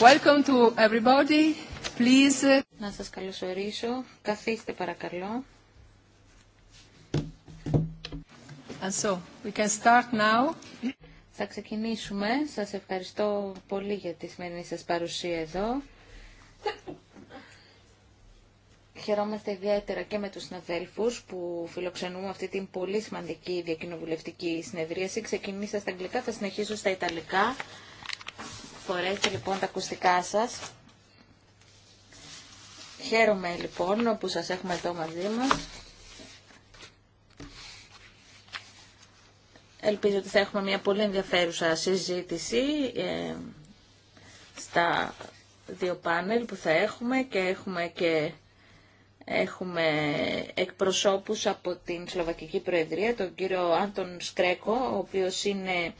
Welcome to everybody. Please. Uh, Να σας καλωσορίσω. Καθίστε παρακαλώ. And we can start now. Θα ξεκινήσουμε. Σας ευχαριστώ πολύ για τη σημερινή σας παρουσία εδώ. Χαιρόμαστε ιδιαίτερα και με τους συναδέλφους που φιλοξενούμε αυτή την πολύ σημαντική διακοινοβουλευτική συνεδρίαση. Ξεκινήσα στα αγγλικά, θα συνεχίσω στα ιταλικά φορέσετε λοιπόν τα ακουστικά σας. Χαίρομαι λοιπόν που σας έχουμε εδώ μαζί μας. Ελπίζω ότι θα έχουμε μια πολύ ενδιαφέρουσα συζήτηση ε, στα δύο πάνελ που θα έχουμε και έχουμε και έχουμε εκπροσώπους από την Σλοβακική Προεδρία, τον κύριο Άντων Σκρέκο, ο οποίος είναι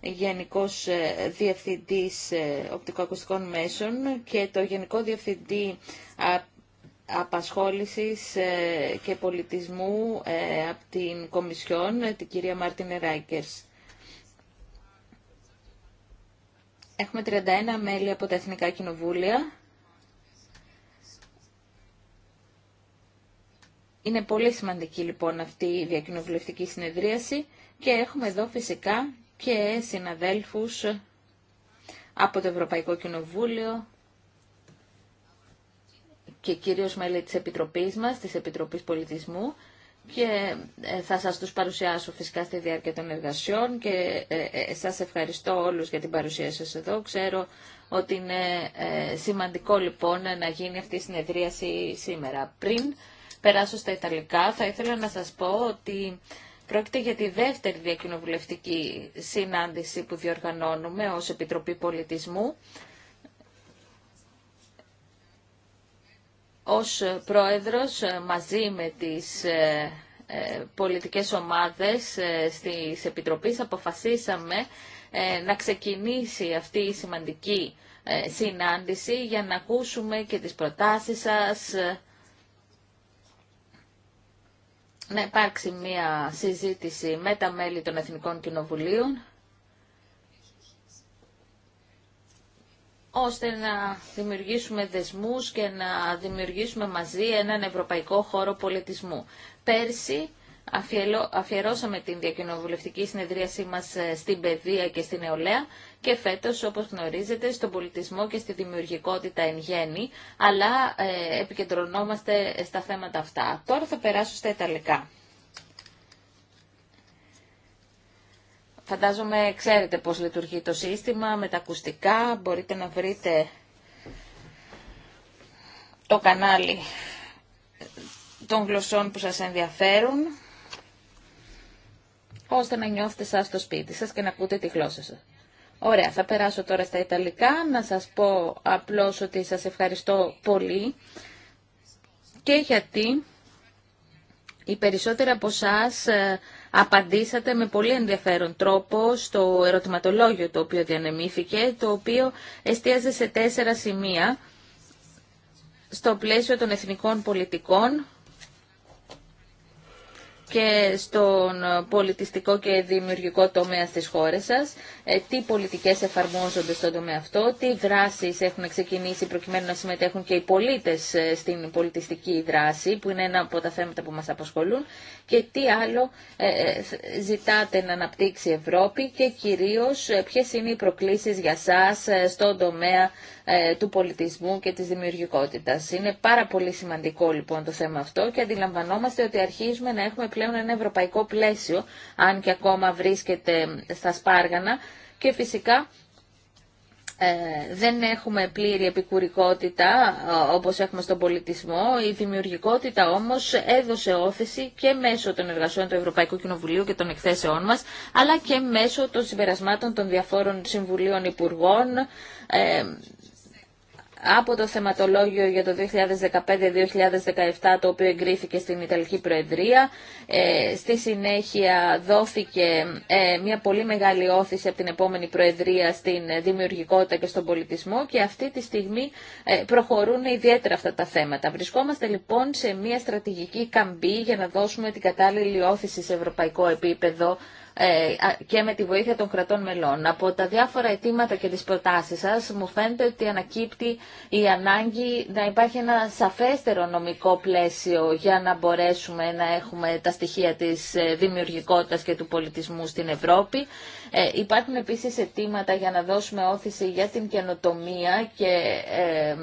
Γενικός ε, Διευθυντής ε, Οπτικοακουστικών Μέσων και το Γενικό Διευθυντή Απασχόλησης ε, και Πολιτισμού από την Κομισιόν, την κυρία Μάρτιν Ράικερς. Έχουμε 31 μέλη από τα Εθνικά Κοινοβούλια. Είναι πολύ σημαντική λοιπόν αυτή η διακοινοβουλευτική συνεδρίαση και έχουμε εδώ φυσικά και συναδέλφους από το Ευρωπαϊκό Κοινοβούλιο και κυρίως μέλη της Επιτροπής μας, της Επιτροπής Πολιτισμού και ε, θα σας τους παρουσιάσω φυσικά στη διάρκεια των εργασιών και ε, ε, σας ευχαριστώ όλους για την παρουσία σας εδώ. Ξέρω ότι είναι σημαντικό λοιπόν να γίνει αυτή η συνεδρίαση σήμερα. Πριν περάσω στα Ιταλικά θα ήθελα να σας πω ότι Πρόκειται για τη δεύτερη διακοινοβουλευτική συνάντηση που διοργανώνουμε ως Επιτροπή Πολιτισμού. Ως πρόεδρος ε, μαζί με τις ε, ε, πολιτικές ομάδες στις Επιτροπής αποφασίσαμε να ξεκινήσει αυτή η σημαντική συνάντηση για να ακούσουμε και τις προτάσεις σας, να υπάρξει μία συζήτηση με τα μέλη των Εθνικών Κοινοβουλίων ώστε να δημιουργήσουμε δεσμούς και να δημιουργήσουμε μαζί έναν ευρωπαϊκό χώρο πολιτισμού. Πέρσι αφιερώσαμε την διακοινοβουλευτική συνεδρίασή μας ε, στην παιδεία και στην νεολαία και φέτος, όπως γνωρίζετε, στον πολιτισμό και στη δημιουργικότητα εν γέννη, αλλά ε, επικεντρωνόμαστε στα θέματα αυτά. Τώρα θα περάσω στα Ιταλικά. Φαντάζομαι ξέρετε πώς λειτουργεί το σύστημα με τα ακουστικά. Μπορείτε να βρείτε το κανάλι των γλωσσών που σας ενδιαφέρουν ώστε να νιώθετε εσά στο σπίτι σας και να ακούτε τη γλώσσα σας. Ωραία, θα περάσω τώρα στα Ιταλικά, να σας πω απλώς ότι σας ευχαριστώ πολύ και γιατί οι περισσότεροι από εσά απαντήσατε με πολύ ενδιαφέρον τρόπο στο ερωτηματολόγιο το οποίο διανεμήθηκε, το οποίο εστίαζε σε τέσσερα σημεία στο πλαίσιο των εθνικών πολιτικών, και στον πολιτιστικό και δημιουργικό τομέα στις χώρες σας. Ε, τι πολιτικές εφαρμόζονται στον τομέα αυτό, τι δράσεις έχουν ξεκινήσει προκειμένου να συμμετέχουν και οι πολίτες ε, στην πολιτιστική δράση, που είναι ένα από τα θέματα που μας απασχολούν, και τι άλλο ε, ζητάτε να αναπτύξει η Ευρώπη και κυρίως ποιες είναι οι προκλήσεις για σας στον τομέα του πολιτισμού και της δημιουργικότητας. Είναι πάρα πολύ σημαντικό λοιπόν το θέμα αυτό και αντιλαμβανόμαστε ότι αρχίζουμε να έχουμε πλέον ένα ευρωπαϊκό πλαίσιο, αν και ακόμα βρίσκεται στα σπάργανα, και φυσικά ε, δεν έχουμε πλήρη επικουρικότητα ε, όπως έχουμε στον πολιτισμό. Η δημιουργικότητα όμως έδωσε όθηση και μέσω των εργασιών του Ευρωπαϊκού Κοινοβουλίου και των εκθέσεών μας, αλλά και μέσω των συμπερασμάτων των διαφόρων συμβουλίων υπουργών, ε, από το θεματολόγιο για το 2015-2017 το οποίο εγκρίθηκε στην Ιταλική Προεδρία. Ε, στη συνέχεια δόθηκε ε, μια πολύ μεγάλη όθηση από την επόμενη Προεδρία στην δημιουργικότητα και στον πολιτισμό και αυτή τη στιγμή ε, προχωρούν ιδιαίτερα αυτά τα θέματα. Βρισκόμαστε λοιπόν σε μια στρατηγική καμπή για να δώσουμε την κατάλληλη όθηση σε ευρωπαϊκό επίπεδο ε, και με τη βοήθεια των κρατών μελών. Από τα διάφορα αιτήματα και τις προτάσεις σας μου φαίνεται ότι ανακύπτει η ανάγκη να υπάρχει ένα σαφέστερο νομικό πλαίσιο για να μπορέσουμε να έχουμε τα στοιχεία της ε, δημιουργικότητας και του πολιτισμού στην Ευρώπη. Ε, υπάρχουν επίσης αιτήματα για να δώσουμε όθηση για την καινοτομία και ε,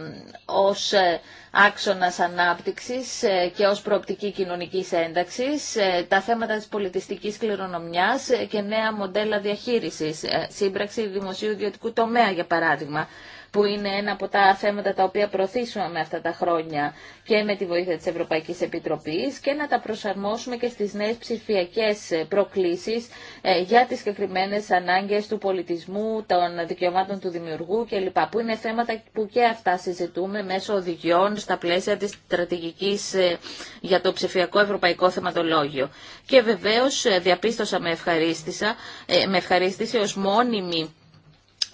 ως ε, άξονας ανάπτυξης ε, και ως προοπτική κοινωνικής ένταξης, ε, τα θέματα της πολιτιστικής κληρονομιάς ε, και νέα μοντέλα διαχείρισης, σύμπραξη δημοσίου ιδιωτικού τομέα για παράδειγμα που είναι ένα από τα θέματα τα οποία προωθήσαμε αυτά τα χρόνια και με τη βοήθεια της Ευρωπαϊκής Επιτροπής και να τα προσαρμόσουμε και στις νέες ψηφιακές προκλήσεις ε, για τις συγκεκριμένε ανάγκες του πολιτισμού, των δικαιωμάτων του δημιουργού κλπ. που είναι θέματα που και αυτά συζητούμε μέσω οδηγιών στα πλαίσια της στρατηγικής ε, για το ψηφιακό ευρωπαϊκό θεματολόγιο. Και βεβαίως ε, διαπίστωσα με ευχαρίστηση, με ως μόνιμη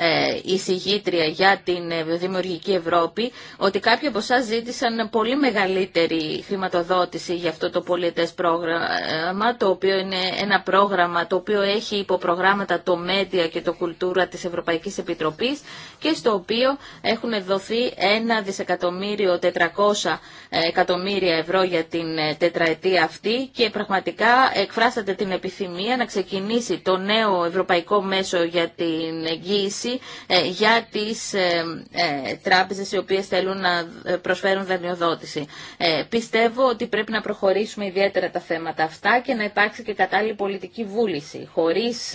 ε, εισηγήτρια για την ε, δημιουργική Ευρώπη ότι κάποιοι από εσά ζήτησαν πολύ μεγαλύτερη χρηματοδότηση για αυτό το πολιτέ πρόγραμμα το οποίο είναι ένα πρόγραμμα το οποίο έχει υποπρογράμματα το Μέντια και το Κουλτούρα της Ευρωπαϊκής Επιτροπή και στο οποίο έχουν δοθεί ένα δισεκατομμύριο 400 ε, εκατομμύρια ευρώ για την τετραετία αυτή και πραγματικά εκφράσατε την επιθυμία να ξεκινήσει το νέο ευρωπαϊκό μέσο για την εγγύηση ε, για τις ε, ε, τράπεζες οι οποίες θέλουν να προσφέρουν δανειοδότηση. Πιστεύω ότι πρέπει να προχωρήσουμε ιδιαίτερα τα θέματα αυτά και να υπάρξει και κατάλληλη πολιτική βούληση. Χωρίς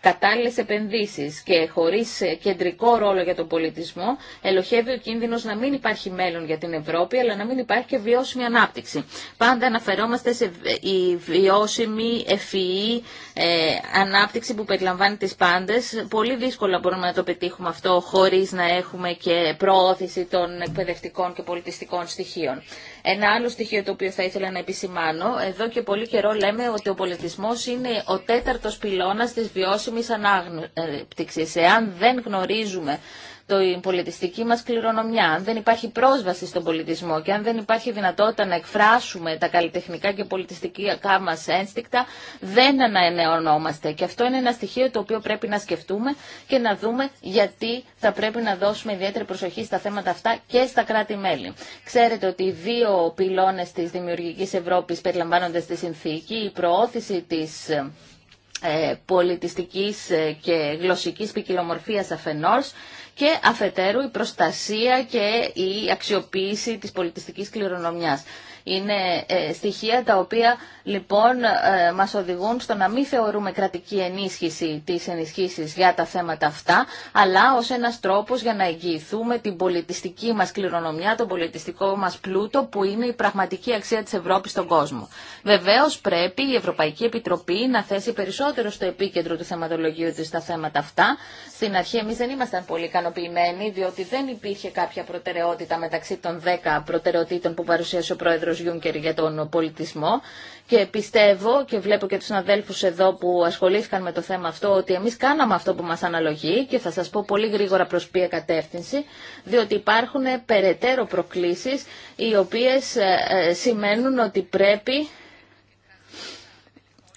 κατάλληλες επενδύσεις και χωρίς κεντρικό ρόλο για τον πολιτισμό, ελοχεύει ο κίνδυνος να μην υπάρχει μέλλον για την Ευρώπη, αλλά να μην υπάρχει και βιώσιμη ανάπτυξη. Πάντα αναφερόμαστε σε η βιώσιμη, ευφυή ε, ανάπτυξη που περιλαμβάνει τις πάντες. Πολύ δύσκολα μπορούμε να το πετύχουμε αυτό χωρίς να έχουμε και προώθηση των εκπαιδευτικών και πολιτιστικών στοιχείων. Ένα άλλο στοιχείο το οποίο θα ήθελα να επισημάνω, εδώ και πολύ καιρό λέμε ότι ο πολιτισμός είναι ο τέταρτος πυλώνας της βιώσιμης ε, ανάπτυξης. Εάν δεν γνωρίζουμε την πολιτιστική μας κληρονομιά, αν δεν υπάρχει πρόσβαση στον πολιτισμό και αν δεν υπάρχει δυνατότητα να εκφράσουμε τα καλλιτεχνικά και πολιτιστικά μας ένστικτα, δεν ανανεωνόμαστε. Και αυτό είναι ένα στοιχείο το οποίο πρέπει να σκεφτούμε και να δούμε γιατί θα πρέπει να δώσουμε ιδιαίτερη προσοχή στα θέματα αυτά και στα κράτη-μέλη. Ξέρετε ότι οι δύο πυλώνες της Δημιουργικής Ευρώπης περιλαμβάνονται στη συνθήκη, η προώθηση της ε, πολιτιστικής ε, και γλωσσικής ποικιλομορφίας αφενός και αφετέρου η προστασία και η αξιοποίηση της πολιτιστικής κληρονομιάς. Είναι ε, στοιχεία τα οποία λοιπόν ε, μας οδηγούν στο να μην θεωρούμε κρατική ενίσχυση της ενισχύσεις για τα θέματα αυτά, αλλά ως ένας τρόπος για να εγγυηθούμε την πολιτιστική μας κληρονομιά, τον πολιτιστικό μας πλούτο που είναι η πραγματική αξία της Ευρώπης στον κόσμο. Βεβαίως πρέπει η Ευρωπαϊκή Επιτροπή να θέσει περισσότερο στο επίκεντρο του θεματολογίου της τα θέματα αυτά. Στην αρχή εμείς δεν ήμασταν πολύ ικανοποιημένοι διότι δεν υπήρχε κάποια προτεραιότητα μεταξύ των 10 προτεραιοτήτων που παρουσίασε ο Πρόεδρος κύριος Γιούνκερ για τον πολιτισμό και πιστεύω και βλέπω και τους αδέλφους εδώ που ασχολήθηκαν με το θέμα αυτό ότι εμείς κάναμε αυτό που μας αναλογεί και θα σας πω πολύ γρήγορα προς ποια κατεύθυνση διότι υπάρχουν περαιτέρω προκλήσεις οι οποίες ε, ε, σημαίνουν ότι πρέπει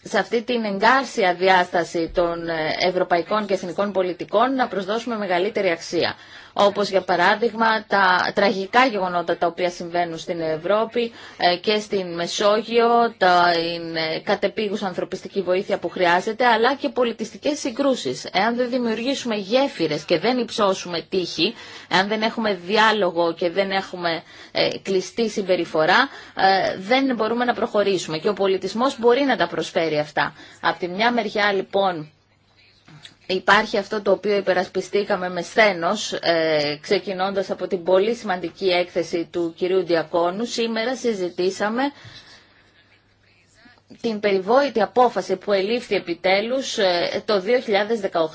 σε αυτή την εγκάρσια διάσταση των ε, ευρωπαϊκών και εθνικών πολιτικών να προσδώσουμε μεγαλύτερη αξία όπως για παράδειγμα τα τραγικά γεγονότα τα οποία συμβαίνουν στην Ευρώπη ε, και στην Μεσόγειο, τα κατεπίγους ανθρωπιστική βοήθεια που χρειάζεται, αλλά και πολιτιστικές συγκρούσεις. Εάν δεν δημιουργήσουμε γέφυρες και δεν υψώσουμε τύχη, εάν δεν έχουμε διάλογο και δεν έχουμε ε, κλειστή συμπεριφορά, ε, δεν μπορούμε να προχωρήσουμε. Και ο πολιτισμός μπορεί να τα προσφέρει αυτά. Από τη μια μεριά λοιπόν Υπάρχει αυτό το οποίο υπερασπιστήκαμε με στένος, ε, ξεκινώντας από την πολύ σημαντική έκθεση του κυρίου Διακόνου. Σήμερα συζητήσαμε την περιβόητη απόφαση που ελήφθη επιτέλους ε, το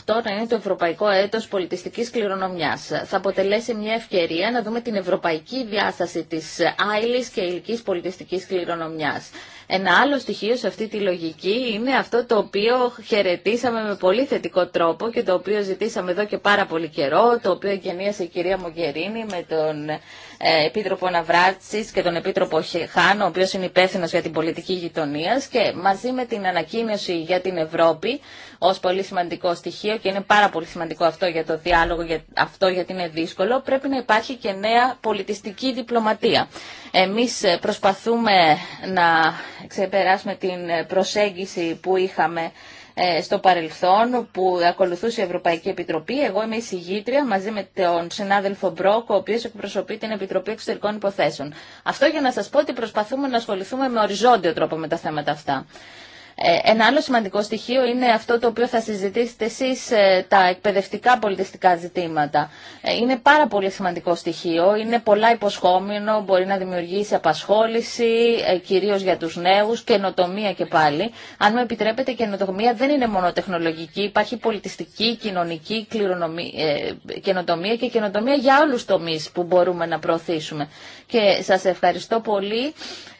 2018 να είναι το Ευρωπαϊκό Έτος Πολιτιστικής Κληρονομιάς. Θα αποτελέσει μια ευκαιρία να δούμε την ευρωπαϊκή διάσταση της άειλης και ηλικής πολιτιστικής κληρονομιάς. Ένα άλλο στοιχείο σε αυτή τη λογική είναι αυτό το οποίο χαιρετήσαμε με πολύ θετικό τρόπο και το οποίο ζητήσαμε εδώ και πάρα πολύ καιρό, το οποίο εγγενίασε η κυρία Μογκερίνη με τον ε, Επίτροπο Αναβράτση και τον Επίτροπο Χάν, ο οποίο είναι υπεύθυνο για την πολιτική γειτονία και μαζί με την ανακοίνωση για την Ευρώπη ω πολύ σημαντικό στοιχείο και είναι πάρα πολύ σημαντικό αυτό για το διάλογο, για αυτό γιατί είναι δύσκολο, πρέπει να υπάρχει και νέα πολιτιστική διπλωματία. Εμεί ε, προσπαθούμε να ξεπεράσουμε την ε, προσέγγιση που είχαμε ε, στο παρελθόν που ακολουθούσε η Ευρωπαϊκή Επιτροπή. Εγώ είμαι η συγγήτρια μαζί με τον συνάδελφο Μπρόκ, ο οποίος εκπροσωπεί την Επιτροπή Εξωτερικών Υποθέσεων. Αυτό για να σας πω ότι προσπαθούμε να ασχοληθούμε με οριζόντιο τρόπο με τα θέματα αυτά. Ε, ένα άλλο σημαντικό στοιχείο είναι αυτό το οποίο θα συζητήσετε εσείς, ε, τα εκπαιδευτικά πολιτιστικά ζητήματα. Ε, είναι πάρα πολύ σημαντικό στοιχείο, είναι πολλά υποσχόμενο, μπορεί να δημιουργήσει απασχόληση, κυρίως για τους νέους, καινοτομία και πάλι. Αν μου επιτρέπετε, καινοτομία δεν είναι μόνο τεχνολογική, υπάρχει πολιτιστική, κοινωνική καινοτομία και καινοτομία για όλους τομείς που μπορούμε να προωθήσουμε. Και σας ευχαριστώ πολύ.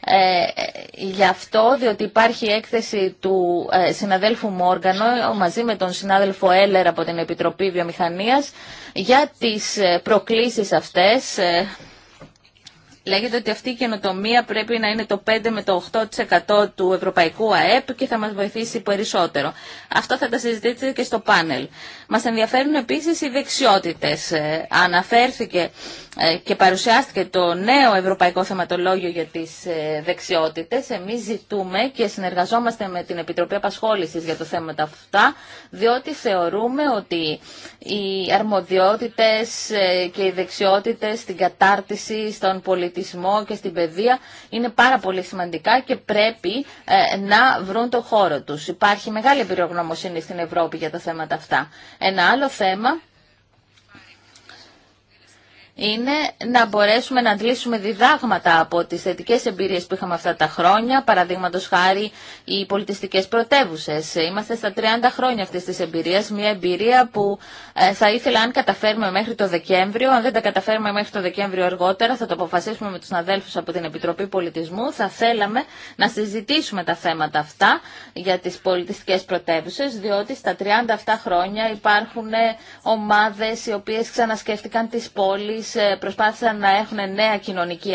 Ε, γι' αυτό, διότι υπάρχει έκθεση του ε, συναδέλφου Μόργανο μαζί με τον συνάδελφο Έλερ από την Επιτροπή Βιομηχανίας για τις ε, προκλήσεις αυτές. Λέγεται ότι αυτή η καινοτομία πρέπει να είναι το 5 με το 8% του ευρωπαϊκού ΑΕΠ και θα μας βοηθήσει περισσότερο. Αυτό θα τα συζητήσετε και στο πάνελ. Μας ενδιαφέρουν επίσης οι δεξιότητες. Ε, αναφέρθηκε ε, και παρουσιάστηκε το νέο Ευρωπαϊκό Θεματολόγιο για τις ε, δεξιότητες. Εμείς ζητούμε και συνεργαζόμαστε με την Επιτροπή Απασχόλησης για το θέμα τα αυτά, διότι θεωρούμε ότι οι αρμοδιότητες και οι δεξιότητες στην κατάρτιση, στον πολιτισμό και στην παιδεία είναι πάρα πολύ σημαντικά και πρέπει να βρουν το χώρο τους. Υπάρχει μεγάλη εμπειρογνωμοσύνη στην Ευρώπη για τα θέματα αυτά. Ένα άλλο θέμα είναι να μπορέσουμε να αντλήσουμε διδάγματα από τις θετικές εμπειρίες που είχαμε αυτά τα χρόνια, παραδείγματος χάρη οι πολιτιστικές πρωτεύουσε. Είμαστε στα 30 χρόνια αυτής της εμπειρίας, μια εμπειρία που ε, θα ήθελα αν καταφέρουμε μέχρι το Δεκέμβριο, αν δεν τα καταφέρουμε μέχρι το Δεκέμβριο αργότερα, θα το αποφασίσουμε με τους αδέλφους από την Επιτροπή Πολιτισμού, θα θέλαμε να συζητήσουμε τα θέματα αυτά για τις πολιτιστικές πρωτεύουσε, διότι στα 30 χρόνια υπάρχουν ε, ομάδες οι οποίες ξανασκέφτηκαν τις πόλεις, ε, προσπάθησαν να έχουν νέα κοινωνική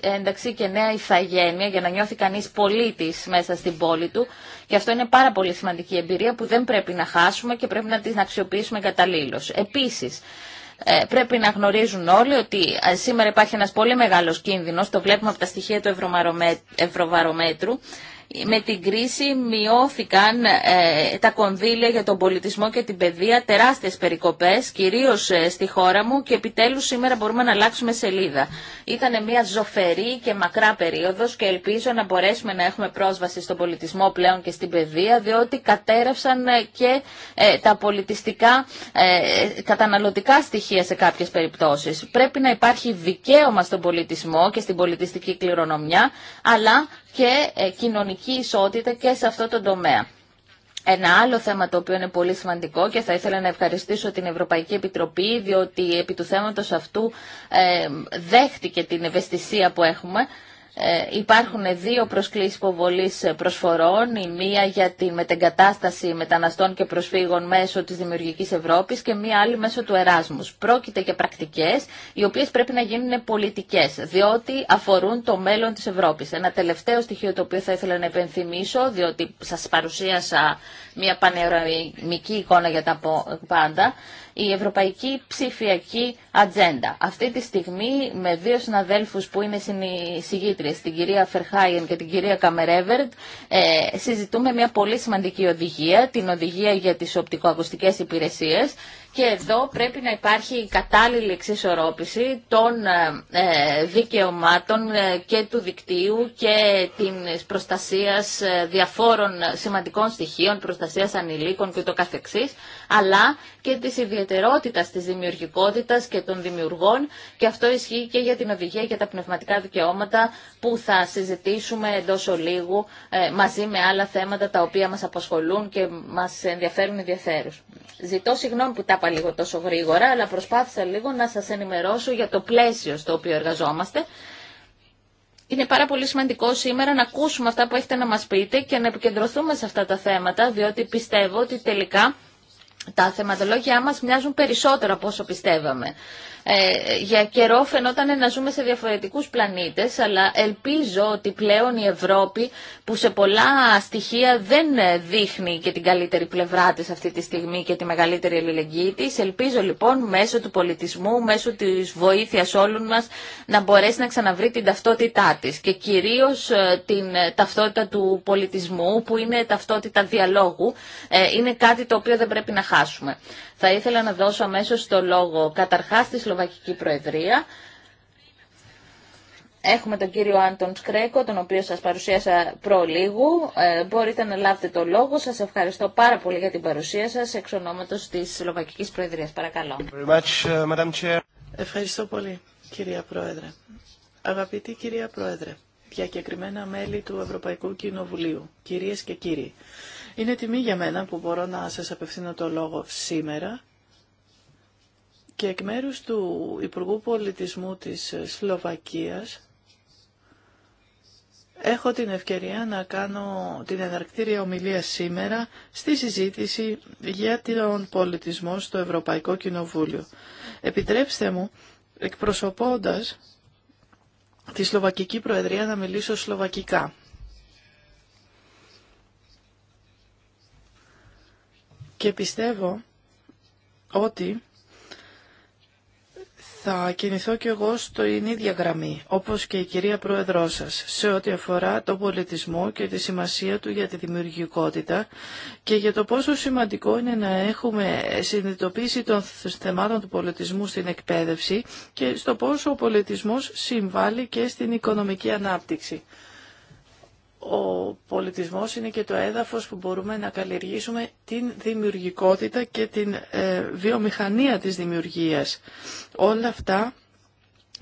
ένταξη και νέα ηθαγένεια για να νιώθει κανείς πολίτης μέσα στην πόλη του. Και αυτό είναι πάρα πολύ σημαντική εμπειρία που δεν πρέπει να χάσουμε και πρέπει να την αξιοποιήσουμε καταλήλως. Επίσης, ε, πρέπει να γνωρίζουν όλοι ότι ε, σήμερα υπάρχει ένας πολύ μεγάλος κίνδυνος, το βλέπουμε από τα στοιχεία του Ευρωβαρομέτρου, με την κρίση μειώθηκαν ε, τα κονδύλια για τον πολιτισμό και την παιδεία, τεράστιες περικοπές, κυρίως ε, στη χώρα μου και επιτέλους σήμερα μπορούμε να αλλάξουμε σελίδα. Ήταν μια ζωφερή και μακρά περίοδος και ελπίζω να μπορέσουμε να έχουμε πρόσβαση στον πολιτισμό πλέον και στην παιδεία, διότι κατέρευσαν ε, και τα πολιτιστικά καταναλωτικά στοιχεία σε κάποιες περιπτώσεις. Πρέπει να υπάρχει δικαίωμα στον πολιτισμό και στην πολιτιστική κληρονομιά, αλλά και ε, κοινωνική ισότητα και σε αυτό το τομέα. Ένα άλλο θέμα το οποίο είναι πολύ σημαντικό και θα ήθελα να ευχαριστήσω την Ευρωπαϊκή Επιτροπή διότι επί του θέματος αυτού ε, δέχτηκε την ευαισθησία που έχουμε ε, υπάρχουν δύο προσκλήσεις υποβολής προσφορών, η μία για τη μετεγκατάσταση μεταναστών και προσφύγων μέσω της Δημιουργικής Ευρώπης και μία άλλη μέσω του Εράσμους. Πρόκειται για πρακτικές οι οποίες πρέπει να γίνουν πολιτικές, διότι αφορούν το μέλλον της Ευρώπης. Ένα τελευταίο στοιχείο το οποίο θα ήθελα να επενθυμίσω, διότι σας παρουσίασα μία πανευρωμική εικόνα για τα πάντα, η Ευρωπαϊκή Ψηφιακή Ατζέντα. Αυτή τη στιγμή με δύο συναδέλφου που είναι συνεισηγήτριε, την κυρία Φερχάιεν και την κυρία Καμερέβερντ, ε, συζητούμε μια πολύ σημαντική οδηγία, την οδηγία για τι οπτικοακουστικέ υπηρεσίε και εδώ πρέπει να υπάρχει κατάλληλη εξισορρόπηση των ε, δικαιωμάτων ε, και του δικτύου και της προστασίας ε, διαφόρων σημαντικών στοιχείων, προστασίας ανηλίκων και το καθεξής, αλλά και της ιδιαιτερότητας της δημιουργικότητας και των δημιουργών και αυτό ισχύει και για την οδηγία για τα πνευματικά δικαιώματα που θα συζητήσουμε εντός ολίγου μαζί με άλλα θέματα τα οποία μας απασχολούν και μας ενδιαφέρουν ιδιαίτερους. Ζητώ συγγνώμη που τα λίγο τόσο γρήγορα, αλλά προσπάθησα λίγο να σας ενημερώσω για το πλαίσιο στο οποίο εργαζόμαστε. Είναι πάρα πολύ σημαντικό σήμερα να ακούσουμε αυτά που έχετε να μας πείτε και να επικεντρωθούμε σε αυτά τα θέματα, διότι πιστεύω ότι τελικά τα θεματολόγια μας μοιάζουν περισσότερο από όσο πιστεύαμε. Ε, για καιρό φαινόταν να ζούμε σε διαφορετικούς πλανήτες, αλλά ελπίζω ότι πλέον η Ευρώπη, που σε πολλά στοιχεία δεν δείχνει και την καλύτερη πλευρά της αυτή τη στιγμή και τη μεγαλύτερη ελληνική της, ελπίζω λοιπόν μέσω του πολιτισμού, μέσω της βοήθειας όλων μας, να μπορέσει να ξαναβρει την ταυτότητά της και κυρίως ε, την ταυτότητα του πολιτισμού, που είναι ταυτότητα διαλόγου, ε, είναι κάτι το οποίο δεν πρέπει να χάσουμε. Θα ήθελα να δώσω αμέσως το λόγο, καταρχάς της Σλοβακική Προεδρία. Έχουμε τον κύριο Άντων Σκρέκο, τον οποίο σας παρουσίασα προλίγου. Ε, μπορείτε να λάβετε το λόγο. Σας ευχαριστώ πάρα πολύ για την παρουσία σας εξ ονόματος της Σλοβακικής Προεδρίας. Παρακαλώ. Uh, ευχαριστώ πολύ, κυρία Πρόεδρε. Αγαπητή κυρία Πρόεδρε, διακεκριμένα μέλη του Ευρωπαϊκού Κοινοβουλίου, κυρίες και κύριοι. Είναι τιμή για μένα που μπορώ να σας απευθύνω το λόγο σήμερα και εκ μέρους του Υπουργού Πολιτισμού της Σλοβακίας έχω την ευκαιρία να κάνω την εναρκτήρια ομιλία σήμερα στη συζήτηση για τον πολιτισμό στο Ευρωπαϊκό Κοινοβούλιο. Επιτρέψτε μου, εκπροσωπώντας τη Σλοβακική Προεδρία, να μιλήσω σλοβακικά. Και πιστεύω ότι θα κινηθώ και εγώ στο ίδια γραμμή, όπως και η κυρία Πρόεδρό σας, σε ό,τι αφορά τον πολιτισμό και τη σημασία του για τη δημιουργικότητα και για το πόσο σημαντικό είναι να έχουμε συνειδητοποίηση των θεμάτων του πολιτισμού στην εκπαίδευση και στο πόσο ο πολιτισμός συμβάλλει και στην οικονομική ανάπτυξη ο πολιτισμός είναι και το έδαφος που μπορούμε να καλλιεργήσουμε την δημιουργικότητα και την ε, βιομηχανία της δημιουργίας. Όλα αυτά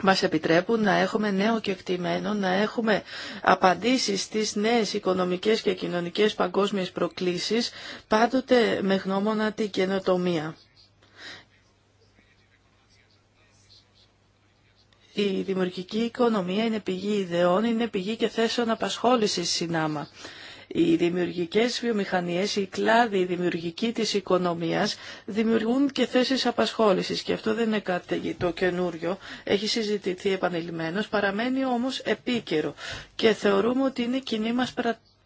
μας επιτρέπουν να έχουμε νέο κεκτημένο, να έχουμε απαντήσεις στις νέες οικονομικές και κοινωνικές παγκόσμιες προκλήσεις, πάντοτε με γνώμονα την καινοτομία. Η δημιουργική οικονομία είναι πηγή ιδεών, είναι πηγή και θέσεων απασχόλησης συνάμα. Οι δημιουργικές βιομηχανίες, οι κλάδοι δημιουργικοί της οικονομίας δημιουργούν και θέσεις απασχόλησης και αυτό δεν είναι κάτι το καινούριο, έχει συζητηθεί επανειλημμένος, παραμένει όμως επίκαιρο και θεωρούμε ότι είναι κοινή μας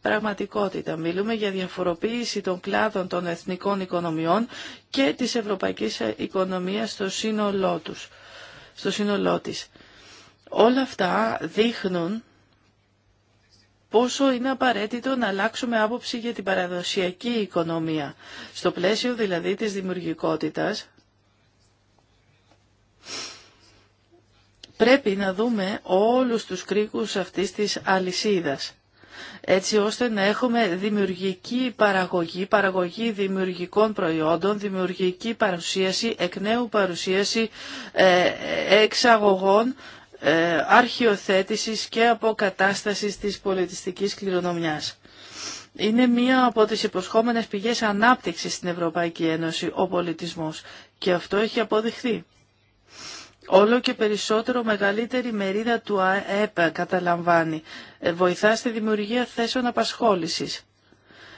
πραγματικότητα. Μιλούμε για διαφοροποίηση των κλάδων των εθνικών οικονομιών και της ευρωπαϊκής ε, οικονομίας στο σύνολό τους στο σύνολό της. Όλα αυτά δείχνουν πόσο είναι απαραίτητο να αλλάξουμε άποψη για την παραδοσιακή οικονομία, στο πλαίσιο δηλαδή της δημιουργικότητας. Πρέπει να δούμε όλους τους κρίκους αυτής της αλυσίδας έτσι ώστε να έχουμε δημιουργική παραγωγή, παραγωγή δημιουργικών προϊόντων, δημιουργική παρουσίαση, εκ νέου παρουσίαση ε, εξαγωγών, ε, αρχιοθέτησης και αποκατάστασης της πολιτιστικής κληρονομιάς. Είναι μία από τις υποσχόμενες πηγές ανάπτυξης στην Ευρωπαϊκή Ένωση ο πολιτισμός και αυτό έχει αποδειχθεί όλο και περισσότερο μεγαλύτερη μερίδα του ΑΕΠ καταλαμβάνει. Ε, βοηθά στη δημιουργία θέσεων απασχόλησης.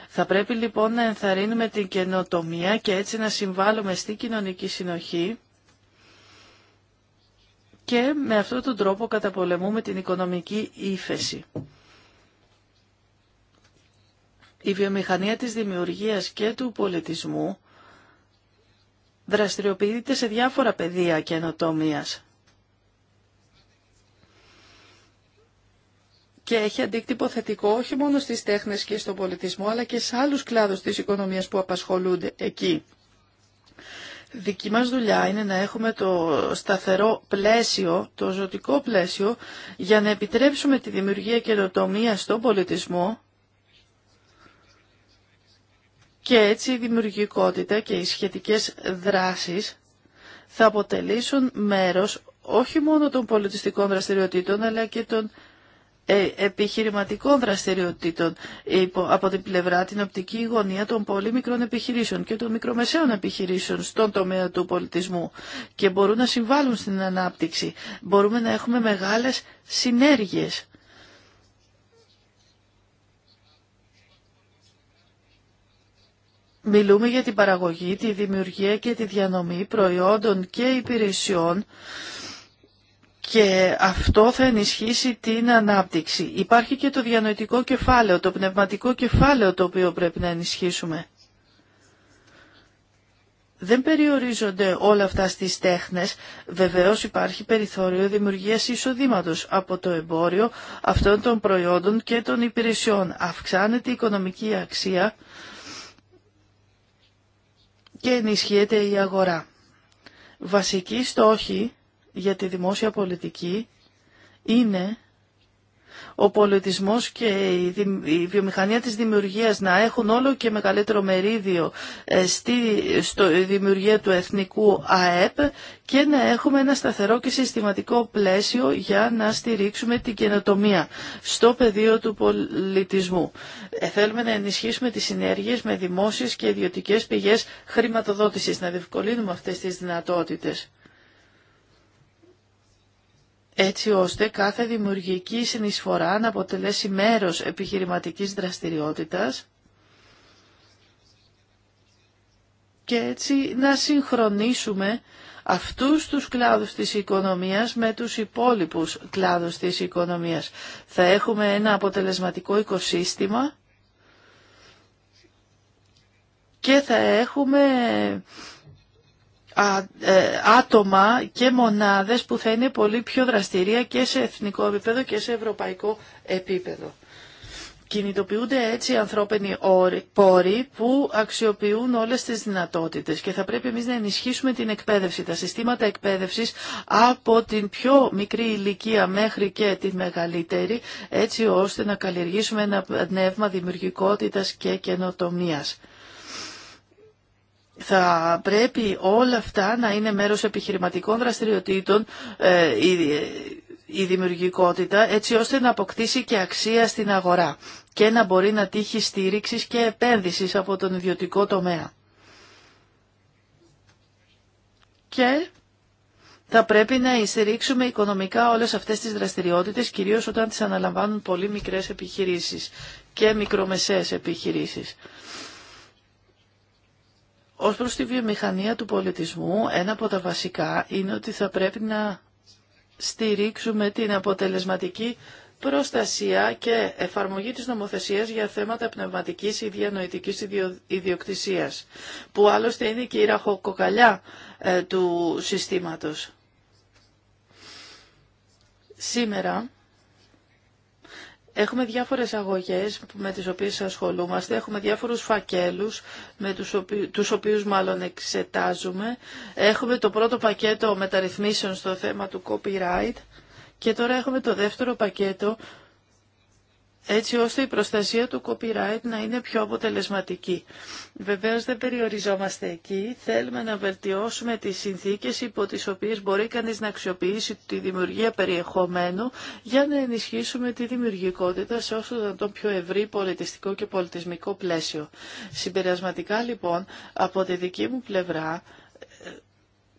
Θα πρέπει λοιπόν να ενθαρρύνουμε την καινοτομία και έτσι να συμβάλλουμε στη κοινωνική συνοχή και με αυτόν τον τρόπο καταπολεμούμε την οικονομική ύφεση. Η βιομηχανία της δημιουργίας και του πολιτισμού δραστηριοποιείται σε διάφορα πεδία καινοτομίας. και έχει αντίκτυπο θετικό όχι μόνο στις τέχνες και στον πολιτισμό, αλλά και σε άλλους κλάδους της οικονομίας που απασχολούνται εκεί. Δική μας δουλειά είναι να έχουμε το σταθερό πλαίσιο, το ζωτικό πλαίσιο, για να επιτρέψουμε τη δημιουργία καινοτομία στον πολιτισμό, και έτσι η δημιουργικότητα και οι σχετικές δράσεις θα αποτελήσουν μέρος όχι μόνο των πολιτιστικών δραστηριοτήτων αλλά και των ε, επιχειρηματικών δραστηριοτήτων από την πλευρά την οπτική γωνία των πολύ μικρών επιχειρήσεων και των μικρομεσαίων επιχειρήσεων στον τομέα του πολιτισμού και μπορούν να συμβάλλουν στην ανάπτυξη. Μπορούμε να έχουμε μεγάλες συνέργειες. Μιλούμε για την παραγωγή, τη δημιουργία και τη διανομή προϊόντων και υπηρεσιών και αυτό θα ενισχύσει την ανάπτυξη. Υπάρχει και το διανοητικό κεφάλαιο, το πνευματικό κεφάλαιο το οποίο πρέπει να ενισχύσουμε. Δεν περιορίζονται όλα αυτά στις τέχνες. Βεβαίως υπάρχει περιθώριο δημιουργίας εισοδήματος από το εμπόριο αυτών των προϊόντων και των υπηρεσιών. Αυξάνεται η οικονομική αξία και ενισχύεται η αγορά. Βασική στόχη για τη δημόσια πολιτική είναι ο πολιτισμός και η βιομηχανία της δημιουργίας να έχουν όλο και μεγαλύτερο μερίδιο ε, στη στο, δημιουργία του εθνικού ΑΕΠ και να έχουμε ένα σταθερό και συστηματικό πλαίσιο για να στηρίξουμε την καινοτομία στο πεδίο του πολιτισμού. Ε, θέλουμε να ενισχύσουμε τις συνέργειες με δημόσιες και ιδιωτικές πηγές χρηματοδότησης, να διευκολύνουμε αυτές τις δυνατότητες έτσι ώστε κάθε δημιουργική συνεισφορά να αποτελέσει μέρος επιχειρηματικής δραστηριότητας και έτσι να συγχρονίσουμε αυτούς τους κλάδους της οικονομίας με τους υπόλοιπους κλάδους της οικονομίας. Θα έχουμε ένα αποτελεσματικό οικοσύστημα και θα έχουμε ε, άτομα και μονάδες που θα είναι πολύ πιο δραστηρία και σε εθνικό επίπεδο και σε ευρωπαϊκό επίπεδο. Κινητοποιούνται έτσι οι ανθρώπινοι πόροι που αξιοποιούν όλες τις δυνατότητες και θα πρέπει εμείς να ενισχύσουμε την εκπαίδευση, τα συστήματα εκπαίδευσης από την πιο μικρή ηλικία μέχρι και τη μεγαλύτερη έτσι ώστε να καλλιεργήσουμε ένα πνεύμα δημιουργικότητας και καινοτομίας θα πρέπει όλα αυτά να είναι μέρος επιχειρηματικών δραστηριοτήτων ε, η δημιουργικότητα έτσι ώστε να αποκτήσει και αξία στην αγορά και να μπορεί να τύχει στήριξης και επένδυσης από τον ιδιωτικό τομέα. Και θα πρέπει να ειστηρίξουμε οικονομικά όλες αυτές τις δραστηριότητες, κυρίως όταν τις αναλαμβάνουν πολύ μικρές επιχειρήσεις και μικρομεσαίες επιχειρήσεις. Ως προς τη βιομηχανία του πολιτισμού, ένα από τα βασικά είναι ότι θα πρέπει να στηρίξουμε την αποτελεσματική προστασία και εφαρμογή της νομοθεσίας για θέματα πνευματικής ή διανοητικής ιδιοκτησίας, που άλλωστε είναι και η ραχοκοκαλιά ε, του συστήματος. Σήμερα Έχουμε διάφορες αγωγές με τις οποίες ασχολούμαστε, έχουμε διάφορους φακέλους με τους, οποίου, τους οποίους μάλλον εξετάζουμε. Έχουμε το πρώτο πακέτο μεταρρυθμίσεων στο θέμα του copyright και τώρα έχουμε το δεύτερο πακέτο έτσι ώστε η προστασία του copyright να είναι πιο αποτελεσματική. Βεβαίως δεν περιοριζόμαστε εκεί, θέλουμε να βελτιώσουμε τις συνθήκες υπό τις οποίες μπορεί κανείς να αξιοποιήσει τη δημιουργία περιεχομένου για να ενισχύσουμε τη δημιουργικότητα σε όσο το πιο ευρύ πολιτιστικό και πολιτισμικό πλαίσιο. Συμπερασματικά λοιπόν από τη δική μου πλευρά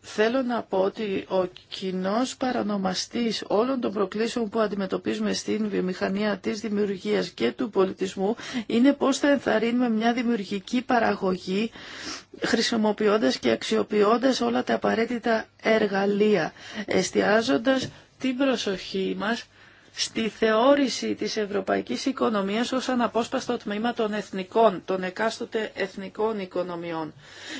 Θέλω να πω ότι ο κοινό παρανομαστής όλων των προκλήσεων που αντιμετωπίζουμε στην βιομηχανία της δημιουργίας και του πολιτισμού είναι πώς θα ενθαρρύνουμε μια δημιουργική παραγωγή χρησιμοποιώντας και αξιοποιώντας όλα τα απαραίτητα εργαλεία, εστιάζοντας την προσοχή μας στη θεώρηση της ευρωπαϊκής οικονομίας ως αναπόσπαστο τμήμα των εθνικών, των εκάστοτε εθνικών οικονομιών.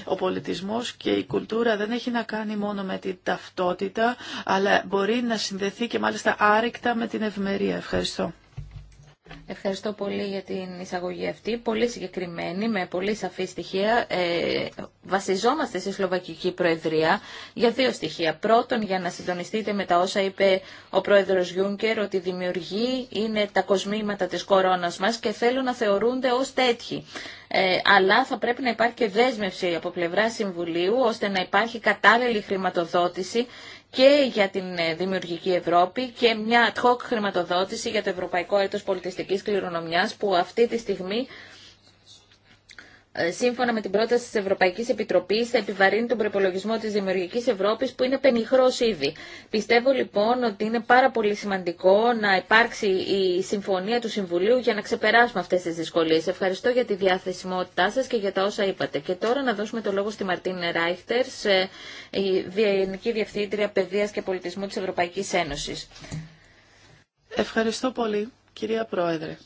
Ο πολιτισμός και η κουλτούρα δεν έχει να κάνει μόνο με την ταυτότητα, αλλά μπορεί να συνδεθεί και μάλιστα άρρηκτα με την ευμερία. Ευχαριστώ. Ευχαριστώ ναι. πολύ για την εισαγωγή αυτή. Πολύ συγκεκριμένη, με πολύ σαφή στοιχεία. Ε, βασιζόμαστε στη Σλοβακική Προεδρία για δύο στοιχεία. Πρώτον, για να συντονιστείτε με τα όσα είπε ο πρόεδρος Γιούνκερ, ότι δημιουργεί είναι τα κοσμήματα της κορώνας μας και θέλουν να θεωρούνται ως τέτοιοι. Ε, αλλά θα πρέπει να υπάρχει και δέσμευση από πλευρά Συμβουλίου, ώστε να υπάρχει κατάλληλη χρηματοδότηση και για την ε, Δημιουργική Ευρώπη και μια ad hoc χρηματοδότηση για το Ευρωπαϊκό Έτος Πολιτιστικής Κληρονομιάς που αυτή τη στιγμή ε, σύμφωνα με την πρόταση τη Ευρωπαϊκή Επιτροπή, θα επιβαρύνει τον προπολογισμό τη Δημιουργική Ευρώπη, που είναι πενιχρό ήδη. Πιστεύω λοιπόν ότι είναι πάρα πολύ σημαντικό να υπάρξει η συμφωνία του Συμβουλίου για να ξεπεράσουμε αυτέ τι δυσκολίε. Ευχαριστώ για τη διαθεσιμότητά σα και για τα όσα είπατε. Και τώρα να δώσουμε το λόγο στη Μαρτίν Ράιχτερ, ε, η Γενική Διευθύντρια Παιδεία και Πολιτισμού τη Ευρωπαϊκή Ένωση. Ευχαριστώ πολύ, κυρία Πρόεδρε.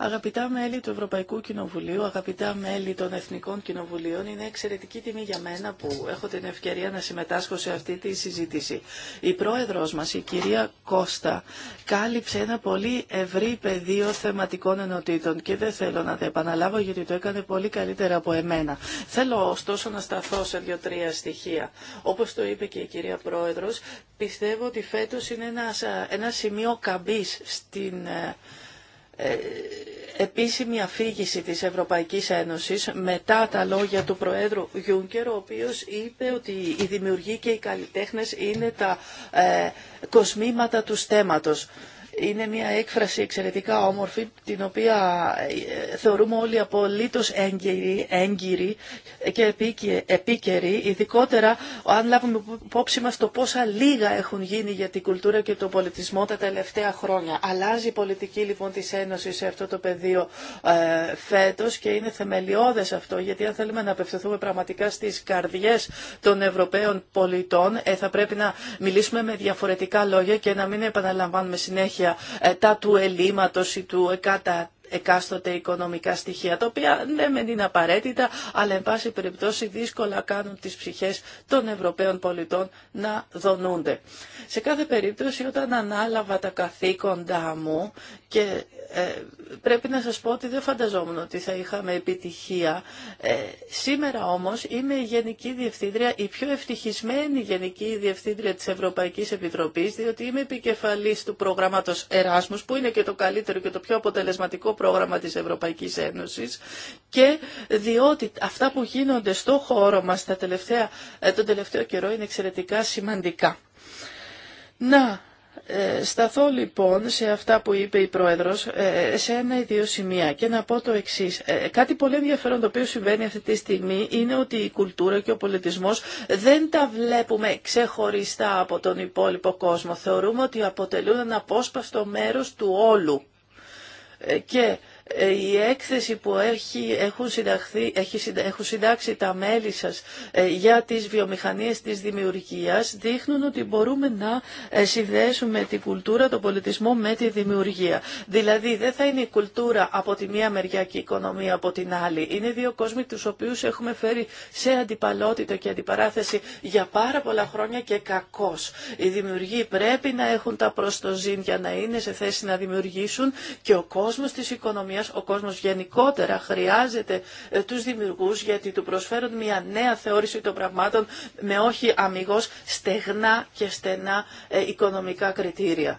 Αγαπητά μέλη του Ευρωπαϊκού Κοινοβουλίου, αγαπητά μέλη των Εθνικών Κοινοβουλίων, είναι εξαιρετική τιμή για μένα που έχω την ευκαιρία να συμμετάσχω σε αυτή τη συζήτηση. Η πρόεδρος μας, η κυρία Κώστα, κάλυψε ένα πολύ ευρύ πεδίο θεματικών ενωτήτων και δεν θέλω να τα επαναλάβω γιατί το έκανε πολύ καλύτερα από εμένα. Θέλω ωστόσο να σταθώ σε δύο-τρία στοιχεία. Όπως το είπε και η κυρία Πρόεδρος, πιστεύω ότι φέτο είναι ένα, ε, ένα σημείο καμπής στην ε, ε, επίσημη αφήγηση της Ευρωπαϊκής Ένωσης μετά τα λόγια του Προέδρου Γιούνκερ, ο οποίος είπε ότι οι δημιουργοί και οι καλλιτέχνες είναι τα ε, κοσμήματα του στέματος. Είναι μια έκφραση εξαιρετικά όμορφη, την οποία ε, θεωρούμε όλοι απολύτω έγκυρη, έγκυρη και επίκαιρη, ειδικότερα αν λάβουμε υπόψη μα το πόσα λίγα έχουν γίνει για την κουλτούρα και τον πολιτισμό τα τελευταία χρόνια. Αλλάζει η πολιτική λοιπόν τη Ένωση σε αυτό το πεδίο ε, φέτος και είναι θεμελιώδε αυτό, γιατί αν θέλουμε να απευθυνθούμε πραγματικά στι καρδιέ των Ευρωπαίων πολιτών, ε, θα πρέπει να μιλήσουμε με διαφορετικά λόγια και να μην επαναλαμβάνουμε συνέχεια ε, τα του ελλείμματος ή του εκάτα εκάστοτε οικονομικά στοιχεία, τα οποία ναι μεν είναι απαραίτητα, αλλά εν πάση περιπτώσει δύσκολα κάνουν τις ψυχές των Ευρωπαίων πολιτών να δονούνται. Σε κάθε περίπτωση όταν ανάλαβα τα καθήκοντά μου και ε, πρέπει να σας πω ότι δεν φανταζόμουν ότι θα είχαμε επιτυχία. Ε, σήμερα όμως είμαι η Γενική Διευθύντρια, η πιο ευτυχισμένη Γενική Διευθύντρια της Ευρωπαϊκής Επιτροπής, διότι είμαι επικεφαλής του προγράμματος Εράσμους, που είναι και το καλύτερο και το πιο αποτελεσματικό πρόγραμμα της Ευρωπαϊκής Ένωσης και διότι αυτά που γίνονται στο χώρο μας τα τελευταία, ε, τον τελευταίο καιρό είναι εξαιρετικά σημαντικά. Να ε, σταθώ λοιπόν σε αυτά που είπε η Πρόεδρος ε, σε ένα ή δύο σημεία και να πω το εξής. Ε, κάτι πολύ ενδιαφέρον το οποίο συμβαίνει αυτή τη στιγμή είναι ότι η κουλτούρα και ο πολιτισμός δεν τα βλέπουμε ξεχωριστά από τον υπόλοιπο κόσμο. Θεωρούμε ότι αποτελούν ένα απόσπαστο μέρος του όλου. Και η έκθεση που έχει, έχουν, συνταχθεί, έχει, έχουν συντάξει τα μέλη σας ε, για τις βιομηχανίες της δημιουργίας δείχνουν ότι μπορούμε να ε, συνδέσουμε την κουλτούρα, τον πολιτισμό με τη δημιουργία. Δηλαδή δεν θα είναι η κουλτούρα από τη μία μεριά και η οικονομία από την άλλη. Είναι δύο κόσμοι τους οποίους έχουμε φέρει σε αντιπαλότητα και αντιπαράθεση για πάρα πολλά χρόνια και κακώς. Οι δημιουργοί πρέπει να έχουν τα προστοζήν για να είναι σε θέση να δημιουργήσουν και ο κόσμος της οικονομίας ο κόσμος γενικότερα χρειάζεται ε, τους δημιουργούς γιατί του προσφέρουν μια νέα θεώρηση των πραγμάτων με όχι αμυγός στεγνά και στενά ε, οικονομικά κριτήρια.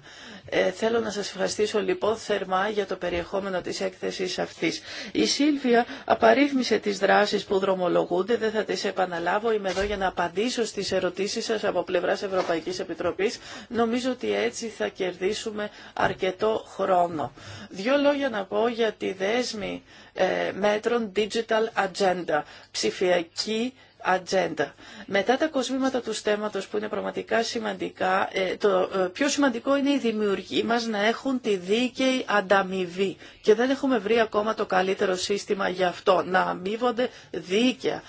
Ε, θέλω να σας ευχαριστήσω λοιπόν θερμά για το περιεχόμενο της έκθεσης αυτής. Η Σίλβια απαρίθμησε τις δράσεις που δρομολογούνται, δεν θα τις επαναλάβω. Είμαι εδώ για να απαντήσω στις ερωτήσεις σας από πλευράς Ευρωπαϊκής Επιτροπής. Νομίζω ότι έτσι θα κερδίσουμε αρκετό χρόνο. Δύο λόγια να πω για τη δέσμη ε, μέτρων Digital Agenda, ψηφιακή ατζέντα. Μετά τα κοσμήματα του στέματος που είναι πραγματικά σημαντικά, ε, το ε, πιο σημαντικό είναι οι δημιουργοί μας να έχουν τη δίκαιη ανταμοιβή. Και δεν έχουμε βρει ακόμα το καλύτερο σύστημα γι' αυτό, να αμείβονται δίκαια.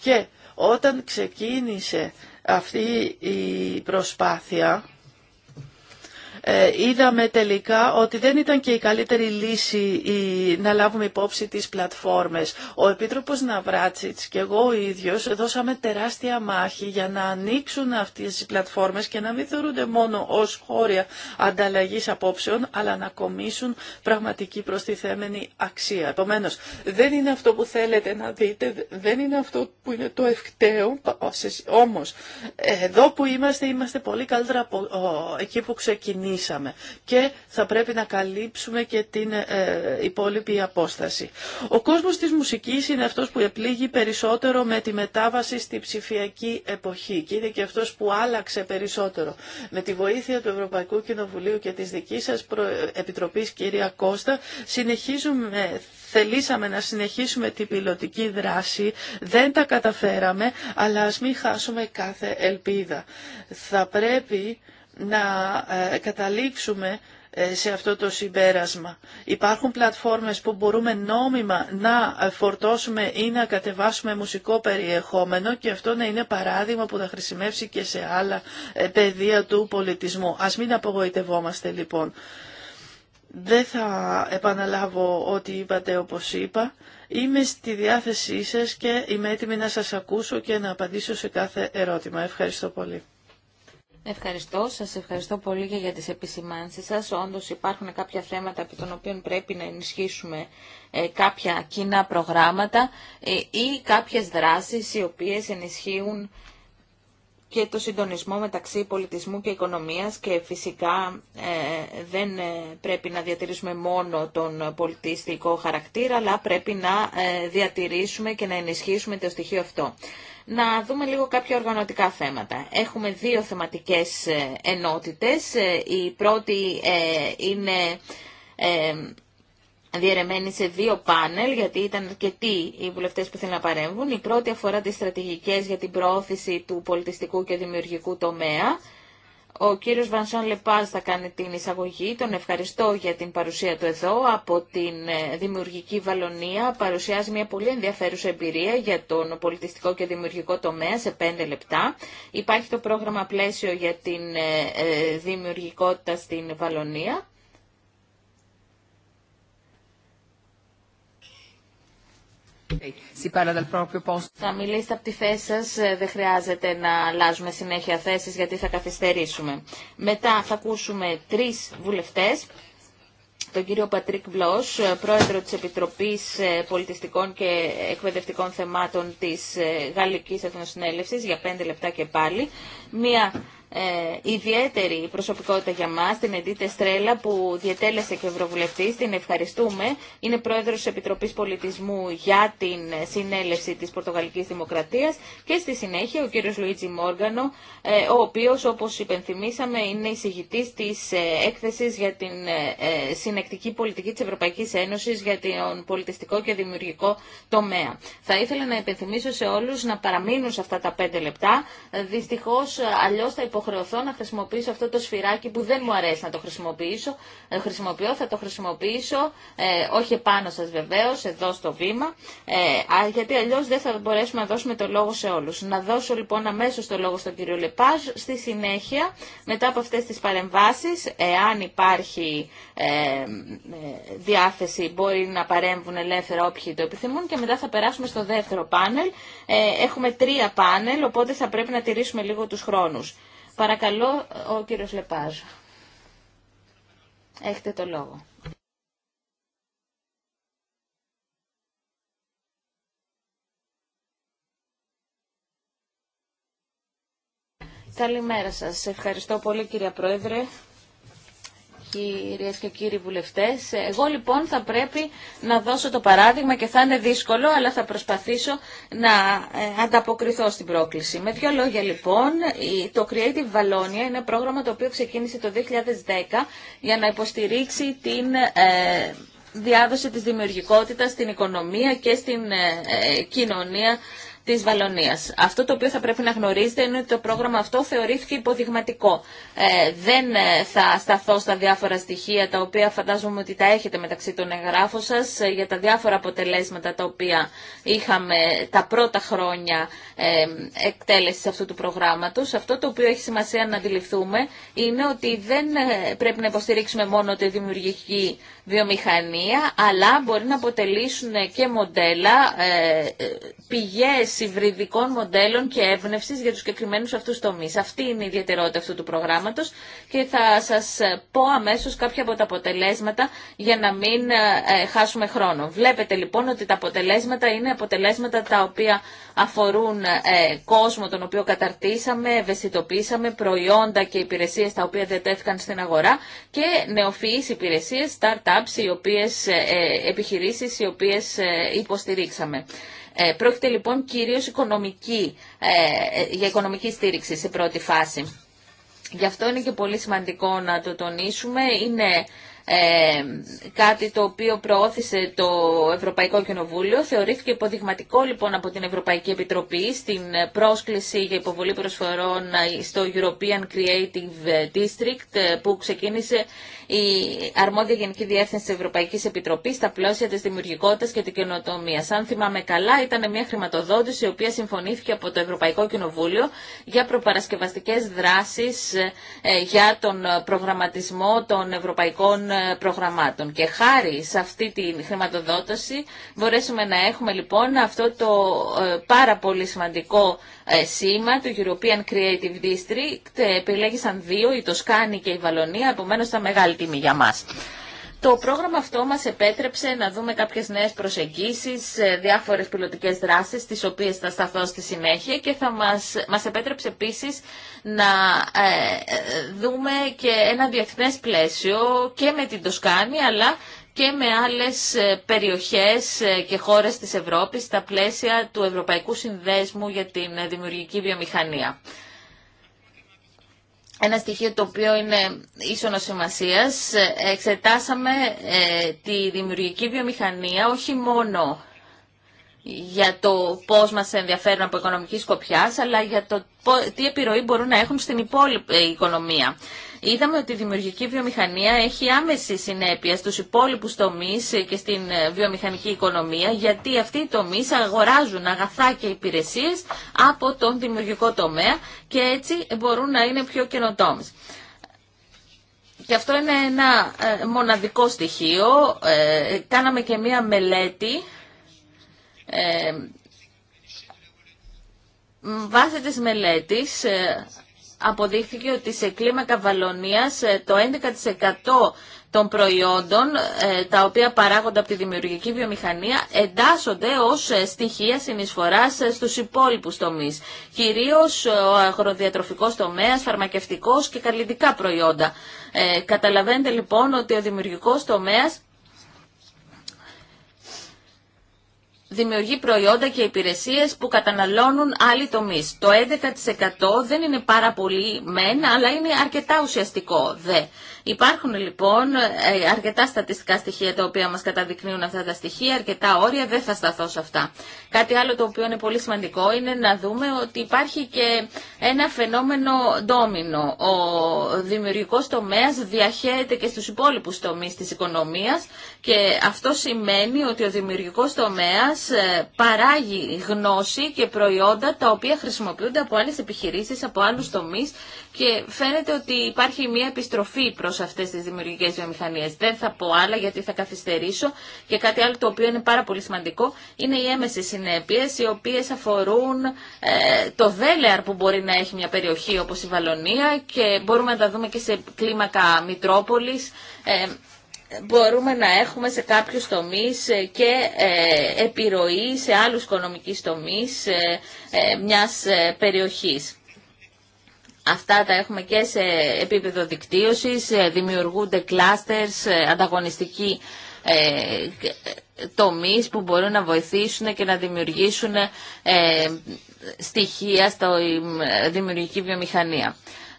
Και όταν ξεκίνησε αυτή η προσπάθεια, ε, είδαμε τελικά ότι δεν ήταν και η καλύτερη λύση να λάβουμε υπόψη τις πλατφόρμες. Ο Επίτροπος Ναβράτσιτς και εγώ ο ίδιος δώσαμε τεράστια μάχη για να ανοίξουν αυτές οι πλατφόρμες και να μην θεωρούνται μόνο ως χώρια ανταλλαγής απόψεων, αλλά να κομίσουν πραγματική προστιθέμενη αξία. Επομένως, δεν είναι αυτό που θέλετε να δείτε, δεν είναι αυτό που είναι το ευκταίο, όμως εδώ που είμαστε, είμαστε πολύ καλύτερα από εκεί που ξεκινήσαμε και θα πρέπει να καλύψουμε και την ε, υπόλοιπη απόσταση. Ο κόσμος της μουσικής είναι αυτός που επλήγει περισσότερο με τη μετάβαση στη ψηφιακή εποχή και είναι και αυτός που άλλαξε περισσότερο. Με τη βοήθεια του Ευρωπαϊκού Κοινοβουλίου και της δικής σας Επιτροπής κυρία Κώστα συνεχίζουμε θελήσαμε να συνεχίσουμε την πιλωτική δράση, δεν τα καταφέραμε, αλλά ας μην χάσουμε κάθε ελπίδα. Θα πρέπει να ε, καταλήξουμε ε, σε αυτό το συμπέρασμα. Υπάρχουν πλατφόρμες που μπορούμε νόμιμα να ε, φορτώσουμε ή να κατεβάσουμε μουσικό περιεχόμενο και αυτό να είναι παράδειγμα που θα χρησιμεύσει και σε άλλα πεδία του πολιτισμού. Ας μην απογοητευόμαστε λοιπόν. Δεν θα επαναλάβω ό,τι είπατε όπως είπα. Είμαι στη διάθεσή σας και είμαι έτοιμη να σας ακούσω και να απαντήσω σε κάθε ερώτημα. Ευχαριστώ πολύ. Ευχαριστώ. Σας ευχαριστώ πολύ και για τις επισημάνσεις σας. Όντως υπάρχουν κάποια θέματα από των οποίων πρέπει να ενισχύσουμε ε, κάποια κοινά προγράμματα ε, ή κάποιες δράσεις οι οποίες ενισχύουν και το συντονισμό μεταξύ πολιτισμού και οικονομίας και φυσικά ε, δεν πρέπει να διατηρήσουμε μόνο τον πολιτιστικό χαρακτήρα αλλά πρέπει να διατηρήσουμε και να ενισχύσουμε το στοιχείο αυτό να δούμε λίγο κάποια οργανωτικά θέματα. Έχουμε δύο θεματικές ε, ενότητες. Ε, η πρώτη ε, είναι διαιρεμένη σε δύο πάνελ, γιατί ήταν αρκετοί οι βουλευτέ που θέλουν να παρέμβουν. Η πρώτη αφορά τι στρατηγικέ για την προώθηση του πολιτιστικού και δημιουργικού τομέα. Ο κύριος Βανσάν Λεπάζ θα κάνει την εισαγωγή. Τον ευχαριστώ για την παρουσία του εδώ από την ε, Δημιουργική Βαλονία. Παρουσιάζει μια πολύ ενδιαφέρουσα εμπειρία για τον πολιτιστικό και δημιουργικό τομέα σε πέντε λεπτά. Υπάρχει το πρόγραμμα πλαίσιο για την ε, ε, δημιουργικότητα στην Βαλονία. Θα μιλήσετε από τη θέση σα. Ε, δεν χρειάζεται να αλλάζουμε συνέχεια θέσει γιατί θα καθυστερήσουμε. Μετά θα ακούσουμε τρει βουλευτέ. τον κύριο Πατρίκ Βλός, ε, πρόεδρο τη Επιτροπή ε, Πολιτιστικών και Εκπαιδευτικών Θεμάτων τη Γαλλική Εθνοσυνέλευσης, για πέντε λεπτά και πάλι. Μία ε, ιδιαίτερη προσωπικότητα για μας, την Εντίτε Στρέλα που διετέλεσε και ευρωβουλευτής, την ευχαριστούμε. Είναι πρόεδρος της Επιτροπής Πολιτισμού για την συνέλευση της Πορτογαλικής Δημοκρατίας και στη συνέχεια ο κύριος Λουίτζι Μόργανο, ε, ο οποίος όπως υπενθυμίσαμε είναι εισηγητής της ε, έκθεσης για την ε, συνεκτική πολιτική της Ευρωπαϊκής Ένωσης για τον πολιτιστικό και δημιουργικό τομέα. Θα ήθελα να υπενθυμίσω σε όλους να παραμείνουν σε αυτά τα πέντε λεπτά. Δυστυχώς αλλιώς θα υπο υποχρεωθώ να χρησιμοποιήσω αυτό το σφυράκι που δεν μου αρέσει να το χρησιμοποιήσω. Ε, χρησιμοποιώ, θα το χρησιμοποιήσω, ε, όχι επάνω σας βεβαίως, εδώ στο βήμα, ε, γιατί αλλιώς δεν θα μπορέσουμε να δώσουμε το λόγο σε όλους. Να δώσω λοιπόν αμέσως το λόγο στον κύριο Λεπάζ, στη συνέχεια, μετά από αυτές τις παρεμβάσεις, εάν υπάρχει ε, ε διάθεση μπορεί να παρέμβουν ελεύθερα όποιοι το επιθυμούν και μετά θα περάσουμε στο δεύτερο πάνελ. Ε, έχουμε τρία πάνελ, οπότε θα πρέπει να τηρήσουμε λίγο τους χρόνους. Παρακαλώ, ο κύριος Λεπάζ. Έχετε το λόγο. Καλημέρα σας. Ευχαριστώ πολύ κυρία Πρόεδρε. Κυρίε και κύριοι βουλευτέ, Εγώ λοιπόν θα πρέπει να δώσω το παράδειγμα και θα είναι δύσκολο, αλλά θα προσπαθήσω να ε, ανταποκριθώ στην πρόκληση. Με δύο λόγια λοιπόν, το Creative Valonia είναι πρόγραμμα το οποίο ξεκίνησε το 2010 για να υποστηρίξει την ε, διάδοση της δημιουργικότητας στην οικονομία και στην ε, κοινωνία αυτό το οποίο θα πρέπει να γνωρίζετε είναι ότι το πρόγραμμα αυτό θεωρήθηκε υποδειγματικό. Ε, δεν ε, θα σταθώ στα διάφορα στοιχεία τα οποία φαντάζομαι ότι τα έχετε μεταξύ των εγγράφων σα ε, για τα διάφορα αποτελέσματα τα οποία είχαμε τα πρώτα χρόνια Εκτέλεση αυτού του προγράμματο. Αυτό το οποίο έχει σημασία να αντιληφθούμε είναι ότι δεν ε, πρέπει να υποστηρίξουμε μόνο τη δημιουργική βιομηχανία, αλλά μπορεί να αποτελήσουν και μοντέλα, ε, ε, πηγέ υβριδικών μοντέλων και έμπνευση για του συγκεκριμένου αυτού τομεί. Αυτή είναι η ιδιαιτερότητα αυτού του προγράμματο και θα σα πω αμέσω κάποια από τα αποτελέσματα για να μην χάσουμε χρόνο. Βλέπετε λοιπόν ότι τα αποτελέσματα είναι αποτελέσματα τα οποία αφορούν ε, κόσμο τον οποίο καταρτήσαμε, ευαισθητοποίησαμε, προϊόντα και υπηρεσίες τα οποία διατέθηκαν στην αγορά και νεοφυείς υπηρεσίες, startups, οι οποίες, ε, ε, επιχειρήσεις οι οποίες υποστηρίξαμε. Πρόκειται λοιπόν κυρίως οικονομική, για οικονομική στήριξη σε πρώτη φάση. Γι' αυτό είναι και πολύ σημαντικό να το τονίσουμε ε, κάτι το οποίο προώθησε το Ευρωπαϊκό Κοινοβούλιο. Θεωρήθηκε υποδειγματικό λοιπόν από την Ευρωπαϊκή Επιτροπή στην πρόσκληση για υποβολή προσφορών ε, στο European Creative District ε, που ξεκίνησε η αρμόδια Γενική Διεύθυνση της Ευρωπαϊκής Επιτροπής στα πλαίσια της δημιουργικότητας και την καινοτομία. Αν θυμάμαι καλά ήταν μια χρηματοδότηση η οποία συμφωνήθηκε από το Ευρωπαϊκό Κοινοβούλιο για προπαρασκευαστικές δράσεις ε, για τον προγραμματισμό των ευρωπαϊκών προγραμμάτων. Και χάρη σε αυτή τη χρηματοδότηση μπορέσουμε να έχουμε λοιπόν αυτό το ε, πάρα πολύ σημαντικό ε, σήμα του European Creative District. Ε, επιλέγησαν δύο, η Τοσκάνη και η Βαλονία, επομένως ήταν μεγάλη τιμή για μας. Το πρόγραμμα αυτό μας επέτρεψε να δούμε κάποιες νέες προσεγγίσεις, ε, διάφορες πιλωτικές δράσεις, τις οποίες θα σταθώ στη συνέχεια και θα μας, μας επέτρεψε επίσης να ε, δούμε και ένα διεθνές πλαίσιο και με την Τοσκάνη, αλλά και με άλλες ε, περιοχές και χώρες της Ευρώπης στα πλαίσια του Ευρωπαϊκού Συνδέσμου για την Δημιουργική Βιομηχανία ένα στοιχείο το οποίο είναι ίσονο σημασία. Εξετάσαμε ε, τη δημιουργική βιομηχανία όχι μόνο για το πώς μας ενδιαφέρουν από οικονομική σκοπιά, αλλά για το τι επιρροή μπορούν να έχουν στην υπόλοιπη οικονομία είδαμε ότι η δημιουργική βιομηχανία έχει άμεση συνέπεια στους υπόλοιπους τομείς και στην ε, βιομηχανική οικονομία, γιατί αυτοί οι τομείς αγοράζουν αγαθά και υπηρεσίες από τον δημιουργικό τομέα και έτσι μπορούν να είναι πιο καινοτόμες. Και αυτό είναι ένα ε, μοναδικό στοιχείο. Ε, κάναμε και μία μελέτη βάσει της μελέτης αποδείχθηκε ότι σε κλίμακα βαλονίας ε, το 11% των προϊόντων ε, τα οποία παράγονται από τη δημιουργική βιομηχανία εντάσσονται ως ε, στοιχεία συνεισφοράς στους υπόλοιπους τομείς. Κυρίως ο αγροδιατροφικός τομέας, φαρμακευτικός και καλλιτικά προϊόντα. καταλαβαίνετε λοιπόν ότι ο δημιουργικός τομέας δημιουργεί προϊόντα και υπηρεσίες που καταναλώνουν άλλοι τομείς. Το 11% δεν είναι πάρα πολύ μεν, αλλά είναι αρκετά ουσιαστικό δε. Υπάρχουν λοιπόν ε, αρκετά στατιστικά στοιχεία τα οποία μας καταδεικνύουν αυτά τα στοιχεία, αρκετά όρια, δεν θα σταθώ σε αυτά. Κάτι άλλο το οποίο είναι πολύ σημαντικό είναι να δούμε ότι υπάρχει και ένα φαινόμενο ντόμινο. Ο δημιουργικός τομέας διαχέεται και στους υπόλοιπους τομείς της οικονομίας και αυτό σημαίνει ότι ο δημιουργικός τομέας ε, παράγει γνώση και προϊόντα τα οποία χρησιμοποιούνται από άλλες επιχειρήσεις, από άλλους τομείς και φαίνεται ότι υπάρχει μια επιστροφή προς αυτές τις δημιουργικές βιομηχανίες. Δεν θα πω άλλα γιατί θα καθυστερήσω και κάτι άλλο το οποίο είναι πάρα πολύ σημαντικό είναι η έμεση συνέπειες οι οποίες αφορούν ε, το δέλεαρ που μπορεί να έχει μια περιοχή όπως η Βαλονία και μπορούμε να τα δούμε και σε κλίμακα Μητρόπολης. Ε, μπορούμε να έχουμε σε κάποιους τομείς ε, και επιρροή σε άλλους οικονομικούς τομείς μιας περιοχής. Αυτά τα έχουμε και σε επίπεδο δικτύωσης, δημιουργούνται κλάστερς, ανταγωνιστικοί. Ε, τομείς που μπορούν να βοηθήσουν και να δημιουργήσουν ε, στοιχεία στη ε, δημιουργική βιομηχανία.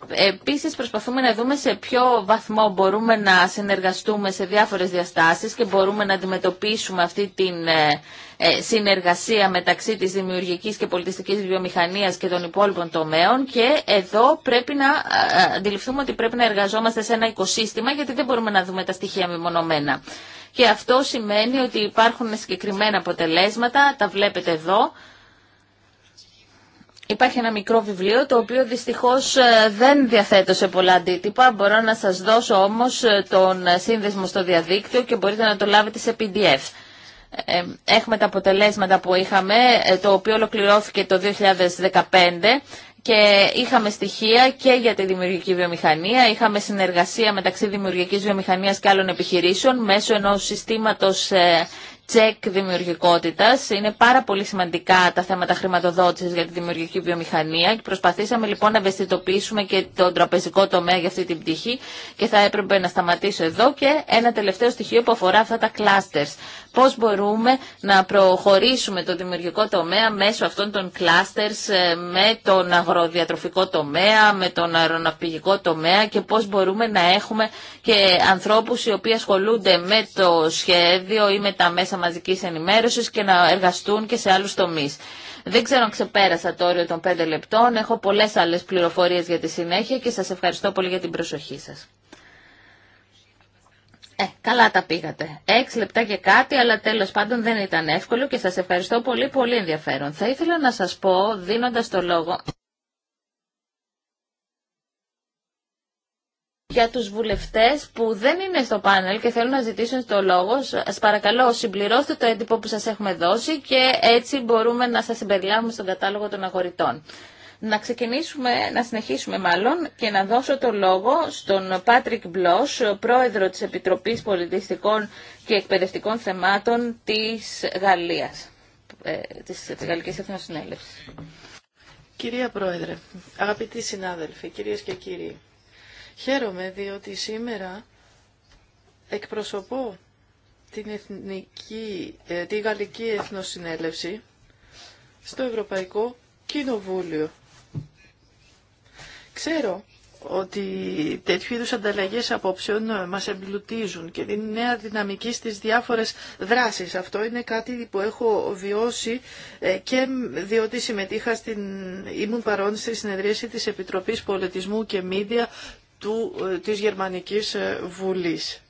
Επίσης προσπαθούμε να δούμε σε ποιο βαθμό μπορούμε να συνεργαστούμε σε διάφορες διαστάσεις και μπορούμε να αντιμετωπίσουμε αυτή την συνεργασία μεταξύ της δημιουργικής και πολιτιστικής βιομηχανίας και των υπόλοιπων τομέων και εδώ πρέπει να αντιληφθούμε ότι πρέπει να εργαζόμαστε σε ένα οικοσύστημα γιατί δεν μπορούμε να δούμε τα στοιχεία μεμονωμένα και αυτό σημαίνει ότι υπάρχουν συγκεκριμένα αποτελέσματα, τα βλέπετε εδώ. Υπάρχει ένα μικρό βιβλίο το οποίο δυστυχώς ε, δεν διαθέτω σε πολλά αντίτυπα. Μπορώ να σας δώσω όμως ε, τον σύνδεσμο στο διαδίκτυο και μπορείτε να το λάβετε σε PDF. Ε, έχουμε τα αποτελέσματα που είχαμε, το οποίο ολοκληρώθηκε το 2015 και είχαμε στοιχεία και για τη δημιουργική βιομηχανία, είχαμε συνεργασία μεταξύ δημιουργικής βιομηχανίας και άλλων επιχειρήσεων μέσω ενός συστήματος ε, τσεκ δημιουργικότητας. Είναι πάρα πολύ σημαντικά τα θέματα χρηματοδότησης για τη δημιουργική βιομηχανία και προσπαθήσαμε λοιπόν να ευαισθητοποιήσουμε και τον τραπεζικό τομέα για αυτή την πτυχή και θα έπρεπε να σταματήσω εδώ και ένα τελευταίο στοιχείο που αφορά αυτά τα clusters πώς μπορούμε να προχωρήσουμε το δημιουργικό τομέα μέσω αυτών των κλάστερς με τον αγροδιατροφικό τομέα, με τον αεροναυπηγικό τομέα και πώς μπορούμε να έχουμε και ανθρώπους οι οποίοι ασχολούνται με το σχέδιο ή με τα μέσα μαζικής ενημέρωσης και να εργαστούν και σε άλλους τομείς. Δεν ξέρω αν ξεπέρασα το όριο των πέντε λεπτών. Έχω πολλές άλλες πληροφορίες για τη συνέχεια και σας ευχαριστώ πολύ για την προσοχή σας. Ε, καλά τα πήγατε. Έξι λεπτά και κάτι, αλλά τέλος πάντων δεν ήταν εύκολο και σας ευχαριστώ πολύ, πολύ ενδιαφέρον. Θα ήθελα να σας πω, δίνοντας το λόγο... για τους βουλευτές που δεν είναι στο πάνελ και θέλουν να ζητήσουν το λόγο, σας παρακαλώ συμπληρώστε το έντυπο που σας έχουμε δώσει και έτσι μπορούμε να σας συμπεριλάβουμε στον κατάλογο των αγορητών να ξεκινήσουμε, να συνεχίσουμε μάλλον και να δώσω το λόγο στον Πάτρικ Μπλος, πρόεδρο της Επιτροπής Πολιτιστικών και Εκπαιδευτικών Θεμάτων της Γαλλίας, της, ε, της Γαλλικής Εθνοσυνέλευσης. Κυρία Πρόεδρε, αγαπητοί συνάδελφοι, κυρίες και κύριοι, χαίρομαι διότι σήμερα εκπροσωπώ την, Εθνική, ε, τη Γαλλική Εθνοσυνέλευση στο Ευρωπαϊκό Κοινοβούλιο. Ξέρω ότι τέτοιου είδους ανταλλαγές απόψεων μας εμπλουτίζουν και δίνουν νέα δυναμική στις διάφορες δράσεις. Αυτό είναι κάτι που έχω βιώσει ε, και διότι συμμετείχα στην... ήμουν παρόν στη συνεδρίαση της Επιτροπής Πολιτισμού και Μίδια του... Ε, της Γερμανικής ε, Βουλής.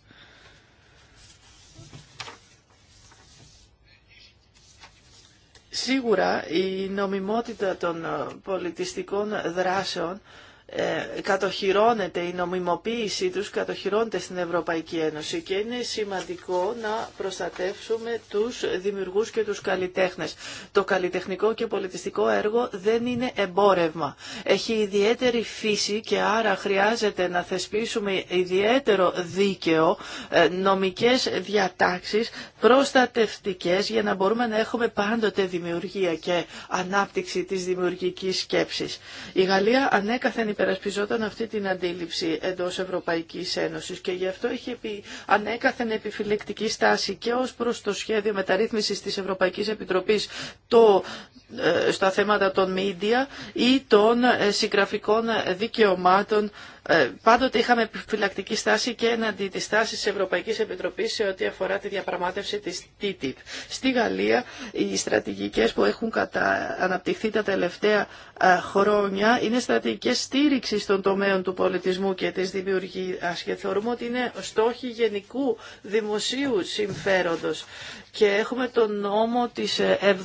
Σίγουρα η νομιμότητα των πολιτιστικών δράσεων ε, κατοχυρώνεται η νομιμοποίησή τους, κατοχυρώνεται στην Ευρωπαϊκή Ένωση και είναι σημαντικό να προστατεύσουμε τους δημιουργούς και τους καλλιτέχνες. Το καλλιτεχνικό και πολιτιστικό έργο δεν είναι εμπόρευμα. Έχει ιδιαίτερη φύση και άρα χρειάζεται να θεσπίσουμε ιδιαίτερο δίκαιο, ε, νομικές διατάξεις, προστατευτικές για να μπορούμε να έχουμε πάντοτε δημιουργία και ανάπτυξη της δημιουργικής σκέψης. Η Γαλλία ανέκαθεν Περασπιζόταν αυτή την αντίληψη εντός Ευρωπαϊκής Ένωσης και γι' αυτό είχε πει ανέκαθεν επιφυλεκτική στάση και ως προς το σχέδιο μεταρρύθμισης της Ευρωπαϊκής Επιτροπής το, ε, στα θέματα των μίντια ή των ε, συγγραφικών δικαιωμάτων ε, πάντοτε είχαμε επιφυλακτική στάση και εναντί τη στάση τη Ευρωπαϊκή Επιτροπή σε ό,τι αφορά τη διαπραγμάτευση τη TTIP. Στη Γαλλία, οι στρατηγικέ που έχουν κατα... αναπτυχθεί τα τελευταία ε, χρόνια είναι στρατηγικέ στήριξη των τομέων του πολιτισμού και τη δημιουργία και θεωρούμε ότι είναι στόχοι γενικού δημοσίου συμφέροντο. Και έχουμε τον νόμο τη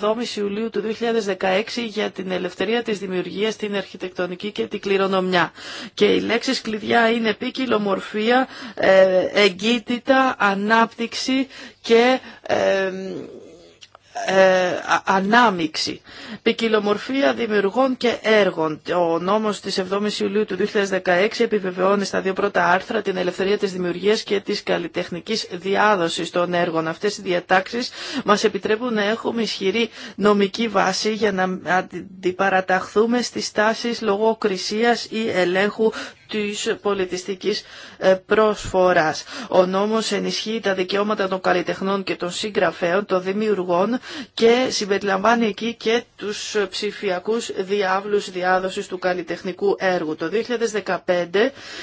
7 η Ιουλίου του 2016 για την ελευθερία τη δημιουργία την αρχιτεκτονική και την κληρονομιά. Και η λέξεις κλειδιά είναι ποικιλομορφία, ε, εγκύτητα, ανάπτυξη και ε, ε ανάμιξη. Ποικιλομορφία δημιουργών και έργων. Ο νόμος της 7ης Ιουλίου του 2016 επιβεβαιώνει στα δύο πρώτα άρθρα την ελευθερία της δημιουργίας και της καλλιτεχνικής διάδοσης των έργων. Αυτές οι διατάξεις μας επιτρέπουν να έχουμε ισχυρή νομική βάση για να αντιπαραταχθούμε στις τάσεις λογοκρισίας ή ελέγχου της πολιτιστικής ε, πρόσφορας. Ο νόμος ενισχύει τα δικαιώματα των καλλιτεχνών και των συγγραφέων, των δημιουργών και συμπεριλαμβάνει εκεί και τους ψηφιακούς διάβλους διάδοσης του καλλιτεχνικού έργου. Το 2015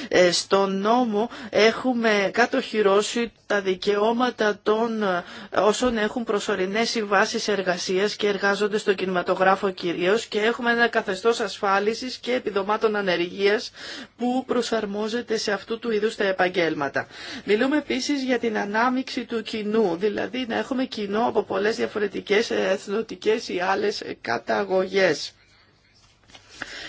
ε, στον νόμο έχουμε κατοχυρώσει τα δικαιώματα των ε, όσων έχουν προσωρινές συμβάσεις εργασίας και εργάζονται στο κινηματογράφο κυρίως και έχουμε ένα καθεστώς ασφάλισης και επιδομάτων ανεργίας που που προσαρμόζεται σε αυτού του είδους τα επαγγέλματα. Μιλούμε επίσης για την ανάμειξη του κοινού, δηλαδή να έχουμε κοινό από πολλές διαφορετικές ε, εθνοτικές ή άλλες καταγωγές.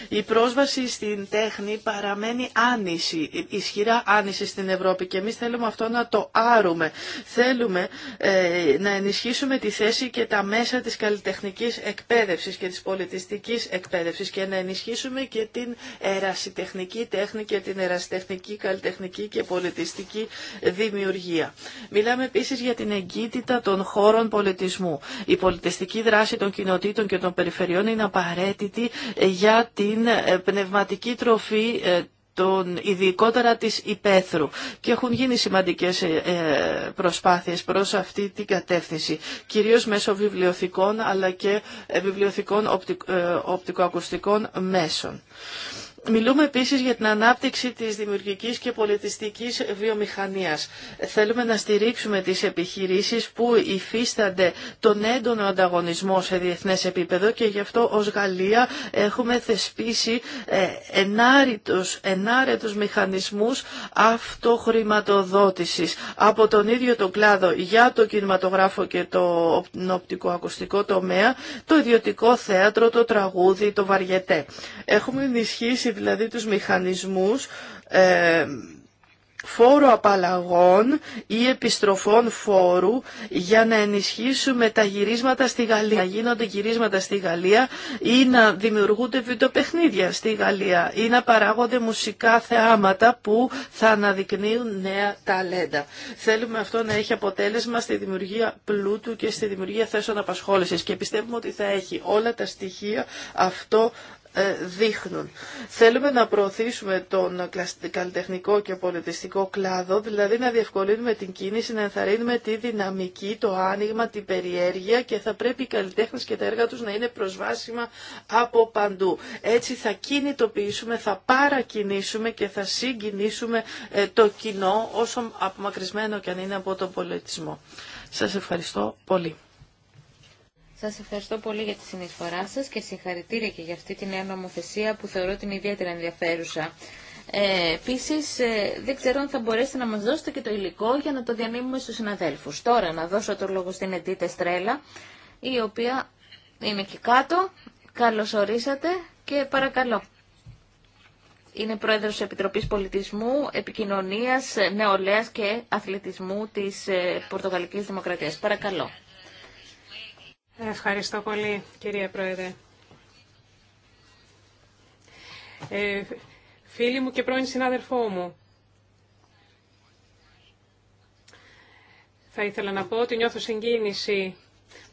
Η πρόσβαση στην τέχνη παραμένει άνηση, ισχυρά άνηση στην Ευρώπη και εμείς θέλουμε αυτό να το άρουμε. Θέλουμε ε, να ενισχύσουμε τη θέση και τα μέσα της καλλιτεχνικής εκπαίδευσης και της πολιτιστικής εκπαίδευσης και να ενισχύσουμε και την ερασιτεχνική τέχνη και την ερασιτεχνική, καλλιτεχνική και πολιτιστική δημιουργία. Μιλάμε επίσης για την εγκύτητα των χώρων πολιτισμού. Η πολιτιστική δράση των κοινοτήτων και των περιφερειών είναι απαραίτητη ε, την ε, πνευματική τροφή ε, τον ειδικότερα της υπαίθρου και έχουν γίνει σημαντικές ε, προσπάθειες προς αυτή την κατεύθυνση κυρίως μέσω βιβλιοθηκών αλλά και βιβλιοθηκών οπτικοακουστικών μέσων. Μιλούμε επίσης για την ανάπτυξη της δημιουργικής και πολιτιστικής βιομηχανίας. Θέλουμε να στηρίξουμε τις επιχειρήσεις που υφίστανται τον έντονο ανταγωνισμό σε διεθνές επίπεδο και γι' αυτό ως Γαλλία έχουμε θεσπίσει ε, ενάρετους, ενάρετους μηχανισμούς αυτοχρηματοδότησης από τον ίδιο τον κλάδο για το κινηματογράφο και το οπτικοακουστικό τομέα, το ιδιωτικό θέατρο, το τραγούδι, το βαριετέ. Έχουμε ενισχύσει δηλαδή τους μηχανισμούς ε, απαλλαγών ή επιστροφών φόρου για να ενισχύσουμε τα γυρίσματα στη Γαλλία. Να γίνονται γυρίσματα στη Γαλλία ή να δημιουργούνται βιντεοπαιχνίδια στη Γαλλία ή να παράγονται μουσικά θεάματα που θα αναδεικνύουν νέα ταλέντα. Θέλουμε αυτό να έχει αποτέλεσμα στη δημιουργία πλούτου και στη δημιουργία θέσεων απασχόλησης και πιστεύουμε ότι θα έχει όλα τα στοιχεία αυτό ε, δείχνουν. Θέλουμε να προωθήσουμε τον καλλιτεχνικό και πολιτιστικό κλάδο, δηλαδή να διευκολύνουμε την κίνηση, να ενθαρρύνουμε τη δυναμική, το άνοιγμα, την περιέργεια και θα πρέπει οι καλλιτέχνε και τα έργα τους να είναι προσβάσιμα από παντού. Έτσι θα κινητοποιήσουμε, θα παρακινήσουμε και θα συγκινήσουμε ε, το κοινό όσο απομακρυσμένο και αν είναι από τον πολιτισμό. Σας ευχαριστώ πολύ. Σα ευχαριστώ πολύ για τη συνεισφορά σα και συγχαρητήρια και για αυτή τη νέα νομοθεσία που θεωρώ την ιδιαίτερα ενδιαφέρουσα. Ε, Επίση, ε, δεν ξέρω αν θα μπορέσετε να μα δώσετε και το υλικό για να το διανύμουμε στου συναδέλφου. Τώρα να δώσω το λόγο στην Εντίτε Στρέλα, η οποία είναι εκεί κάτω. καλώ ορίσατε και παρακαλώ. Είναι πρόεδρο της Επιτροπής Πολιτισμού, Επικοινωνία, Νεολαίας και Αθλητισμού της ε, Πορτογαλική Δημοκρατία. Παρακαλώ. Ευχαριστώ πολύ, κυρία Πρόεδρε. Ε, φίλη μου και πρώην συνάδελφό μου, θα ήθελα να πω ότι νιώθω συγκίνηση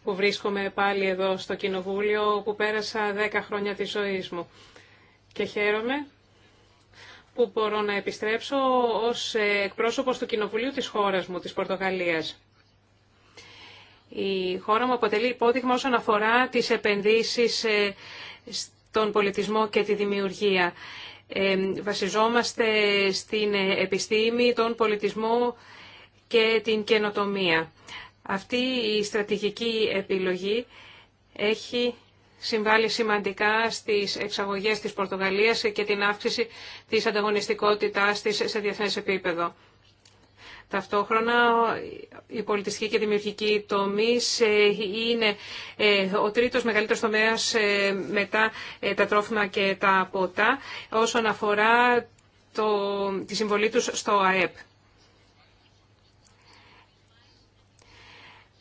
που βρίσκομαι πάλι εδώ στο Κοινοβούλιο, που πέρασα δέκα χρόνια της ζωής μου. Και χαίρομαι που μπορώ να επιστρέψω ως εκπρόσωπος του Κοινοβουλίου της χώρας μου, της Πορτογαλίας. Η χώρα μου αποτελεί υπόδειγμα όσον αφορά τις επενδύσεις ε, στον πολιτισμό και τη δημιουργία. Ε, βασιζόμαστε στην ε, επιστήμη, τον πολιτισμό και την καινοτομία. Αυτή η στρατηγική επιλογή έχει συμβάλει σημαντικά στις εξαγωγές της Πορτογαλίας και την αύξηση της ανταγωνιστικότητάς της σε διεθνές επίπεδο. Ταυτόχρονα η πολιτιστική και δημιουργική τομή ε, είναι ε, ο τρίτος μεγαλύτερος τομέας ε, μετά τα τρόφιμα και τα ποτά όσον αφορά το, τη συμβολή τους στο ΑΕΠ.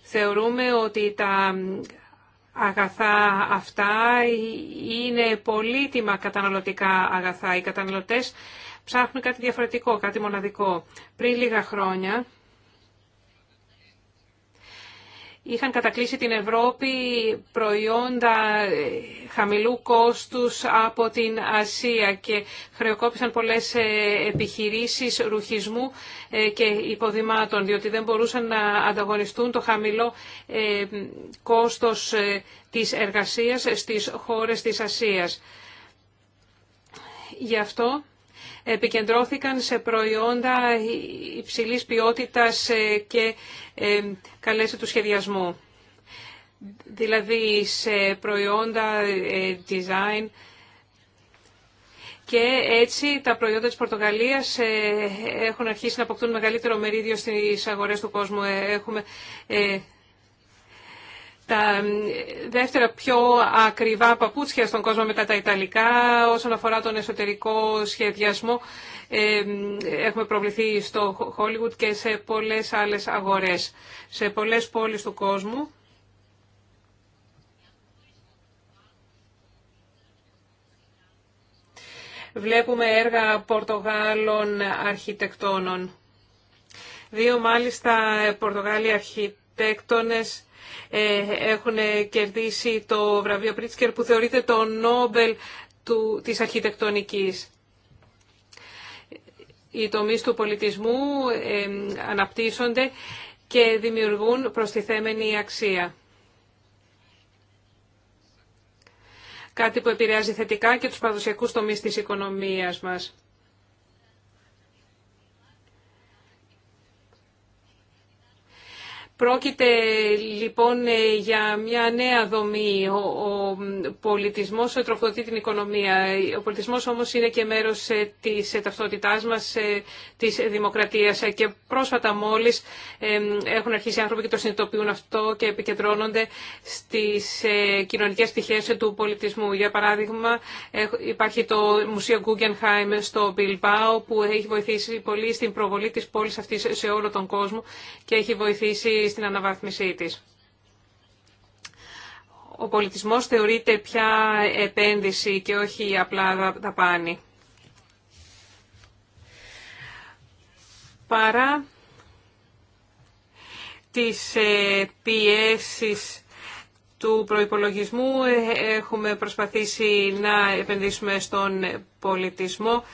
Θεωρούμε ότι τα αγαθά αυτά είναι πολύτιμα καταναλωτικά αγαθά. Οι καταναλωτές ψάχνουν κάτι διαφορετικό, κάτι μοναδικό. Πριν λίγα χρόνια είχαν κατακλείσει την Ευρώπη προϊόντα χαμηλού κόστους από την Ασία και χρεοκόπησαν πολλές ε, επιχειρήσεις ρουχισμού ε, και υποδημάτων, διότι δεν μπορούσαν να ανταγωνιστούν το χαμηλό ε, κόστος της εργασίας στις χώρες της Ασίας. Γι' αυτό επικεντρώθηκαν σε προϊόντα υψηλής ποιότητας ε, και ε, καλέσει του σχεδιασμού. Δηλαδή σε προϊόντα ε, design και έτσι τα προϊόντα της Πορτογαλίας έχουν αρχίσει να αποκτούν μεγαλύτερο μερίδιο στις αγορές του κόσμου. Έχουμε τα δεύτερα πιο ακριβά παπούτσια στον κόσμο μετά τα Ιταλικά όσον αφορά τον εσωτερικό σχεδιασμό. Ε, έχουμε προβληθεί στο Hollywood και σε πολλές άλλες αγορές, σε πολλές πόλεις του κόσμου. Βλέπουμε έργα Πορτογάλων αρχιτεκτόνων. Δύο μάλιστα Πορτογάλοι αρχιτέκτονες ε, έχουν κερδίσει το βραβείο Πρίτσκερ που θεωρείται το Νόμπελ του, της αρχιτεκτονικής. Οι τομείς του πολιτισμού ε, αναπτύσσονται και δημιουργούν προστιθέμενη αξία. Κάτι που επηρεάζει θετικά και τους παραδοσιακούς τομείς της οικονομίας μας. Πρόκειται λοιπόν ε, για μια νέα δομή. Ο πολιτισμός τροφοδοτεί την οικονομία. Ο πολιτισμός όμως είναι και μέρος ε, της ε, ταυτότητάς μας, της δημοκρατίας. Και πρόσφατα μόλις έχουν αρχίσει άνθρωποι και το συνειδητοποιούν αυτό και επικεντρώνονται στις κοινωνικές πτυχές του πολιτισμού. Για παράδειγμα υπάρχει το Μουσείο Guggenheim στο Bilbao που έχει βοηθήσει πολύ στην προβολή της πόλης αυτής σε όλο τον κόσμο και έχει βοηθήσει στην αναβάθμισή της. Ο πολιτισμός θεωρείται πια επένδυση και όχι απλά δαπάνη. Παρά τις ε, πιέσεις του προϋπολογισμού ε, έχουμε προσπαθήσει να επενδύσουμε στον πολιτισμό.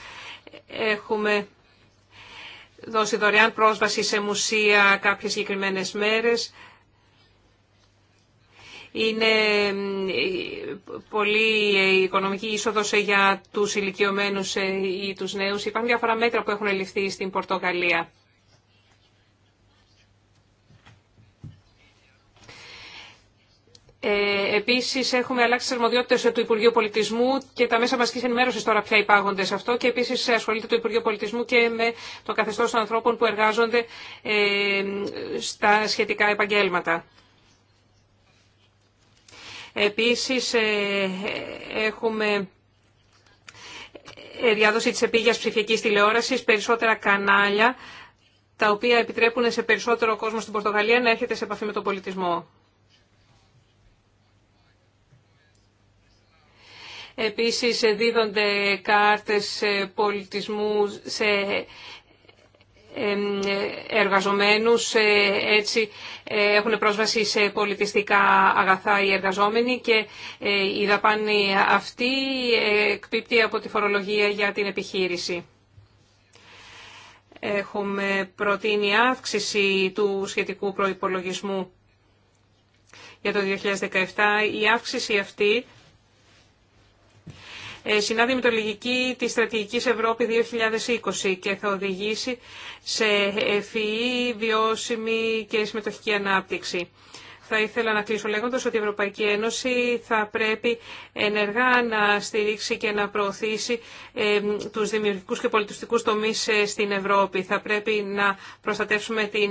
Έχουμε δώσει δωρεάν πρόσβαση σε μουσεία κάποιες συγκεκριμένε μέρες. Είναι πολύ οικονομική είσοδος για τους ηλικιωμένους ή τους νέους. Υπάρχουν διάφορα μέτρα που έχουν ληφθεί στην Πορτογαλία. Ε, επίση, έχουμε αλλάξει τι αρμοδιότητε του Υπουργείου Πολιτισμού και τα μέσα μαζική ενημέρωση τώρα πια υπάγονται σε αυτό. Και επίση ασχολείται το Υπουργείο Πολιτισμού και με το καθεστώ των ανθρώπων που εργάζονται ε, στα σχετικά επαγγέλματα. Επίσης ε, έχουμε διάδοση τη επίγεια ψηφιακή τηλεόραση, περισσότερα κανάλια, τα οποία επιτρέπουν σε περισσότερο κόσμο στην Πορτογαλία να έρχεται σε επαφή με τον πολιτισμό. Επίσης δίδονται κάρτες πολιτισμού σε εργαζομένους, έτσι ε, έχουν πρόσβαση σε πολιτιστικά αγαθά οι εργαζόμενοι και ε, η δαπάνη αυτή εκπίπτει από τη φορολογία για την επιχείρηση. Έχουμε προτείνει αύξηση του σχετικού προϋπολογισμού για το 2017. Η αύξηση αυτή ε, συνάδει με το λογική της στρατηγικής Ευρώπη 2020 και θα οδηγήσει σε ευφυή, βιώσιμη και συμμετοχική ανάπτυξη. Θα ήθελα να κλείσω λέγοντας ότι η Ευρωπαϊκή Ένωση θα πρέπει ενεργά να στηρίξει και να προωθήσει ε, τους δημιουργικούς και πολιτιστικούς τομείς ε, στην Ευρώπη. Θα πρέπει να προστατεύσουμε την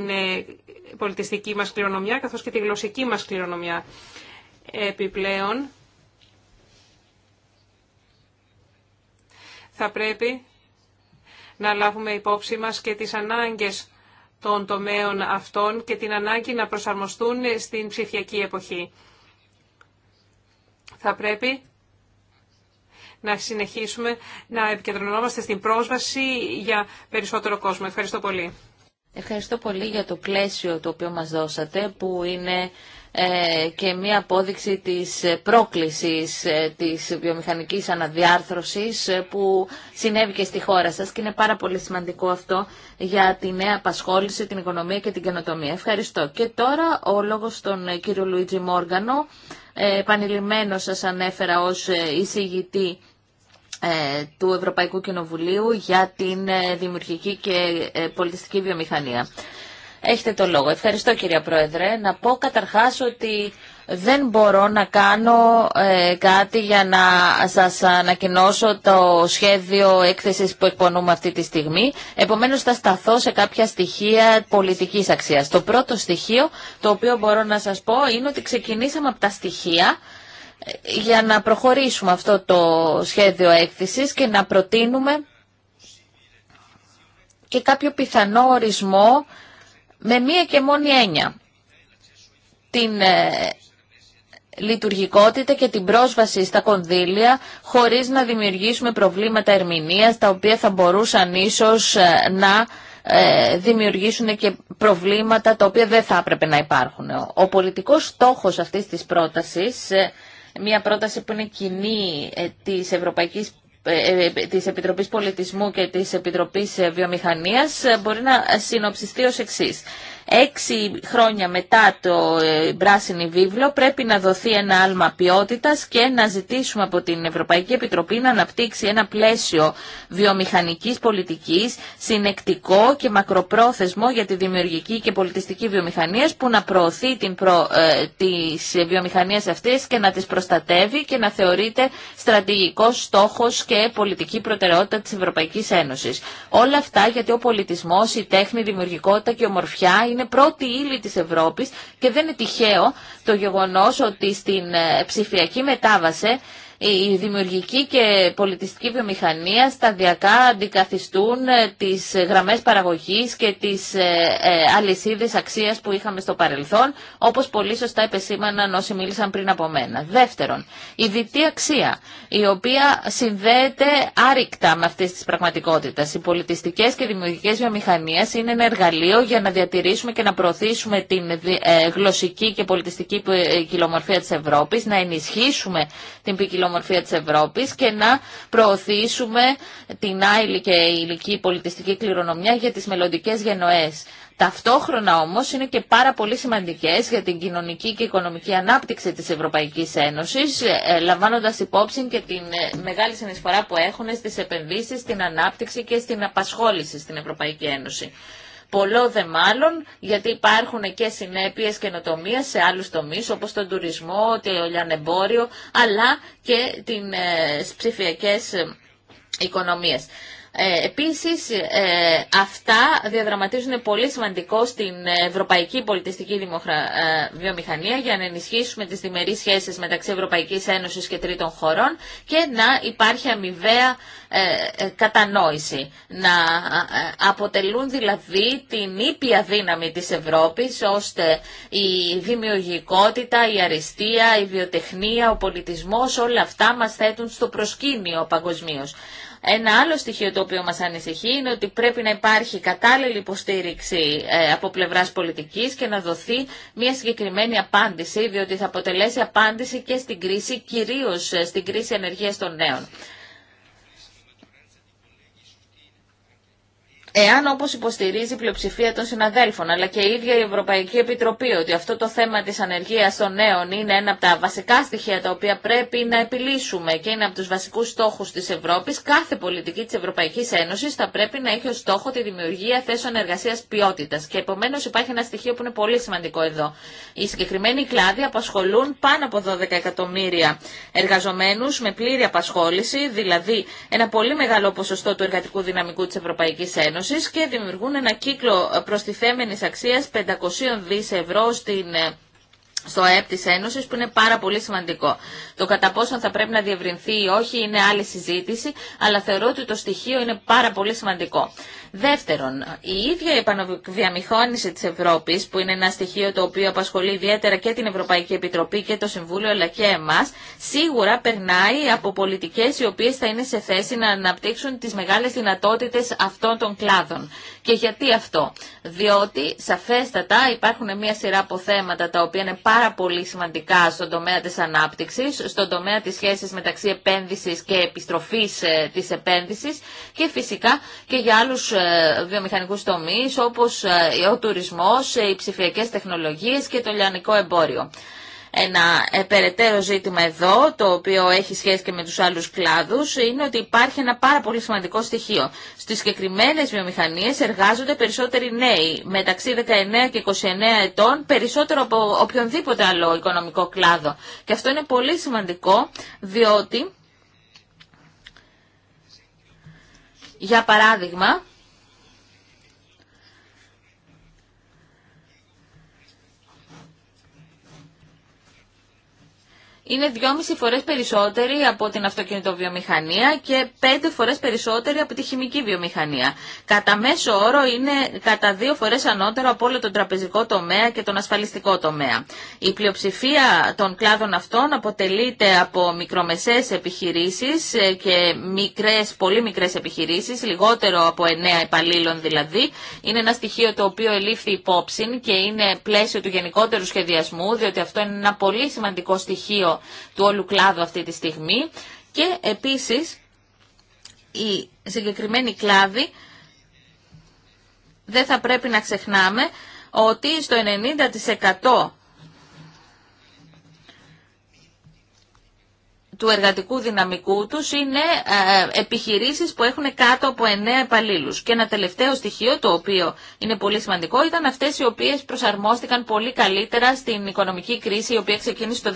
πολιτιστική μας κληρονομιά καθώς και τη γλωσσική μας κληρονομιά. Επιπλέον, θα πρέπει να λάβουμε υπόψη μας και τις ανάγκες των τομέων αυτών και την ανάγκη να προσαρμοστούν στην ψηφιακή εποχή. Θα πρέπει να συνεχίσουμε να επικεντρωνόμαστε στην πρόσβαση για περισσότερο κόσμο. Ευχαριστώ πολύ. Ευχαριστώ πολύ για το πλαίσιο το οποίο μας δώσατε, που είναι ε, και μία απόδειξη της πρόκλησης ε, της βιομηχανικής αναδιάρθρωσης ε, που συνέβη και στη χώρα σας και είναι πάρα πολύ σημαντικό αυτό για τη νέα απασχόληση, την οικονομία και την καινοτομία. Ευχαριστώ. Και τώρα ο λόγος στον κύριο Λουίτζι Μόργανο, επανειλημμένο σας ανέφερα ως εισηγητή του Ευρωπαϊκού Κοινοβουλίου για την δημιουργική και πολιτιστική βιομηχανία. Έχετε το λόγο. Ευχαριστώ κυρία Πρόεδρε. Να πω καταρχάς ότι δεν μπορώ να κάνω ε, κάτι για να σας ανακοινώσω το σχέδιο έκθεσης που εκπονούμε αυτή τη στιγμή. Επομένως θα σταθώ σε κάποια στοιχεία πολιτικής αξίας. Το πρώτο στοιχείο το οποίο μπορώ να σας πω είναι ότι ξεκινήσαμε από τα στοιχεία ε, για να προχωρήσουμε αυτό το σχέδιο έκθεσης και να προτείνουμε και κάποιο πιθανό ορισμό με μία και μόνη έννοια. Την ε, λειτουργικότητα και την πρόσβαση στα κονδύλια χωρίς να δημιουργήσουμε προβλήματα ερμηνείας τα οποία θα μπορούσαν ίσως ε, να ε, δημιουργήσουν και προβλήματα τα οποία δεν θα έπρεπε να υπάρχουν. Ο πολιτικός στόχος αυτής της πρότασης, μια πρόταση που είναι κοινή της Ευρωπαϊκής ε, ε, της Επιτροπής Πολιτισμού και της Επιτροπής ε, Βιομηχανίας μπορεί να συνοψιστεί ως εξής. Έξι χρόνια μετά το ε, πράσινο βίβλο πρέπει να δοθεί ένα άλμα ποιότητας και να ζητήσουμε από την Ευρωπαϊκή Επιτροπή να αναπτύξει ένα πλαίσιο βιομηχανικής πολιτικής συνεκτικό και μακροπρόθεσμο για τη δημιουργική και πολιτιστική βιομηχανία που να προωθεί την ε, τις βιομηχανίες αυτές και να τις προστατεύει και να θεωρείται στρατηγικός στόχος και πολιτική προτεραιότητα της Ευρωπαϊκής Ένωσης. Όλα αυτά γιατί ο πολιτισμός, η τέχνη, η δημιουργικότητα και η ομορφιά είναι πρώτη ύλη της Ευρώπης και δεν είναι τυχαίο το γεγονός ότι στην ε, ψηφιακή μετάβαση η δημιουργική και πολιτιστική βιομηχανία σταδιακά αντικαθιστούν ε, τις γραμμές παραγωγής και τις ε, ε, αλυσίδες αξίας που είχαμε στο παρελθόν, όπως πολύ σωστά επεσήμαναν όσοι μίλησαν πριν από μένα. Δεύτερον, η διτή αξία, η οποία συνδέεται άρρηκτα με αυτές τις πραγματικότητες. Οι πολιτιστικές και δημιουργικές βιομηχανίες είναι ένα εργαλείο για να διατηρήσουμε και να προωθήσουμε την γλωσσική και πολιτιστική ποικιλομορφία της Ευρώπης, να ενισχύσουμε την ποικιλομορφία ομορφία της Ευρώπης και να προωθήσουμε την άειλη και ηλική πολιτιστική κληρονομιά για τις μελλοντικές γενοές. Ταυτόχρονα όμως είναι και πάρα πολύ σημαντικές για την κοινωνική και οικονομική ανάπτυξη της Ευρωπαϊκής Ένωσης, ε, λαμβάνοντας υπόψη και την ε, μεγάλη συνεισφορά που έχουν στις επενδύσεις, στην ανάπτυξη και στην απασχόληση στην Ευρωπαϊκή Ένωση. Πολλό δε μάλλον γιατί υπάρχουν και συνέπειε καινοτομία σε άλλου τομείς όπω τον τουρισμό, το λιανεμπόριο αλλά και την ε, ψηφιακέ ε, οικονομίες. Ε, επίσης, ε, αυτά διαδραματίζουν πολύ σημαντικό στην ευρωπαϊκή πολιτιστική ε, βιομηχανία για να ενισχύσουμε τις διμερείς σχέσεις μεταξύ Ευρωπαϊκής Ένωσης και τρίτων χωρών και να υπάρχει αμοιβαία κατανόηση. Να αποτελούν δηλαδή την ήπια δύναμη της Ευρώπης ώστε η δημιουργικότητα, η αριστεία, η βιοτεχνία, ο πολιτισμός, όλα αυτά μας θέτουν στο προσκήνιο παγκοσμίω. Ένα άλλο στοιχείο το οποίο μας ανησυχεί είναι ότι πρέπει να υπάρχει κατάλληλη υποστήριξη ε, από πλευράς πολιτικής και να δοθεί μια συγκεκριμένη απάντηση, διότι θα αποτελέσει απάντηση και στην κρίση, κυρίως ε, στην κρίση ενεργείας των νέων. Εάν όπως υποστηρίζει η πλειοψηφία των συναδέλφων αλλά και η ίδια η Ευρωπαϊκή Επιτροπή ότι αυτό το θέμα της ανεργίας των νέων είναι ένα από τα βασικά στοιχεία τα οποία πρέπει να επιλύσουμε και είναι από τους βασικούς στόχους της Ευρώπης, κάθε πολιτική της Ευρωπαϊκής Ένωσης θα πρέπει να έχει ως στόχο τη δημιουργία θέσεων εργασίας ποιότητας και επομένως υπάρχει ένα στοιχείο που είναι πολύ σημαντικό εδώ. Οι συγκεκριμένοι κλάδοι απασχολούν πάνω από 12 εκατομμύρια εργαζομένους με πλήρη απασχόληση, δηλαδή ένα πολύ μεγάλο ποσοστό του εργατικού δυναμικού της Ευρωπαϊκής Ένωσης Ένωση και δημιουργούν ένα κύκλο προστιθέμενης αξίας 500 δι ευρώ στην ε, στο ΕΕ της Ένωσης που είναι πάρα πολύ σημαντικό. Το κατά πόσο θα πρέπει να διευρυνθεί ή όχι είναι άλλη συζήτηση, αλλά θεωρώ ότι το στοιχείο είναι πάρα πολύ σημαντικό. Δεύτερον, η ίδια η επαναβιομηχώνηση της Ευρώπης, που είναι ένα στοιχείο το οποίο ιδια η επαναδιαμηχωνηση της ευρωπης που ειναι ιδιαίτερα και την Ευρωπαϊκή Επιτροπή και το Συμβούλιο, αλλά και εμάς, σίγουρα περνάει από πολιτικές οι οποίες θα είναι σε θέση να αναπτύξουν τις μεγάλες δυνατότητες αυτών των κλάδων. Και γιατί αυτό. Διότι σαφέστατα υπάρχουν μια σειρά από θέματα τα οποία είναι πάρα πολύ σημαντικά στον τομέα της ανάπτυξης, στον τομέα της σχέσης μεταξύ επένδυσης και επιστροφής ε, της επένδυσης και φυσικά και για άλλους ε, βιομηχανικούς τομείς όπως ε, ο τουρισμός, οι ψηφιακές τεχνολογίες και το λιανικό εμπόριο. Ένα ε, περαιτέρω ζήτημα εδώ, το οποίο έχει σχέση και με τους άλλους κλάδους, είναι ότι υπάρχει ένα πάρα πολύ σημαντικό στοιχείο. Στις συγκεκριμένες βιομηχανίες εργάζονται περισσότεροι νέοι, μεταξύ 19 και 29 ετών, περισσότερο από οποιονδήποτε άλλο οικονομικό κλάδο. Και αυτό είναι πολύ σημαντικό, διότι, για παράδειγμα, είναι 2,5 φορές περισσότεροι από την αυτοκινητοβιομηχανία και 5 φορές περισσότεροι από τη χημική βιομηχανία. Κατά μέσο όρο είναι κατά 2 φορές ανώτερο από όλο τον τραπεζικό τομέα και τον ασφαλιστικό τομέα. Η πλειοψηφία των κλάδων αυτών αποτελείται από μικρομεσαίες επιχειρήσεις ε, και μικρές, πολύ μικρές επιχειρήσεις, λιγότερο από 9 υπαλλήλων δηλαδή. Είναι ένα στοιχείο το οποίο ελήφθη υπόψη και είναι πλαίσιο του γενικότερου σχεδιασμού, διότι αυτό είναι ένα πολύ σημαντικό στοιχείο του όλου κλάδου αυτή τη στιγμή και επίσης η συγκεκριμένη κλάδη δεν θα πρέπει να ξεχνάμε ότι στο 90% του εργατικού δυναμικού τους είναι ε, ε, επιχειρήσεις που έχουν κάτω από 9 υπαλλήλους. Και ένα τελευταίο στοιχείο το οποίο είναι πολύ σημαντικό ήταν αυτές οι οποίες προσαρμόστηκαν πολύ καλύτερα στην οικονομική κρίση η οποία ξεκίνησε το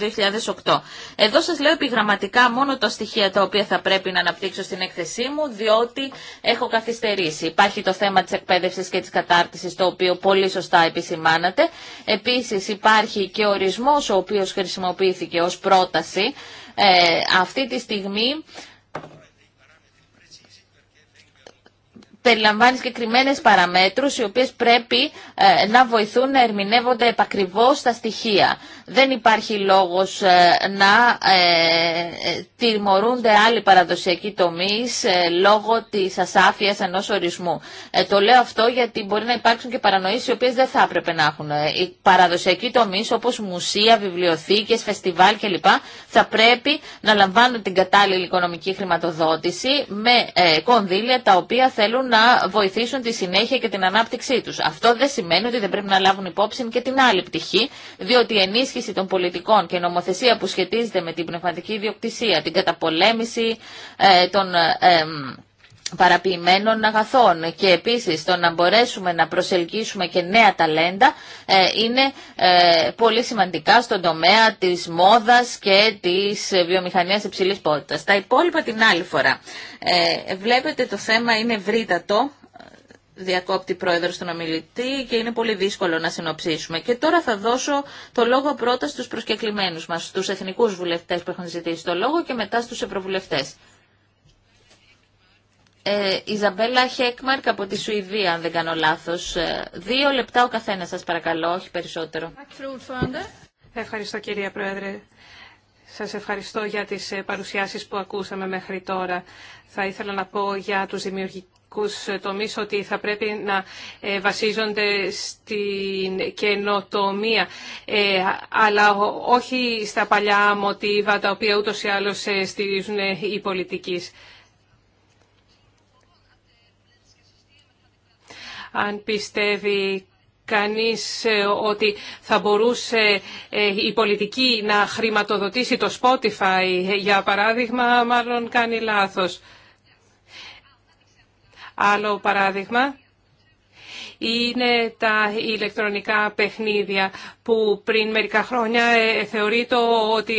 2008. Εδώ σας λέω επιγραμματικά μόνο τα στοιχεία τα οποία θα πρέπει να αναπτύξω στην έκθεσή μου διότι έχω καθυστερήσει. Υπάρχει το θέμα της εκπαίδευσης και της κατάρτισης το οποίο πολύ σωστά επισημάνατε. Επίσης υπάρχει και ορισμός ο οποίος χρησιμοποιήθηκε ως πρόταση ε, αυτή τη στιγμή περιλαμβάνει συγκεκριμένε παραμέτρου, οι οποίε πρέπει ε, να βοηθούν να ερμηνεύονται επακριβώ τα στοιχεία. Δεν υπάρχει λόγος ε, να ε, τιμωρούνται άλλοι παραδοσιακοί τομείς λόγω τη ασάφεια ενό ορισμού. Το λέω αυτό γιατί μπορεί να υπάρξουν και παρανοήσει οι οποίε δεν θα έπρεπε να έχουν. Οι παραδοσιακοί τομεί, όπω μουσεία, βιβλιοθήκε, φεστιβάλ κλπ. θα πρέπει να λαμβάνουν την κατάλληλη οικονομική χρηματοδότηση με κονδύλια τα οποία θέλουν να βοηθήσουν τη συνέχεια και την ανάπτυξή τους. Αυτό δεν σημαίνει ότι δεν πρέπει να λάβουν υπόψη και την άλλη πτυχή, διότι η ενίσχυση των πολιτικών και νομοθεσία που σχετίζεται με την πνευματική ιδιοκτησία, την καταπολέμηση ε, των... Ε, παραποιημένων αγαθών και επίσης το να μπορέσουμε να προσελκύσουμε και νέα ταλέντα ε, είναι ε, πολύ σημαντικά στον τομέα της μόδας και της βιομηχανίας υψηλής πότητας. Τα υπόλοιπα την άλλη φορά. Ε, βλέπετε το θέμα είναι ευρύτατο διακόπτη πρόεδρο στον ομιλητή και είναι πολύ δύσκολο να συνοψίσουμε. Και τώρα θα δώσω το λόγο πρώτα στους προσκεκλημένους μας, στους εθνικούς βουλευτές που έχουν ζητήσει το λόγο και μετά στους ευρωβουλευτές ε, Ιζαμπέλα Χέκμαρκ από τη Σουηδία, αν δεν κάνω λάθος. Ε, δύο λεπτά ο καθένας σας παρακαλώ, όχι περισσότερο. Ευχαριστώ κυρία Πρόεδρε. Σας ευχαριστώ για τις ε, παρουσιάσεις που ακούσαμε μέχρι τώρα. Θα ήθελα να πω για τους δημιουργικού ε, τομείς ότι θα πρέπει να βασίζονται στην καινοτομία, αλλά όχι στα παλιά μοτίβα τα οποία ούτως ή άλλως στηρίζουν οι πολιτικοί. αν πιστεύει κανείς ε, ότι θα μπορούσε ε, η πολιτική να χρηματοδοτήσει το Spotify, ε, για παράδειγμα, μάλλον κάνει λάθος. Άλλο παράδειγμα είναι τα ηλεκτρονικά παιχνίδια που πριν μερικά χρόνια θεωρείται ότι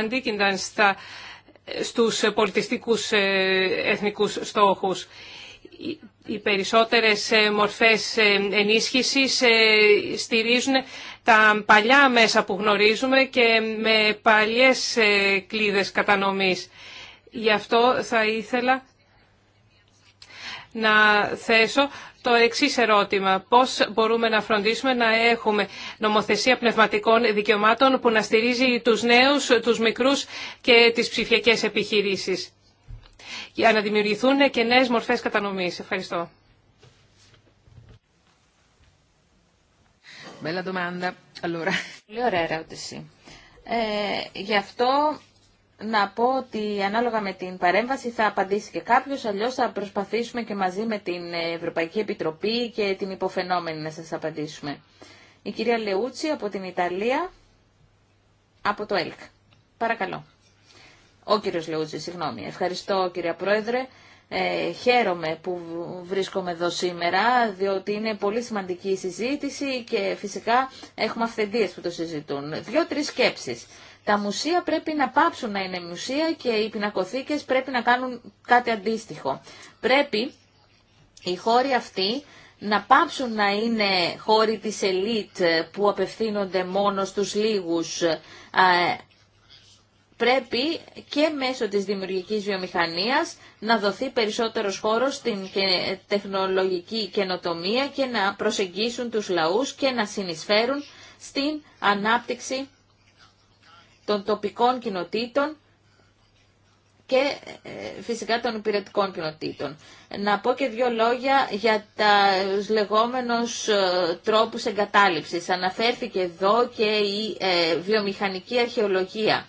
αντίκυνταν στα, στους πολιτιστικούς εθνικούς στόχους οι περισσότερες ε, μορφές ε, ενίσχυσης ε, στηρίζουν τα παλιά μέσα που γνωρίζουμε και με παλιές κλίδες κατανομής. Γι' αυτό θα ήθελα να θέσω το εξή ερώτημα. Πώς μπορούμε να φροντίσουμε να έχουμε νομοθεσία πνευματικών δικαιωμάτων που να στηρίζει τους νέους, τους μικρούς και τις ψηφιακές επιχειρήσεις για να δημιουργηθούν και νέες μορφές κατανομής. Ευχαριστώ. Μπέλα ντομάντα. Πολύ ωραία ερώτηση. Ε, γι' αυτό να πω ότι ανάλογα με την παρέμβαση θα απαντήσει και κάποιος, αλλιώς θα προσπαθήσουμε και μαζί με την Ευρωπαϊκή Επιτροπή και την υποφαινόμενη να σας απαντήσουμε. Η κυρία Λεούτσι από την Ιταλία, από το ΕΛΚ. Παρακαλώ. Ο κύριος Λεούτζη, συγγνώμη. Ευχαριστώ κύριε Πρόεδρε. Ε, χαίρομαι που βρίσκομαι εδώ σήμερα, διότι είναι πολύ σημαντική η συζήτηση και φυσικά έχουμε αυθεντίες που το συζητούν. Δύο-τρεις σκέψεις. Τα μουσεία πρέπει να πάψουν να είναι μουσεία και οι πινακοθήκες πρέπει να κάνουν κάτι αντίστοιχο. Πρέπει οι χώροι αυτοί να πάψουν να είναι χώροι της ελίτ που απευθύνονται μόνο στους λίγους ε, πρέπει και μέσω της δημιουργικής βιομηχανίας να δοθεί περισσότερος χώρος στην τεχνολογική καινοτομία και να προσεγγίσουν τους λαούς και να συνεισφέρουν στην ανάπτυξη των τοπικών κοινοτήτων και ε, φυσικά των υπηρετικών κοινοτήτων. Να πω και δύο λόγια για τα λεγόμενους ε, τρόπους εγκατάληψης. Αναφέρθηκε εδώ και η ε, βιομηχανική αρχαιολογία.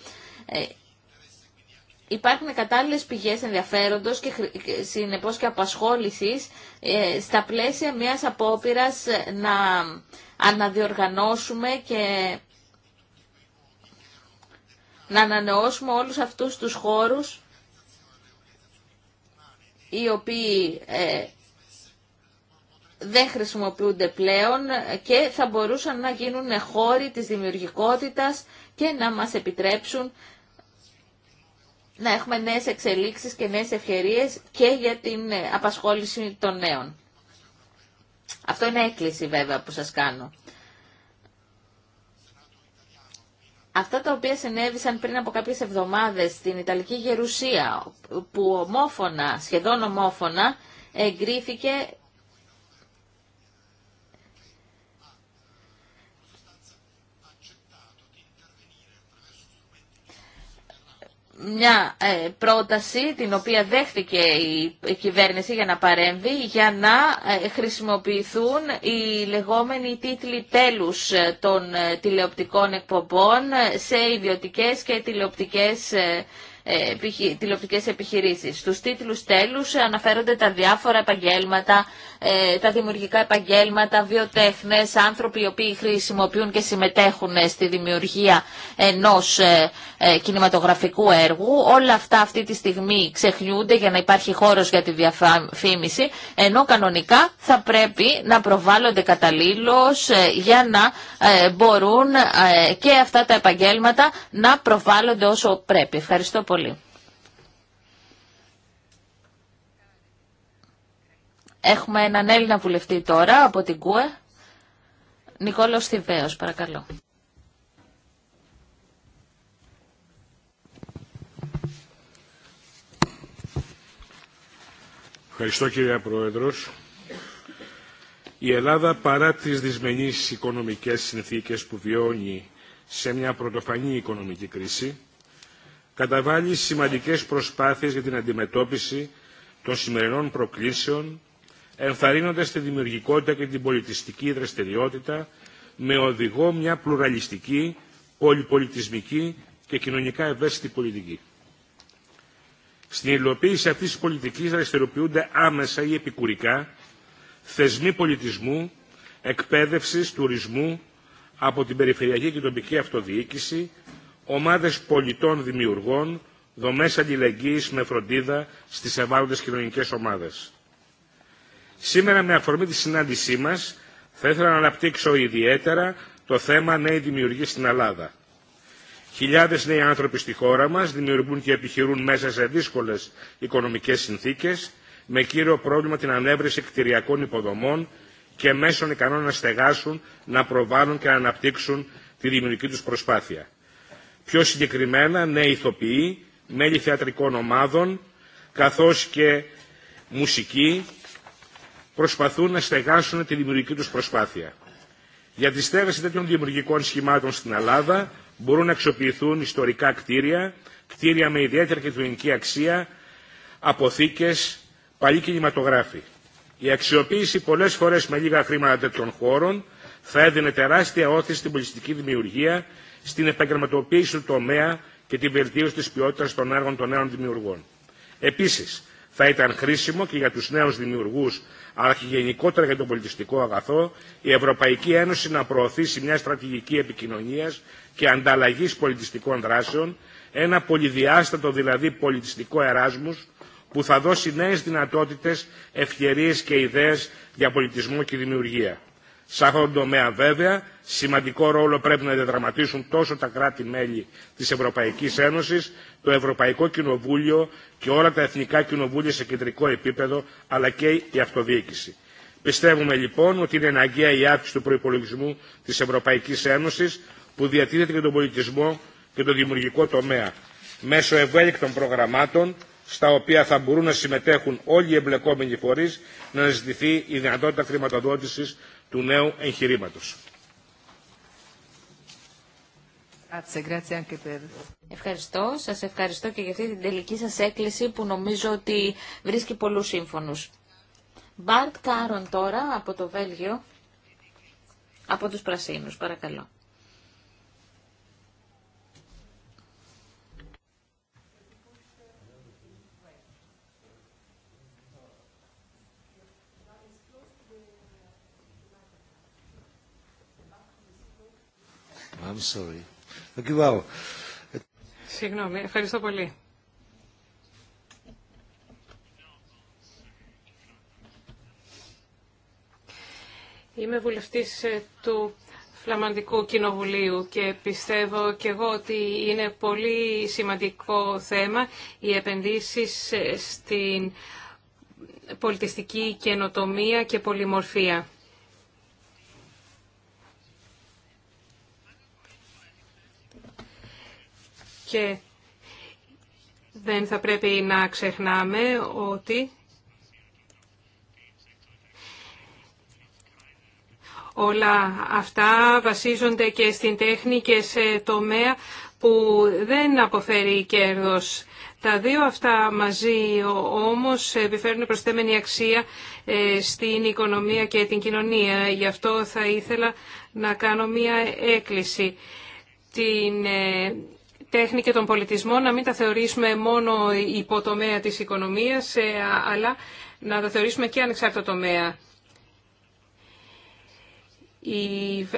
Ε, υπάρχουν κατάλληλε πηγές ενδιαφέροντος και συνεπώς και απασχόλησης ε, στα πλαίσια μιας απόπειρα ε, να αναδιοργανώσουμε και να ανανεώσουμε όλους αυτούς τους χώρους οι οποίοι δεν χρησιμοποιούνται πλέον και θα μπορούσαν να γίνουν χώροι της δημιουργικότητας και να μας επιτρέψουν να έχουμε νέες εξελίξεις και νέες ευκαιρίες και για την ε, απασχόληση των νέων. Αυτό είναι έκκληση βέβαια που σας κάνω. Αυτά τα οποία συνέβησαν πριν από κάποιες εβδομάδες στην Ιταλική Γερουσία, που ομόφωνα, σχεδόν ομόφωνα, εγκρίθηκε μια ε, πρόταση την οποία δέχθηκε η κυβέρνηση για να παρέμβει για να ε, χρησιμοποιηθούν οι λεγόμενοι τίτλοι τέλους ε, των τηλεοπτικών εκπομπών σε ιδιωτικές και τηλεοπτικές τηλεοπτικές επιχειρήσεις. Στους τίτλους τέλους αναφέρονται τα διάφορα επαγγέλματα, ε, τα δημιουργικά επαγγέλματα, βιοτέχνες, άνθρωποι οι οποίοι χρησιμοποιούν και συμμετέχουν ε, στη δημιουργία ενός ε, κινηματογραφικού έργου. Όλα αυτά αυτή τη στιγμή ξεχνιούνται για να υπάρχει χώρος για τη διαφήμιση, ενώ κανονικά θα πρέπει να προβάλλονται καταλήλως για να μπορούν και αυτά τα επαγγέλματα να προβάλλονται όσο πρέπει. Ευχαριστώ πολύ. Έχουμε έναν Έλληνα βουλευτή τώρα από την ΚΟΕ. Νικόλος Θηβαίος, παρακαλώ. Ευχαριστώ κύριε Πρόεδρος. Η Ελλάδα παρά τις δυσμενείς οικονομικές συνθήκες που βιώνει σε μια πρωτοφανή οικονομική κρίση, καταβάλει σημαντικές προσπάθειες για την αντιμετώπιση των σημερινών προκλήσεων ενθαρρύνοντας τη δημιουργικότητα και την πολιτιστική δραστηριότητα με οδηγό μια πλουραλιστική, πολυπολιτισμική και κοινωνικά ευαίσθητη πολιτική. Στην υλοποίηση αυτής της πολιτικής δραστηριοποιούνται άμεσα ή επικουρικά θεσμοί πολιτισμού, εκπαίδευσης, τουρισμού από την περιφερειακή και τοπική αυτοδιοίκηση, ομάδες πολιτών δημιουργών, δομές αλληλεγγύης με φροντίδα στις ευάλωτες κοινωνικές ομάδες. Σήμερα με αφορμή τη συνάντησή μας θα ήθελα να αναπτύξω ιδιαίτερα το θέμα νέοι δημιουργοί στην Ελλάδα. Χιλιάδες νέοι άνθρωποι στη χώρα μας δημιουργούν και επιχειρούν μέσα σε δύσκολες οικονομικές συνθήκες με κύριο πρόβλημα την ανέβρεση κτηριακών υποδομών και μέσων ικανών να στεγάσουν, να προβάλλουν και να αναπτύξουν τη δημιουργική τους προσπάθεια. Πιο συγκεκριμένα νέοι ηθοποιοί, μέλη θεατρικών ομάδων, καθώς και μουσικοί, προσπαθούν να στεγάσουν τη δημιουργική τους προσπάθεια. Για τη στέγαση τέτοιων δημιουργικών σχημάτων στην Ελλάδα μπορούν να αξιοποιηθούν ιστορικά κτίρια, κτίρια με ιδιαίτερη κοινωνική αξία, αποθήκες, παλιοί κινηματογράφοι. Η αξιοποίηση πολλές φορές με λίγα χρήματα τέτοιων χώρων θα έδινε τεράστια όθηση στην πολιτιστική δημιουργία, στην επαγγελματοποίηση του τομέα και την βελτίωση της ποιότητα των έργων των νέων δημιουργών. Επίση, θα ήταν χρήσιμο και για του νέου δημιουργούς αλλά και γενικότερα για τον πολιτιστικό αγαθό, η Ευρωπαϊκή Ένωση να προωθήσει μια στρατηγική επικοινωνία και ανταλλαγή πολιτιστικών δράσεων, ένα πολυδιάστατο δηλαδή πολιτιστικό εράσμου που θα δώσει νέε δυνατότητε, ευκαιρίε και ιδέε για πολιτισμό και δημιουργία. Σε αυτόν τον τομέα βέβαια σημαντικό ρόλο πρέπει να διαδραματίσουν τόσο τα κράτη-μέλη της Ευρωπαϊκής Ένωσης, το Ευρωπαϊκό Κοινοβούλιο και όλα τα εθνικά κοινοβούλια σε κεντρικό επίπεδο, αλλά και η αυτοδιοίκηση. Πιστεύουμε λοιπόν ότι είναι αναγκαία η αύξηση του προπολογισμού της Ευρωπαϊκής Ένωσης που διατίθεται και τον πολιτισμό και τον δημιουργικό τομέα μέσω ευέλικτων προγραμμάτων στα οποία θα μπορούν να συμμετέχουν όλοι οι εμπλεκόμενοι φορείς να ζητηθεί η δυνατότητα χρηματοδότησης του νέου εγχειρήματο. Ευχαριστώ. Σας ευχαριστώ και για αυτή την τελική σας έκκληση που νομίζω ότι βρίσκει πολλούς σύμφωνους. Μπαρτ Κάρον τώρα από το Βέλγιο, από τους Πρασίνους, παρακαλώ. Συγγνώμη, ευχαριστώ πολύ. Είμαι βουλευτής ε, του Φλαμανδικού Κοινοβουλίου και πιστεύω και εγώ ότι είναι πολύ σημαντικό θέμα οι επενδύσεις ε, στην πολιτιστική καινοτομία και πολυμορφία. Και δεν θα πρέπει να ξεχνάμε ότι όλα αυτά βασίζονται και στην τέχνη και σε τομέα που δεν αποφέρει κέρδος. Τα δύο αυτά μαζί όμως επιφέρουν προσθέμενη αξία ε, στην οικονομία και την κοινωνία. Γι' αυτό θα ήθελα να κάνω μία έκκληση. Την ε, τέχνη και τον πολιτισμό, να μην τα θεωρήσουμε μόνο υποτομέα της οικονομίας, ε, αλλά να τα θεωρήσουμε και ανεξάρτητο τομέα. Η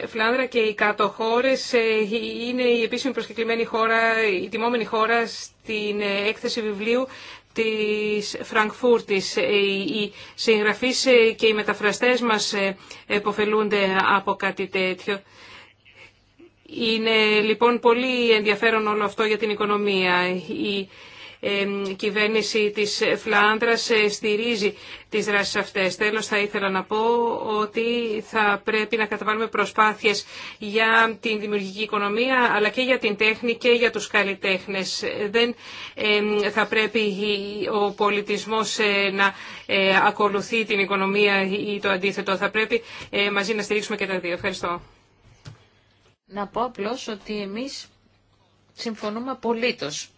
Φλάνδρα και οι κάτω χώρε ε, είναι η επίσημη προσκεκλημένη χώρα, η τιμόμενη χώρα στην ε, έκθεση βιβλίου της Φραγκφούρτης. Οι συγγραφείς και οι μεταφραστές μας εποφελούνται από κάτι τέτοιο. Είναι λοιπόν πολύ ενδιαφέρον όλο αυτό για την οικονομία. Η κυβέρνηση της Φλάνδρας ε, στηρίζει τις δράσεις αυτές. Τέλος θα ήθελα να πω ότι θα πρέπει να καταβάλουμε προσπάθειες για την δημιουργική οικονομία αλλά και για την τέχνη και για τους καλλιτέχνες. Δεν θα πρέπει ο πολιτισμός ε, να ε, ακολουθεί την οικονομία ή το αντίθετο. Θα πρέπει μαζί να στηρίξουμε και τα δύο. Ευχαριστώ. Να πω απλώς ότι εμείς συμφωνούμε απολύτως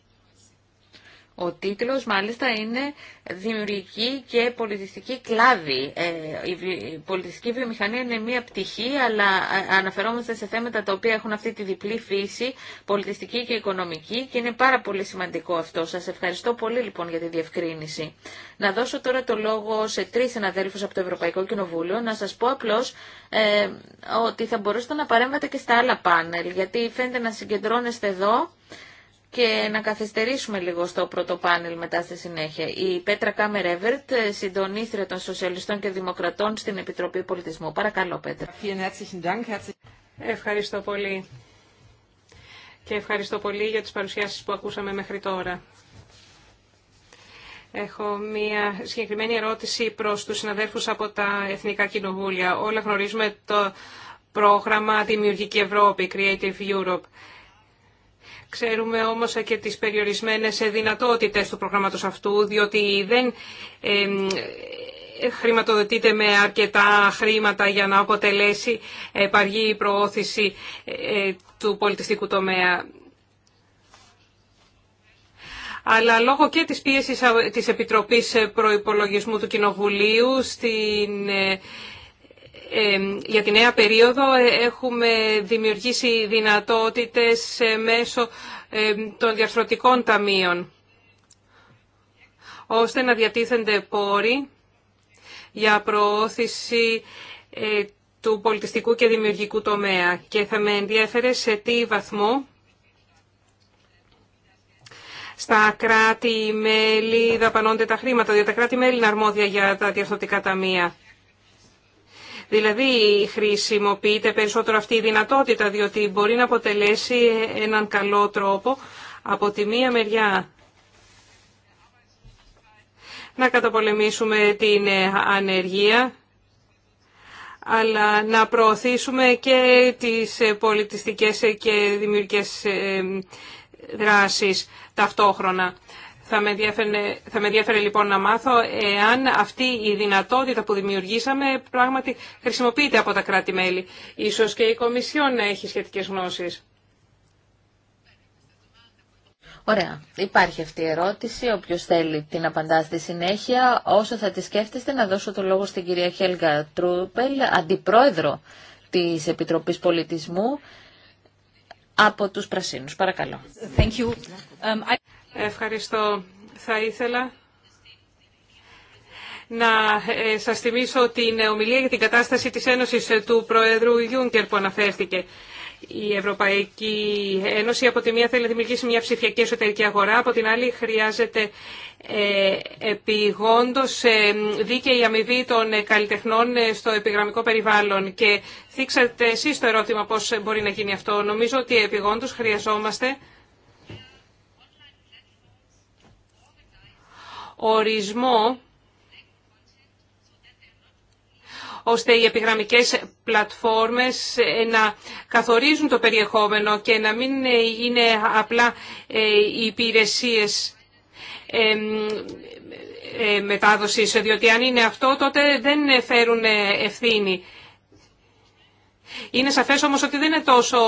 ο τίτλος μάλιστα είναι «Δημιουργική και πολιτιστική κλάδη». Ε, η πολιτιστική βιομηχανία είναι μία πτυχή, αλλά ε, αναφερόμαστε σε θέματα τα οποία έχουν αυτή τη διπλή φύση, πολιτιστική και οικονομική, και είναι πάρα πολύ σημαντικό αυτό. Σας ευχαριστώ πολύ λοιπόν για τη διευκρίνηση. Να δώσω τώρα το λόγο σε τρεις συναδέλφους από το Ευρωπαϊκό Κοινοβούλιο, να σας πω απλώς ε, ότι θα μπορούσατε να παρέμβατε και στα άλλα πάνελ, γιατί φαίνεται να συγκεντρώνεστε εδώ και να καθυστερήσουμε λίγο στο πρώτο πάνελ μετά στη συνέχεια. Η Πέτρα Κάμερ Εύερτ, συντονίστρια των Σοσιαλιστών και Δημοκρατών στην Επιτροπή Πολιτισμού. Παρακαλώ, Πέτρα. Ευχαριστώ πολύ. Και ευχαριστώ πολύ για τις παρουσιάσεις που ακούσαμε μέχρι τώρα. Έχω μία συγκεκριμένη ερώτηση προς τους συναδέλφους από τα Εθνικά Κοινοβούλια. Όλα γνωρίζουμε το πρόγραμμα Δημιουργική Ευρώπη, Creative Europe. Ξέρουμε όμως και τις περιορισμένες δυνατότητες του προγράμματος αυτού, διότι δεν χρηματοδοτείται με αρκετά χρήματα για να αποτελέσει επαργή προώθηση ε, του πολιτιστικού τομέα. Αλλά λόγω και της πίεσης ε, της Επιτροπής Προϋπολογισμού του Κοινοβουλίου στην ε, για τη νέα περίοδο ε, έχουμε δημιουργήσει δυνατότητες ε, μέσω των διαφθορτικών ταμείων, ώστε να διατίθενται πόροι για προώθηση ε, του πολιτιστικού και δημιουργικού τομέα. Και θα με ενδιέφερε σε τι βαθμό στα κράτη-μέλη δαπανώνται τα χρήματα, διότι τα κράτη-μέλη είναι αρμόδια για τα διαρθρωτικά ταμεία. Δηλαδή χρησιμοποιείται περισσότερο αυτή η δυνατότητα διότι μπορεί να αποτελέσει έναν καλό τρόπο από τη μία μεριά να καταπολεμήσουμε την ε, ανεργία αλλά να προωθήσουμε και τις ε, πολιτιστικές και δημιουργικές ε, δράσεις ταυτόχρονα. Θα με, διέφερνε, θα με λοιπόν να μάθω εάν αυτή η δυνατότητα που δημιουργήσαμε πράγματι χρησιμοποιείται από τα κράτη-μέλη. Ίσως και η Κομισιόν να έχει σχετικές γνώσεις. Ωραία. Υπάρχει αυτή η ερώτηση. Όποιο θέλει την απαντά στη συνέχεια, όσο θα τη σκέφτεστε, να δώσω το λόγο στην κυρία Χέλγα Τρούπελ, αντιπρόεδρο της Επιτροπής Πολιτισμού από τους Πρασίνους. Παρακαλώ. Thank you. Um, Ευχαριστώ. Θα ήθελα να ε, σας θυμίσω την ομιλία για την κατάσταση της Ένωσης ε, του Προέδρου Γιούνκερ που αναφέρθηκε. Η Ευρωπαϊκή Ένωση από τη μία θέλει να δημιουργήσει μια ψηφιακή εσωτερική αγορά, από την άλλη χρειάζεται ε, επιγόντως ε, δίκαιη αμοιβή των καλλιτεχνών στο επιγραμμικό περιβάλλον. Και θίξατε εσείς το ερώτημα πώς μπορεί να γίνει αυτό. Νομίζω ότι επιγόντως χρειαζόμαστε ορισμό ώστε οι επιγραμμικές πλατφόρμες ε, να καθορίζουν το περιεχόμενο και να μην ε, είναι απλά ε, οι υπηρεσίες μετάδοσης, διότι αν είναι αυτό τότε δεν φέρουν ευθύνη. Είναι σαφές όμως ότι δεν είναι τόσο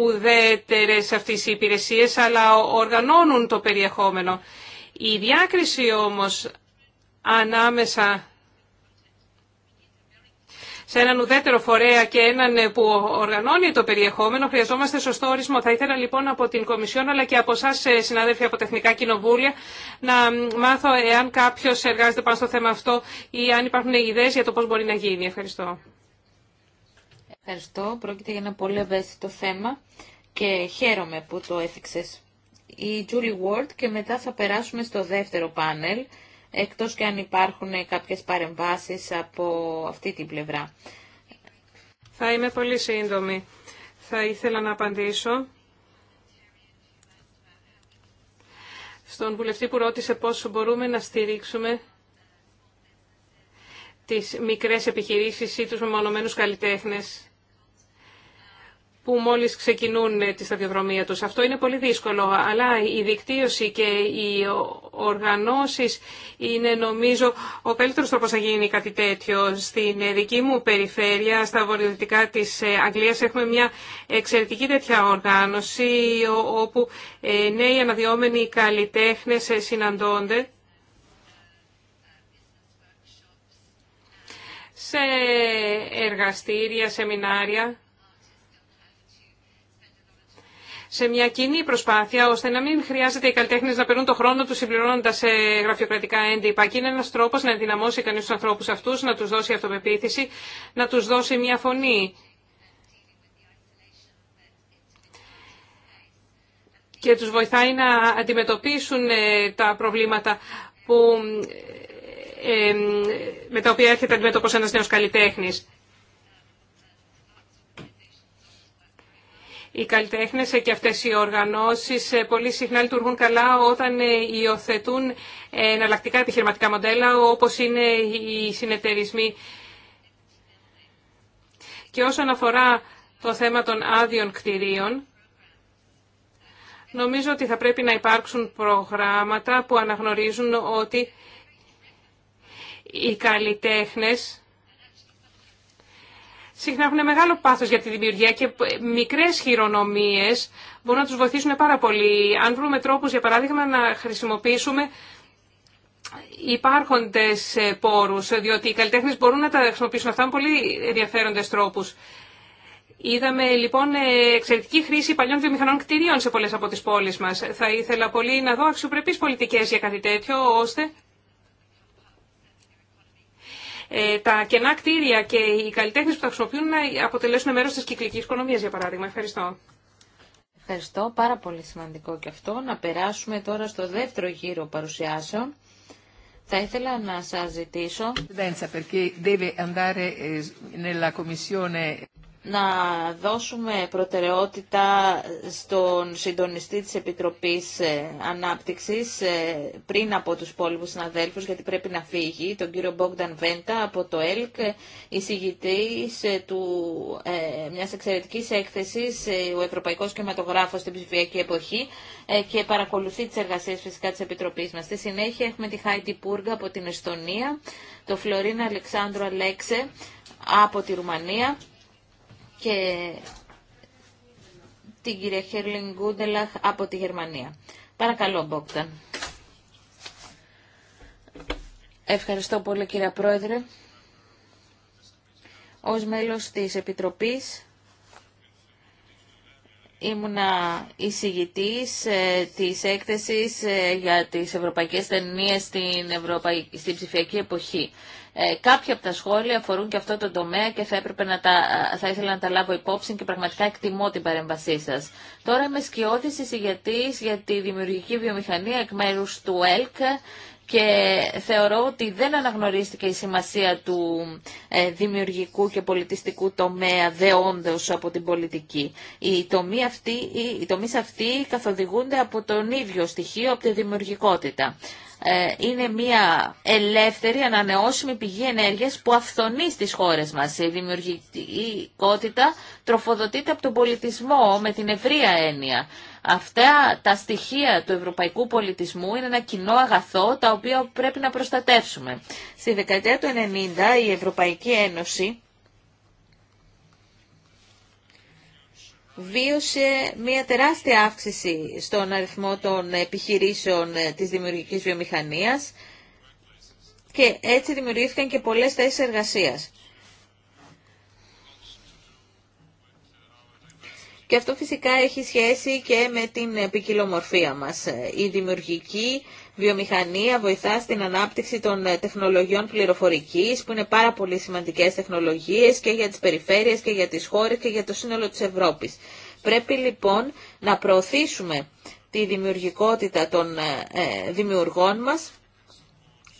ουδέτερες αυτές οι υπηρεσίες, αλλά οργανώνουν το περιεχόμενο. Η διάκριση όμως ανάμεσα σε έναν ουδέτερο φορέα και έναν που οργανώνει το περιεχόμενο, χρειαζόμαστε σωστό ορισμό. Θα ήθελα λοιπόν από την Κομισιόν αλλά και από εσά, ε, συναδέλφοι από τεχνικά κοινοβούλια, να μάθω εάν κάποιο εργάζεται πάνω στο θέμα αυτό ή αν υπάρχουν ιδέε για το πώ μπορεί να γίνει. Ευχαριστώ. Ευχαριστώ. Πρόκειται για ένα πολύ ευαίσθητο θέμα και χαίρομαι που το έφυξες η Julie Ward και μετά θα περάσουμε στο δεύτερο πάνελ, εκτός και αν υπάρχουν κάποιες παρεμβάσεις από αυτή την πλευρά. Θα είμαι πολύ σύντομη. Θα ήθελα να απαντήσω στον βουλευτή που ρώτησε πώς μπορούμε να στηρίξουμε τις μικρές επιχειρήσεις ή τους μεμονωμένους καλλιτέχνες που μόλις ξεκινούν ε, τη σταδιοδρομία τους. Αυτό είναι πολύ δύσκολο, αλλά η δικτύωση και οι οργανώσεις είναι νομίζω ο καλύτερος τρόπος να γίνει κάτι τέτοιο. Στην ε, δική μου περιφέρεια, στα βορειοδυτικά της ε, Αγγλίας, έχουμε μια εξαιρετική τέτοια οργάνωση, όπου νέοι αναδυόμενοι καλλιτέχνες συναντώνται. σε εργαστήρια, σεμινάρια σε μια κοινή προσπάθεια, ώστε να μην χρειάζεται οι καλλιτέχνε να περνούν το χρόνο του συμπληρώνοντα γραφειοκρατικά έντυπα. Και είναι ένα τρόπο να ενδυναμώσει κανεί του ανθρώπου αυτού, να του δώσει αυτοπεποίθηση, να του δώσει μια φωνή. και τους βοηθάει να αντιμετωπίσουν ε, τα προβλήματα που, ε, ε, με τα οποία έρχεται αντιμέτωπος ένας νέος καλλιτέχνης. Οι καλλιτέχνε και αυτές οι οργανώσεις ε, πολύ συχνά λειτουργούν καλά όταν ε, υιοθετούν εναλλακτικά επιχειρηματικά μοντέλα όπως είναι οι συνεταιρισμοί. Και όσον αφορά το θέμα των άδειων κτηρίων, νομίζω ότι θα πρέπει να υπάρξουν προγράμματα που αναγνωρίζουν ότι οι καλλιτέχνες συχνά έχουν μεγάλο πάθος για τη δημιουργία και μικρές χειρονομίες μπορούν να τους βοηθήσουν πάρα πολύ. Αν βρούμε τρόπου, για παράδειγμα, να χρησιμοποιήσουμε υπάρχοντες ε, πόρους, διότι οι καλλιτέχνες μπορούν να τα χρησιμοποιήσουν αυτά με πολύ ενδιαφέροντε τρόπους. Είδαμε λοιπόν ε, εξαιρετική χρήση παλιών βιομηχανών κτηρίων σε πολλέ από τι πόλεις μα. Θα ήθελα πολύ να δω αξιοπρεπεί πολιτικέ για κάτι τέτοιο, ώστε ε, τα κενά κτίρια και οι καλλιτέχνε που τα χρησιμοποιούν να αποτελέσουν μέρο τη κυκλική οικονομία, για παράδειγμα. Ευχαριστώ. Ευχαριστώ. Πάρα πολύ σημαντικό και αυτό. Να περάσουμε τώρα στο δεύτερο γύρο παρουσιάσεων. Θα ήθελα να σας ζητήσω να δώσουμε προτεραιότητα στον συντονιστή της Επιτροπής ε, Ανάπτυξης ε, πριν από τους υπόλοιπους συναδέλφους, γιατί πρέπει να φύγει, τον κύριο Μπόγκταν Βέντα από το ΕΛΚ, εισηγητής ε, του, ε, μιας εξαιρετικής έκθεσης, ο Ευρωπαϊκός Κινηματογράφος στην ψηφιακή εποχή και παρακολουθεί τις εργασίες φυσικά της Επιτροπής μας. Στη συνέχεια έχουμε τη Χάιτι Πούργα από την Εστονία, το Φλωρίνα Αλεξάνδρου Αλέξε από τη Ρουμανία, και την κυρία Χέρλιν Γκούντελαχ από τη Γερμανία. Παρακαλώ, Μπόκταν. Ευχαριστώ πολύ, κύριε Πρόεδρε. Ως μέλος της Επιτροπής Ήμουνα εισηγητής ε, της έκθεσης ε, για τις ευρωπαϊκές ταινίε στην, στην ψηφιακή εποχή. Ε, κάποια από τα σχόλια αφορούν και αυτό το τομέα και θα, έπρεπε να τα, θα ήθελα να τα λάβω υπόψη και πραγματικά εκτιμώ την παρέμβασή σα. Τώρα είμαι σκιώδη εισηγητή για τη δημιουργική βιομηχανία εκ μέρου του ΕΛΚ και θεωρώ ότι δεν αναγνωρίστηκε η σημασία του ε, δημιουργικού και πολιτιστικού τομέα δεόντως από την πολιτική. Οι, τομεί αυτοί, οι τομείς αυτοί καθοδηγούνται από τον ίδιο στοιχείο, από τη δημιουργικότητα. Ε, είναι μια ελεύθερη ανανεώσιμη πηγή ενέργειας που αυθονεί στις χώρες μας. Η δημιουργικότητα τροφοδοτείται από τον πολιτισμό με την ευρεία έννοια. Αυτά τα στοιχεία του ευρωπαϊκού πολιτισμού είναι ένα κοινό αγαθό τα οποία πρέπει να προστατεύσουμε. Στη δεκαετία του 90 η Ευρωπαϊκή Ένωση βίωσε μια τεράστια αύξηση στον αριθμό των επιχειρήσεων ε, της δημιουργικής βιομηχανίας και έτσι δημιουργήθηκαν και πολλές θέσεις εργασίας. Και αυτό φυσικά έχει σχέση και με την ποικιλομορφία μας. Ε, η δημιουργική βιομηχανία βοηθά στην ανάπτυξη των ε, τεχνολογιών πληροφορικής που είναι πάρα πολύ σημαντικές τεχνολογίες και για τις περιφέρειες και για τις χώρες και για το σύνολο της Ευρώπης. Πρέπει λοιπόν να προωθήσουμε τη δημιουργικότητα των ε, ε, δημιουργών μας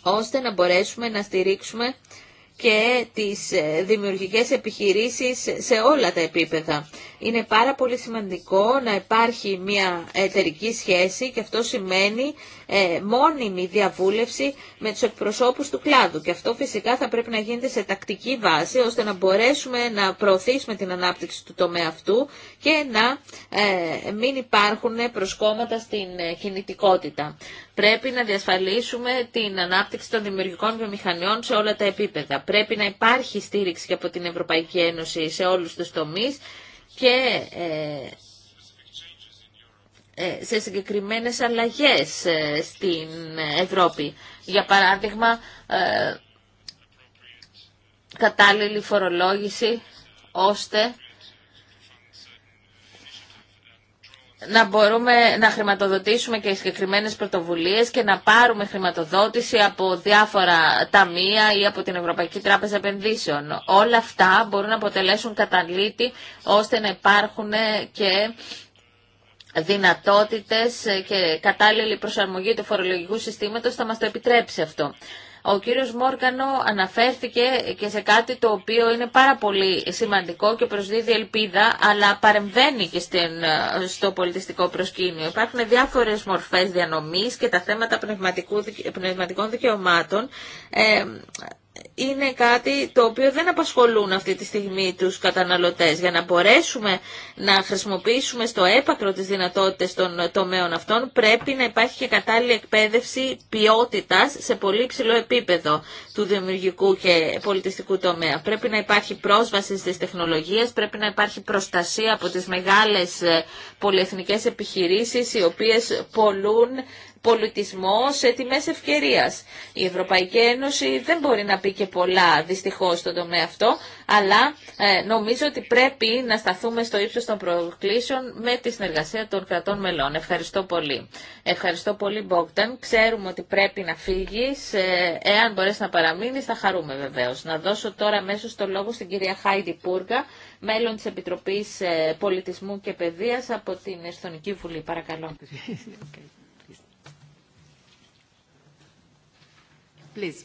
ώστε να μπορέσουμε να στηρίξουμε και τις δημιουργικές επιχειρήσεις σε όλα τα επίπεδα είναι πάρα πολύ σημαντικό να υπάρχει μια εταιρική σχέση και αυτό σημαίνει ε, μόνιμη διαβούλευση με τους εκπροσώπους του κλάδου. Και αυτό φυσικά θα πρέπει να γίνεται σε τακτική βάση ώστε να μπορέσουμε να προωθήσουμε την ανάπτυξη του τομέα αυτού και να ε, μην υπάρχουν προσκόμματα στην ε, κινητικότητα. Πρέπει να διασφαλίσουμε την ανάπτυξη των δημιουργικών βιομηχανιών σε όλα τα επίπεδα. Πρέπει να υπάρχει στήριξη από την Ευρωπαϊκή Ένωση σε όλους τους τομείς και ε, ε, σε συγκεκριμένες αλλαγές ε, στην Ευρώπη. Για παράδειγμα, κατάλληλη φορολόγηση ώστε να μπορούμε να χρηματοδοτήσουμε και συγκεκριμένες πρωτοβουλίες και να πάρουμε χρηματοδότηση από διάφορα ταμεία ή από την Ευρωπαϊκή Τράπεζα Επενδύσεων. Όλα αυτά μπορούν να αποτελέσουν καταλήτη ώστε να υπάρχουν και δυνατότητες ε, και κατάλληλη προσαρμογή του φορολογικού συστήματος θα μας το επιτρέψει αυτό. Ο κύριος Μόργανο αναφέρθηκε και σε κάτι το οποίο είναι πάρα πολύ σημαντικό και προσδίδει ελπίδα, αλλά παρεμβαίνει και ε, στο πολιτιστικό προσκήνιο. Υπάρχουν διάφορες μορφές διανομής και τα θέματα πνευματικού, πνευματικών δικαιωμάτων ε, είναι κάτι το οποίο δεν απασχολούν αυτή τη στιγμή τους καταναλωτές. Για να μπορέσουμε να χρησιμοποιήσουμε στο έπακρο τις δυνατότητες των τομέων αυτών πρέπει να υπάρχει και κατάλληλη εκπαίδευση ποιότητας σε πολύ ψηλό επίπεδο του δημιουργικού και πολιτιστικού τομέα. Πρέπει να υπάρχει πρόσβαση στις τεχνολογίες, πρέπει να υπάρχει προστασία από τις μεγάλες ε, πολυεθνικές επιχειρήσεις οι οποίες πολλούν πολιτισμό σε τιμές ευκαιρίας. Η Ευρωπαϊκή Ένωση δεν μπορεί να πει και πολλά δυστυχώς στον τομέα αυτό, αλλά ε, νομίζω ότι πρέπει να σταθούμε στο ύψος των προκλήσεων με τη συνεργασία των κρατών μελών. Ευχαριστώ πολύ. Ευχαριστώ πολύ Μπόγκταν. Ξέρουμε ότι πρέπει να φύγεις. Ε, εάν μπορέσει να παραμείνεις θα χαρούμε βεβαίως. Να δώσω τώρα μέσω στο λόγο στην κυρία Χάιντι Πούργα, μέλον της Επιτροπής ε, Πολιτισμού και Παιδείας από την Εσθονική Βουλή. Παρακαλώ. Please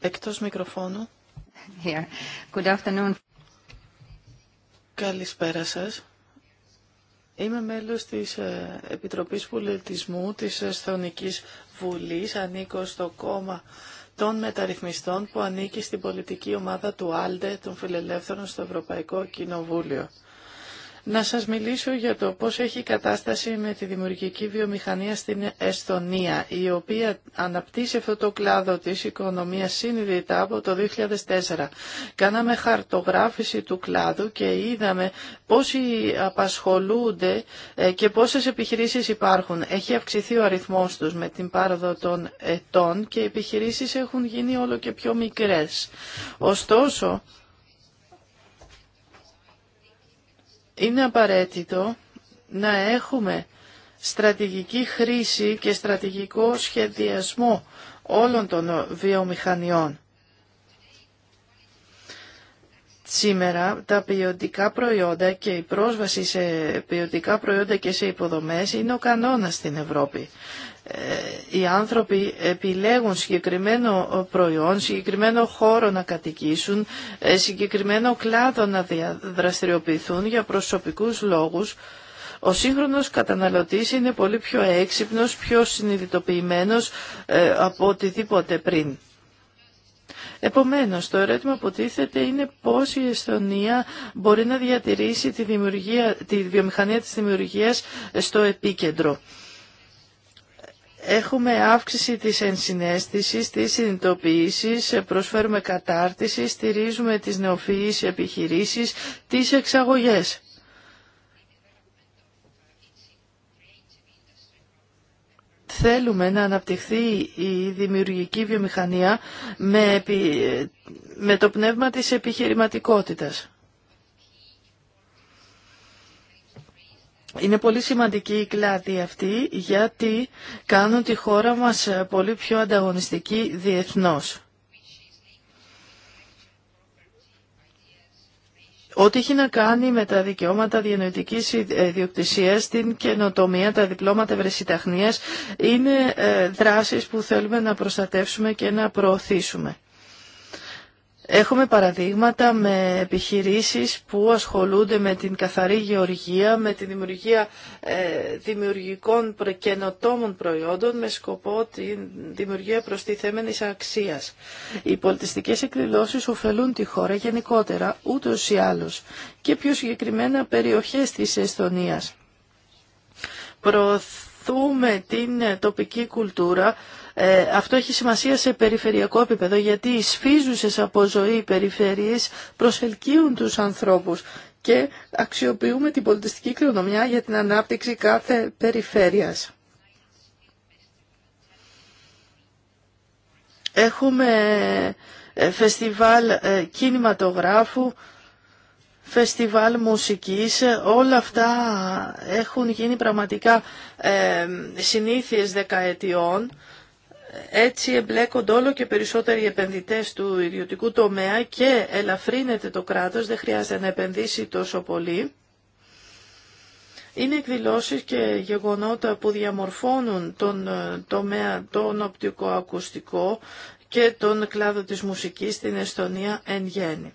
Εκτός μικροφώνου. Good afternoon. Καλησπέρα σας. Είμαι μέλος της ε, Επιτροπής Πολιτισμού της Εσθονικής Βουλής. Ανήκω στο κόμμα των μεταρρυθμιστών που ανήκει στην πολιτική ομάδα του Άλτε, των Φιλελεύθερων στο Ευρωπαϊκό Κοινοβούλιο να σας μιλήσω για το πώς έχει η κατάσταση με τη δημιουργική βιομηχανία στην Εστονία, η οποία αναπτύσσει αυτό το κλάδο της οικονομίας συνειδητά από το 2004. Κάναμε χαρτογράφηση του κλάδου και είδαμε πόσοι απασχολούνται ε, και πόσες επιχειρήσεις υπάρχουν. Έχει αυξηθεί ο αριθμός τους με την πάροδο των ετών και οι επιχειρήσεις έχουν γίνει όλο και πιο μικρές. Ωστόσο, είναι απαραίτητο να έχουμε στρατηγική χρήση και στρατηγικό σχεδιασμό όλων των βιομηχανιών. Σήμερα τα ποιοτικά προϊόντα και η πρόσβαση σε ποιοτικά προϊόντα και σε υποδομές είναι ο κανόνας στην Ευρώπη. Ε, οι άνθρωποι επιλέγουν συγκεκριμένο προϊόν, συγκεκριμένο χώρο να κατοικήσουν, ε, συγκεκριμένο κλάδο να δραστηριοποιηθούν για προσωπικούς λόγους, ο σύγχρονος καταναλωτής είναι πολύ πιο έξυπνος, πιο συνειδητοποιημένος ε, από οτιδήποτε πριν. Επομένως, το ερώτημα που τίθεται είναι πώς η Εστονία μπορεί να διατηρήσει τη, τη βιομηχανία της δημιουργίας στο επίκεντρο. Έχουμε αύξηση της ενσυναίσθησης, της συνειδητοποίησης, προσφέρουμε κατάρτιση, στηρίζουμε τις νεοφυείς επιχειρήσεις, τις εξαγωγές. Θέλουμε να αναπτυχθεί η δημιουργική βιομηχανία με το πνεύμα της επιχειρηματικότητας. Είναι πολύ σημαντική η κλάδη αυτή γιατί κάνουν τη χώρα μας πολύ πιο ανταγωνιστική διεθνώς. Ό,τι έχει να κάνει με τα δικαιώματα διανοητικής ε, ιδιοκτησία, την καινοτομία, τα διπλώματα ευρεσιταχνία, είναι ε, δράσεις που θέλουμε να προστατεύσουμε και να προωθήσουμε. Έχουμε παραδείγματα με επιχειρήσεις που ασχολούνται με την καθαρή γεωργία, με τη δημιουργία ε, δημιουργικών καινοτόμων προϊόντων με σκοπό τη δημιουργία προστιθέμενης αξίας. Οι πολιτιστικές εκδηλώσεις ωφελούν τη χώρα γενικότερα, ούτως ή άλλως, και πιο συγκεκριμένα περιοχές της Εσθονίας. Προωθούμε την τοπική κουλτούρα ε, αυτό έχει σημασία σε περιφερειακό επίπεδο γιατί οι σφίζουσες από ζωή περιφέρειες προσελκύουν τους ανθρώπους και αξιοποιούμε την πολιτιστική κληρονομιά για την ανάπτυξη κάθε περιφέρειας. Έχουμε ε, φεστιβάλ ε, κινηματογράφου, φεστιβάλ μουσικής, όλα αυτά έχουν γίνει πραγματικά συνήθειες δεκαετιών έτσι εμπλέκονται όλο και περισσότεροι επενδυτές του ιδιωτικού τομέα και ελαφρύνεται το κράτος, δεν χρειάζεται να επενδύσει τόσο πολύ. Είναι εκδηλώσεις και γεγονότα που διαμορφώνουν τον ε, τομέα τον ακουστικό και τον κλάδο της μουσικής στην Εστονία εν γέννη.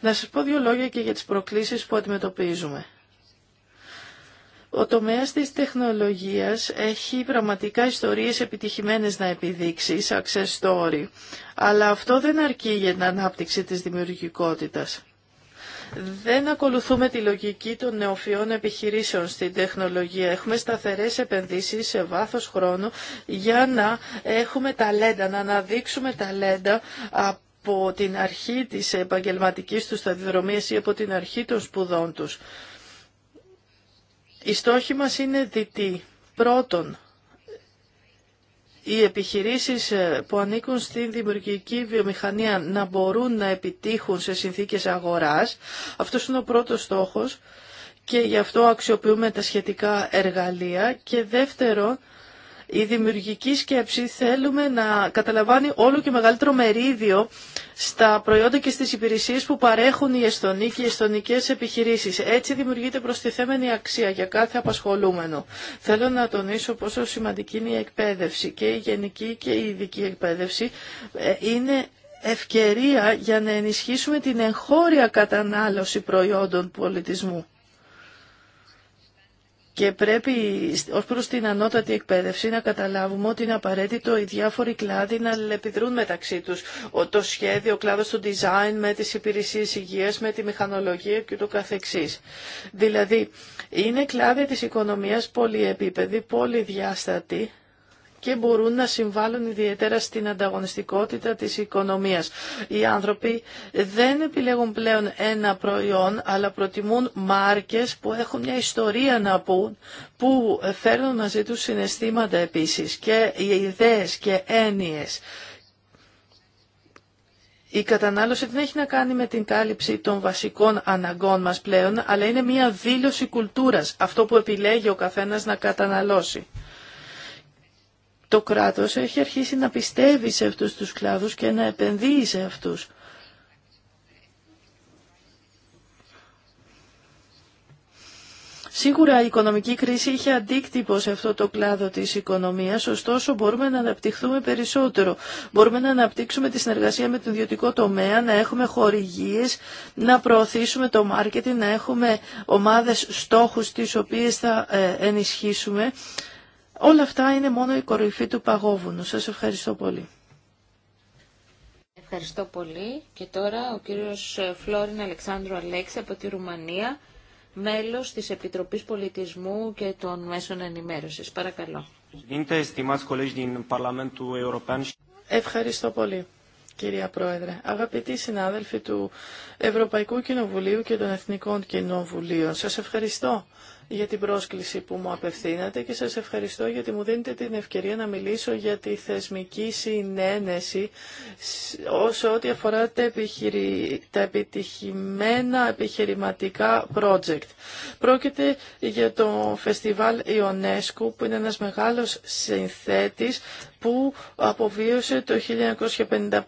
Να σας πω δύο λόγια και για τις προκλήσεις που αντιμετωπίζουμε. Ο τομέας της τεχνολογίας έχει πραγματικά ιστορίες επιτυχημένες να επιδείξει, success story, αλλά αυτό δεν αρκεί για την ανάπτυξη της δημιουργικότητας. Δεν ακολουθούμε τη λογική των νεοφιών επιχειρήσεων στην τεχνολογία. Έχουμε σταθερές επενδύσεις σε βάθος χρόνου για να έχουμε ταλέντα, να αναδείξουμε ταλέντα από την αρχή της επαγγελματικής τους σταδιοδρομίας ή από την αρχή των σπουδών τους. Οι στόχοι μας είναι διτί, Πρώτον, οι επιχειρήσεις ε, που ανήκουν στην δημιουργική βιομηχανία να μπορούν να επιτύχουν σε συνθήκες αγοράς. Αυτός είναι ο πρώτος στόχος και γι' αυτό αξιοποιούμε τα σχετικά εργαλεία. Και δεύτερον, η δημιουργική σκέψη θέλουμε να καταλαμβάνει όλο και μεγαλύτερο μερίδιο στα προϊόντα και στις υπηρεσίες που παρέχουν οι Εστονοί και οι εστονικές επιχειρήσεις. Έτσι δημιουργείται προστιθέμενη αξία για κάθε απασχολούμενο. Θέλω να τονίσω πόσο σημαντική είναι η εκπαίδευση και η γενική και η ειδική εκπαίδευση ε, είναι ευκαιρία για να ενισχύσουμε την εγχώρια κατανάλωση προϊόντων πολιτισμού. Και πρέπει ως προς την ανώτατη εκπαίδευση να καταλάβουμε ότι είναι απαραίτητο οι διάφοροι κλάδοι να λεπιδρούν μεταξύ τους. Το σχέδιο, ο κλάδος του design με τις υπηρεσίες υγείας, με τη μηχανολογία και το καθεξής. Δηλαδή, είναι κλάδοι της οικονομίας πολυεπίπεδη, πολυδιάστατη και μπορούν να συμβάλλουν ιδιαίτερα στην ανταγωνιστικότητα της οικονομίας. Οι άνθρωποι δεν επιλέγουν πλέον ένα προϊόν, αλλά προτιμούν μάρκες που έχουν μια ιστορία να πούν, που φέρνουν μαζί τους συναισθήματα επίσης και ιδέες και έννοιες. Η κατανάλωση δεν έχει να κάνει με την κάλυψη των βασικών αναγκών μας πλέον, αλλά είναι μια δήλωση κουλτούρας, αυτό που επιλέγει ο καθένας να καταναλώσει το κράτος έχει αρχίσει να πιστεύει σε αυτούς τους κλάδους και να επενδύει σε αυτούς. Σίγουρα η οικονομική κρίση είχε αντίκτυπο σε αυτό το κλάδο της οικονομίας, ωστόσο μπορούμε να αναπτυχθούμε περισσότερο. Μπορούμε να αναπτύξουμε τη συνεργασία με τον ιδιωτικό τομέα, να έχουμε χορηγίες, να προωθήσουμε το μάρκετινγκ, να έχουμε ομάδες στόχους τις οποίες θα ε, ενισχύσουμε. Όλα αυτά είναι μόνο η κορυφή του παγόβουνου. Σας ευχαριστώ πολύ. Ευχαριστώ πολύ. Και τώρα ο κύριος Φλόριν Αλεξάνδρου Αλέξη από τη Ρουμανία, μέλος της Επιτροπής Πολιτισμού και των Μέσων Ενημέρωσης. Παρακαλώ. Ευχαριστώ πολύ. Κυρία Πρόεδρε, αγαπητοί συνάδελφοι του Ευρωπαϊκού Κοινοβουλίου και των Εθνικών Κοινοβουλίων, σας ευχαριστώ για την πρόσκληση που μου απευθύνατε και σας ευχαριστώ γιατί μου δίνετε την ευκαιρία να μιλήσω για τη θεσμική συνένεση όσο ό,τι αφορά τα, επιχειρη... επιτυχημένα επιχειρηματικά project. Πρόκειται για το φεστιβάλ Ιονέσκου που είναι ένας μεγάλος συνθέτης που αποβίωσε το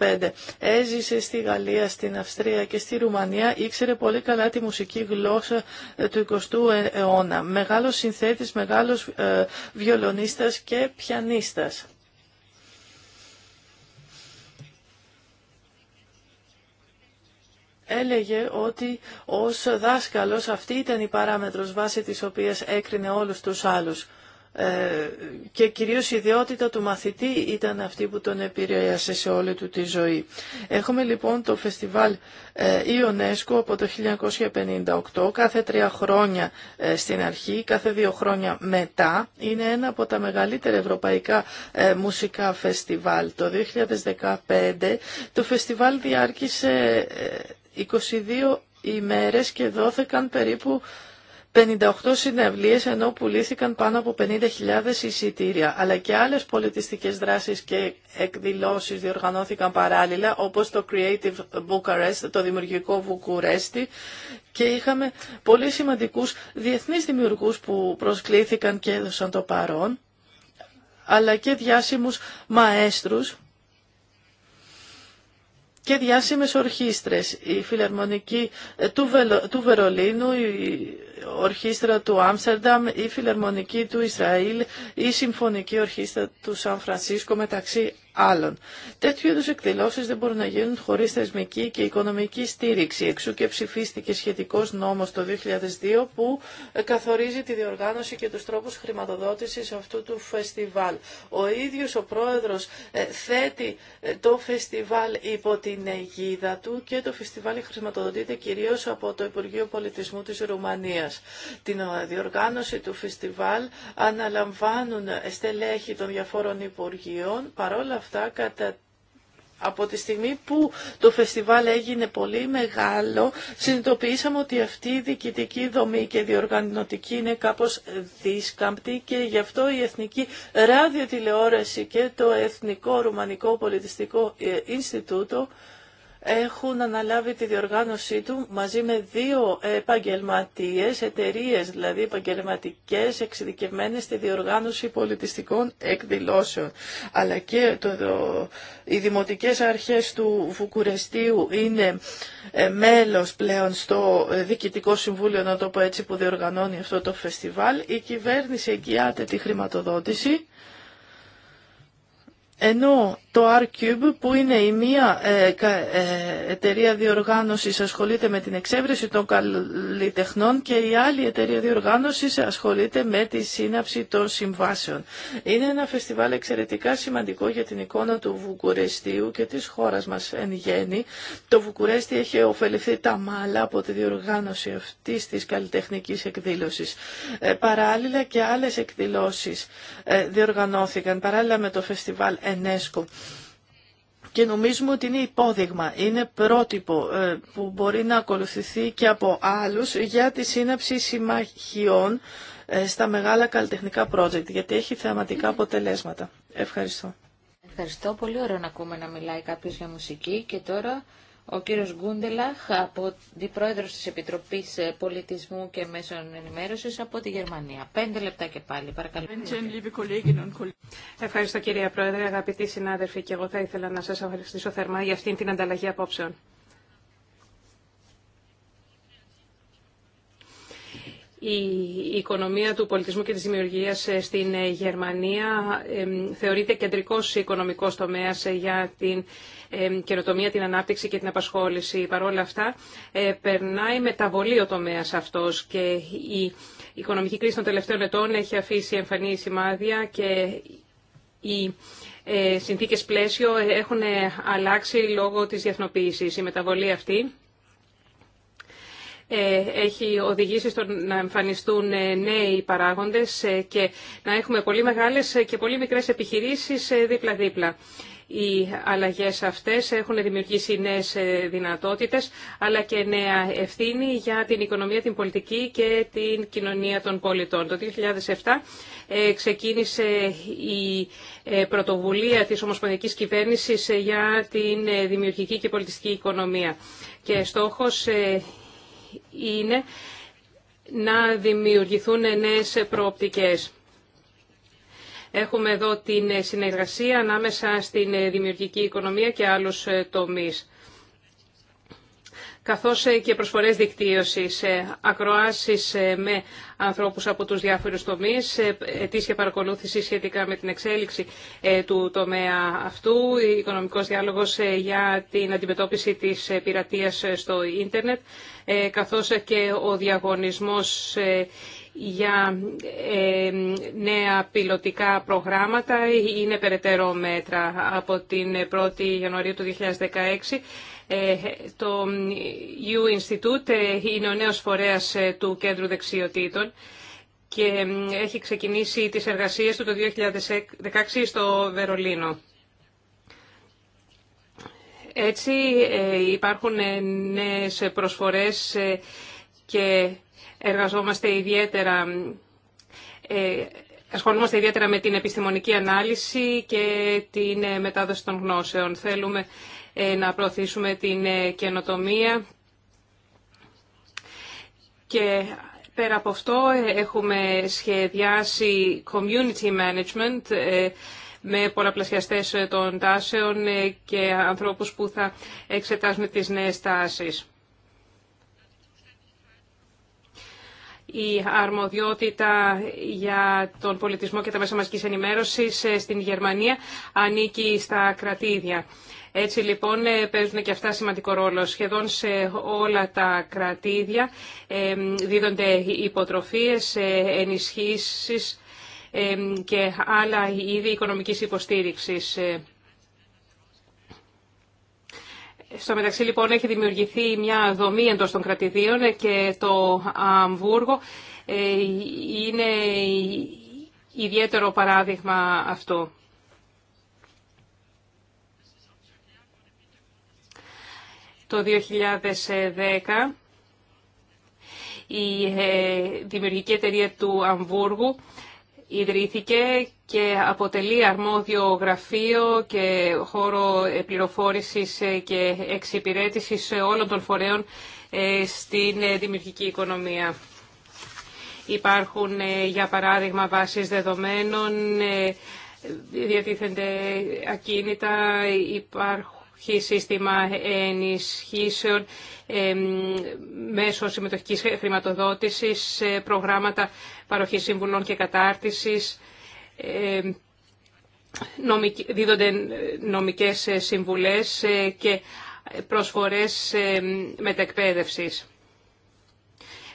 1955. Έζησε στη Γαλλία, στην Αυστρία και στη Ρουμανία. Ήξερε πολύ καλά τη μουσική γλώσσα ε, του 20ου ε, αιώνα. Μεγάλος συνθέτης, μεγάλος ε, βιολονίστας και πιανίστας. έλεγε ότι ως δάσκαλος αυτή ήταν η παράμετρος βάση της οποίας έκρινε όλους τους άλλους. Ε, και κυρίως η ιδιότητα του μαθητή ήταν αυτή που τον επηρέασε σε όλη του τη ζωή. Έχουμε λοιπόν το φεστιβάλ Ιονέσκο ε, από το 1958, κάθε τρία χρόνια ε, στην αρχή, κάθε δύο χρόνια μετά. Είναι ένα από τα μεγαλύτερα ευρωπαϊκά μουσικά φεστιβάλ. Το 2015 το φεστιβάλ διάρκησε 22 ημέρες και δόθηκαν περίπου 58 συνευλίες ενώ πουλήθηκαν πάνω από 50.000 εισιτήρια, αλλά και άλλες πολιτιστικές δράσεις και εκδηλώσεις διοργανώθηκαν παράλληλα, όπως το Creative Bucharest, το Δημιουργικό Βουκουρέστι, και είχαμε πολύ σημαντικούς διεθνείς δημιουργούς που προσκλήθηκαν και έδωσαν το παρόν, αλλά και διάσημους μαέστρους και διάσημες ορχήστρες, η φιλαρμονική του, Βερολίνου, η ορχήστρα του Άμστερνταμ, η φιλερμονική του Ισραήλ, η συμφωνική ορχήστρα του Σαν Φρανσίσκο μεταξύ άλλων. Τέτοιου είδου εκδηλώσει δεν μπορούν να γίνουν χωρί θεσμική και οικονομική στήριξη. Εξού και ψηφίστηκε σχετικό νόμο το 2002 που ε, καθορίζει τη διοργάνωση και του τρόπου χρηματοδότηση αυτού του φεστιβάλ. Ο ίδιο ο πρόεδρο ε, θέτει ε, το φεστιβάλ υπό την αιγίδα του και το φεστιβάλ χρηματοδοτείται κυρίω από το Υπουργείο Πολιτισμού τη Ρουμανία. Την διοργάνωση του φεστιβάλ αναλαμβάνουν στελέχη των διαφόρων υπουργείων. Παρόλα αυτά κατά από τη στιγμή που το φεστιβάλ έγινε πολύ μεγάλο, συνειδητοποιήσαμε ότι αυτή η διοικητική δομή και διοργανωτική είναι κάπως δίσκαμπτη και γι' αυτό η Εθνική Τηλεόραση και το Εθνικό Ρουμανικό Πολιτιστικό ε, Ινστιτούτο έχουν αναλάβει τη διοργάνωσή του μαζί με δύο επαγγελματίες, εταιρείες δηλαδή επαγγελματικές εξειδικευμένες στη διοργάνωση πολιτιστικών εκδηλώσεων. Αλλά και το, το, οι δημοτικές αρχές του Βουκουρεστίου είναι ε, μέλος πλέον στο ε, Διοικητικό Συμβούλιο, να το πω έτσι, που διοργανώνει αυτό το φεστιβάλ. Η κυβέρνηση εγγυάται τη χρηματοδότηση. Ενώ το R-Cube που είναι η μία ε, ε, εταιρεία διοργάνωσης ασχολείται με την εξέβρεση των καλλιτεχνών και η άλλη εταιρεία διοργάνωσης ασχολείται με τη σύναψη των συμβάσεων. Είναι ένα φεστιβάλ εξαιρετικά σημαντικό για την εικόνα του Βουκουρεστίου και της χώρας μας εν γέννη. Το Βουκουρέστι έχει ωφεληθεί τα μάλα από τη διοργάνωση αυτής της καλλιτεχνικής εκδήλωσης. Ε, παράλληλα και άλλες εκδηλώσεις διοργανώθηκαν παράλληλα με το φεστιβάλ Ενέσκο και νομίζουμε ότι είναι υπόδειγμα, είναι πρότυπο ε, που μπορεί να ακολουθηθεί και από άλλους για τη σύναψη συμμαχιών ε, στα μεγάλα καλλιτεχνικά project, γιατί έχει θεαματικά αποτελέσματα. Ευχαριστώ. Ευχαριστώ. Πολύ ωραίο να ακούμε να μιλάει κάποιος για μουσική και τώρα ο κύριος Γκούντελαχ, από πρόεδρος της Επιτροπής ε, Πολιτισμού και Μέσων Ενημέρωσης από τη Γερμανία. Πέντε λεπτά και πάλι, παρακαλώ. Ευχαριστώ κύριε Πρόεδρε, αγαπητοί συνάδελφοι και εγώ θα ήθελα να σας ευχαριστήσω θερμά για αυτήν την ανταλλαγή απόψεων. Η οικονομία του πολιτισμού και της δημιουργίας ε, στην ε, Γερμανία θεωρείται κεντρικός οικονομικός τομέας για την καινοτομία, την ανάπτυξη και την απασχόληση. Παρ' όλα αυτά, ε, περνάει μεταβολή ο τομέας αυτός και η οικονομική κρίση των τελευταίων ετών έχει αφήσει εμφανή σημάδια και οι ε, συνθήκες πλαίσιο ε, έχουν αλλάξει λόγω της διεθνοποίησης. Η μεταβολή αυτή έχει οδηγήσει στο να εμφανιστούν νέοι παράγοντες και να έχουμε πολύ μεγάλες και πολύ μικρές επιχειρήσεις δίπλα-δίπλα. Οι αλλαγές αυτές έχουν δημιουργήσει νέες ε, δυνατότητες, αλλά και νέα ευθύνη για την οικονομία, την πολιτική και την κοινωνία των πολιτών. Το 2007 ε, ξεκίνησε η ε, πρωτοβουλία της Ομοσπονδιακής Κυβέρνησης για την δημιουργική και πολιτιστική οικονομία. Και στόχος είναι να δημιουργηθούν νέες προοπτικές. Έχουμε εδώ την συνεργασία ανάμεσα στην δημιουργική οικονομία και άλλους ε, τομείς καθώς ε, και προσφορές δικτύωσης, ε, ακροάσεις με ανθρώπους από τους διάφορους τομείς, ετήσια παρακολούθηση σχετικά με την εξέλιξη του τομέα αυτού, οικονομικός διάλογος για την αντιμετώπιση της πειρατείας στο ίντερνετ, καθώς και ο διαγωνισμός για ε, νέα πιλωτικά προγράμματα είναι περαιτέρω μέτρα από την 1η Ιανουαρίου του 2016. Ε, το U Institute ε, είναι ο νέος φορέας του Κέντρου Δεξιοτήτων και έχει ξεκινήσει τις εργασίες του το 2016 στο Βερολίνο. Έτσι υπάρχουν νέες προσφορές και Εργαζόμαστε ιδιαίτερα, ε, ασχολούμαστε ιδιαίτερα με την επιστημονική ανάλυση και την ε, μετάδοση των γνώσεων. Θέλουμε ε, να προωθήσουμε την ε, καινοτομία και πέρα από αυτό έχουμε σχεδιάσει community management με πολλαπλασιαστές των τάσεων και ανθρώπους που θα εξετάσουν τις νέες τάσεις. η αρμοδιότητα για τον πολιτισμό και τα μέσα μαζικής ενημέρωσης ε, στην Γερμανία ανήκει στα κρατήδια. Έτσι λοιπόν ε, παίζουν και αυτά σημαντικό ρόλο. Σχεδόν σε όλα τα κρατήδια ε, δίδονται υποτροφίες, ενισχύσεις και άλλα είδη οικονομικής υποστήριξης. Στο μεταξύ λοιπόν έχει δημιουργηθεί μια δομή εντός των κρατηδίων και το Αμβούργο ε, είναι ιδιαίτερο παράδειγμα αυτό. Το 2010 η ε, δημιουργική εταιρεία του Αμβούργου ιδρύθηκε και αποτελεί αρμόδιο γραφείο και χώρο πληροφόρησης και εξυπηρέτησης όλων των φορέων ε, στην ε, δημιουργική οικονομία. Υπάρχουν, ε, για παράδειγμα, βάσεις δεδομένων, διατίθενται ακίνητα, υπάρχουν σύστημα ενισχύσεων μέσω συμμετοχικής χρηματοδότησης, προγράμματα παροχής συμβουλών και κατάρτισης, δίδονται νομικές συμβουλές ε, και προσφορές μετεκπαίδευσης.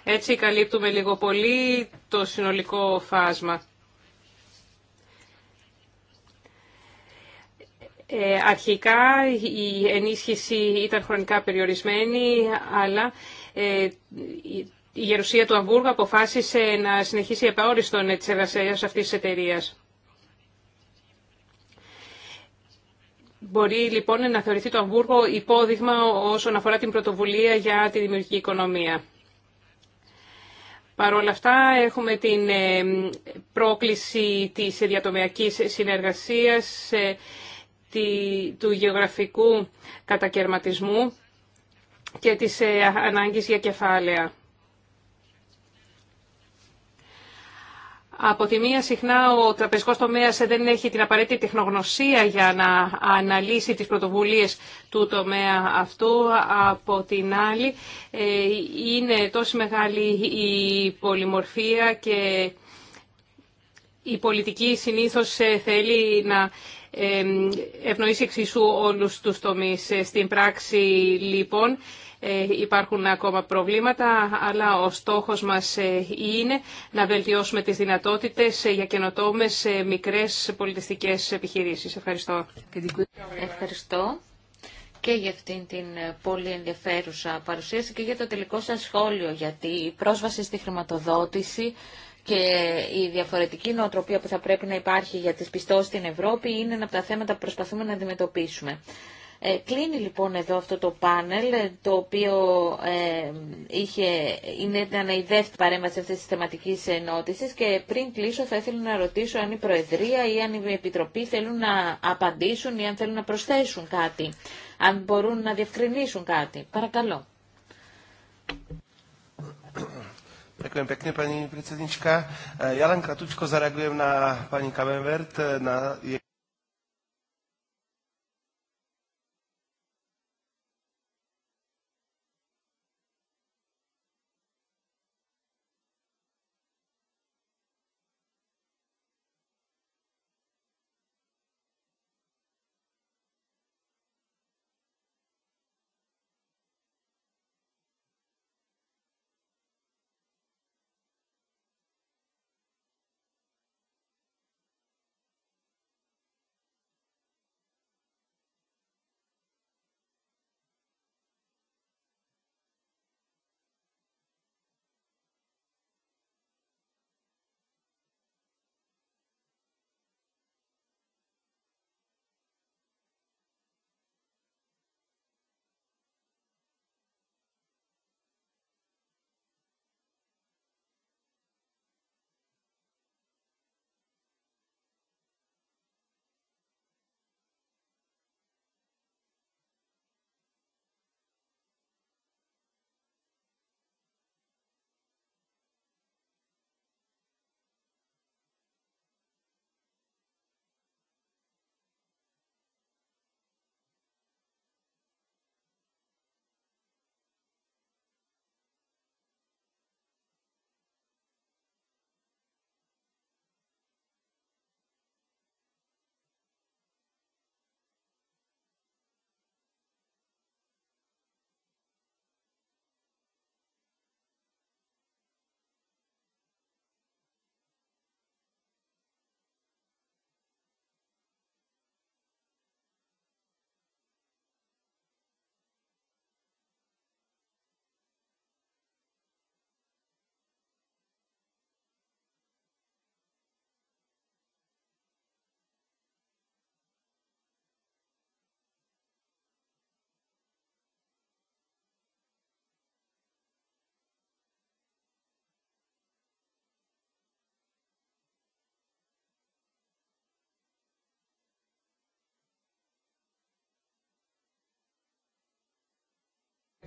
Έτσι καλύπτουμε λίγο πολύ το συνολικό φάσμα. Ε, αρχικά η ενίσχυση ήταν χρονικά περιορισμένη, αλλά ε, η γερουσία του Αμβούργου αποφάσισε να συνεχίσει επαόριστον της εργασίας αυτής της εταιρείας. Μπορεί λοιπόν να θεωρηθεί το Αμβούργο υπόδειγμα όσον αφορά την πρωτοβουλία για τη δημιουργική οικονομία. Παρ' όλα αυτά έχουμε την ε, πρόκληση της διατομιακής συνεργασίας του γεωγραφικού κατακαιρματισμού και της ε, ανάγκης για κεφάλαια. Από τη μία συχνά ο τραπεζικός τομέας δεν έχει την απαραίτητη τεχνογνωσία για να αναλύσει τις πρωτοβουλίες του τομέα αυτού. Από την άλλη ε, είναι τόσο μεγάλη η πολυμορφία και η πολιτική συνήθως ε, θέλει να ευνοήσει εξίσου όλους τους τομείς. Ε, στην πράξη, λοιπόν, ε, υπάρχουν ακόμα προβλήματα, αλλά ο στόχος μας ε, είναι να βελτιώσουμε τις δυνατότητες για καινοτόμες μικρές πολιτιστικές επιχειρήσεις. Ευχαριστώ. Ευχαριστώ και για αυτήν την πολύ ενδιαφέρουσα παρουσίαση και για το τελικό σας σχόλιο, γιατί η πρόσβαση στη χρηματοδότηση και η διαφορετική νοοτροπία που θα πρέπει να υπάρχει για τις πιστώσεις στην Ευρώπη είναι ένα από τα θέματα που προσπαθούμε να αντιμετωπίσουμε. Ε, κλείνει λοιπόν εδώ αυτό το πάνελ, το οποίο ε, είχε, είναι, ήταν η δεύτερη παρέμβαση αυτής της θεματικής ενότησης και πριν κλείσω θα ήθελα να ρωτήσω αν η Προεδρία ή αν η Επιτροπή θέλουν να απαντήσουν ή αν θέλουν να προσθέσουν κάτι, αν μπορούν να διευκρινίσουν κάτι. Παρακαλώ. Dziękuję pięknie Pani predsednička. Ja kratučko zareaguję na Pani Kamenvert. na jej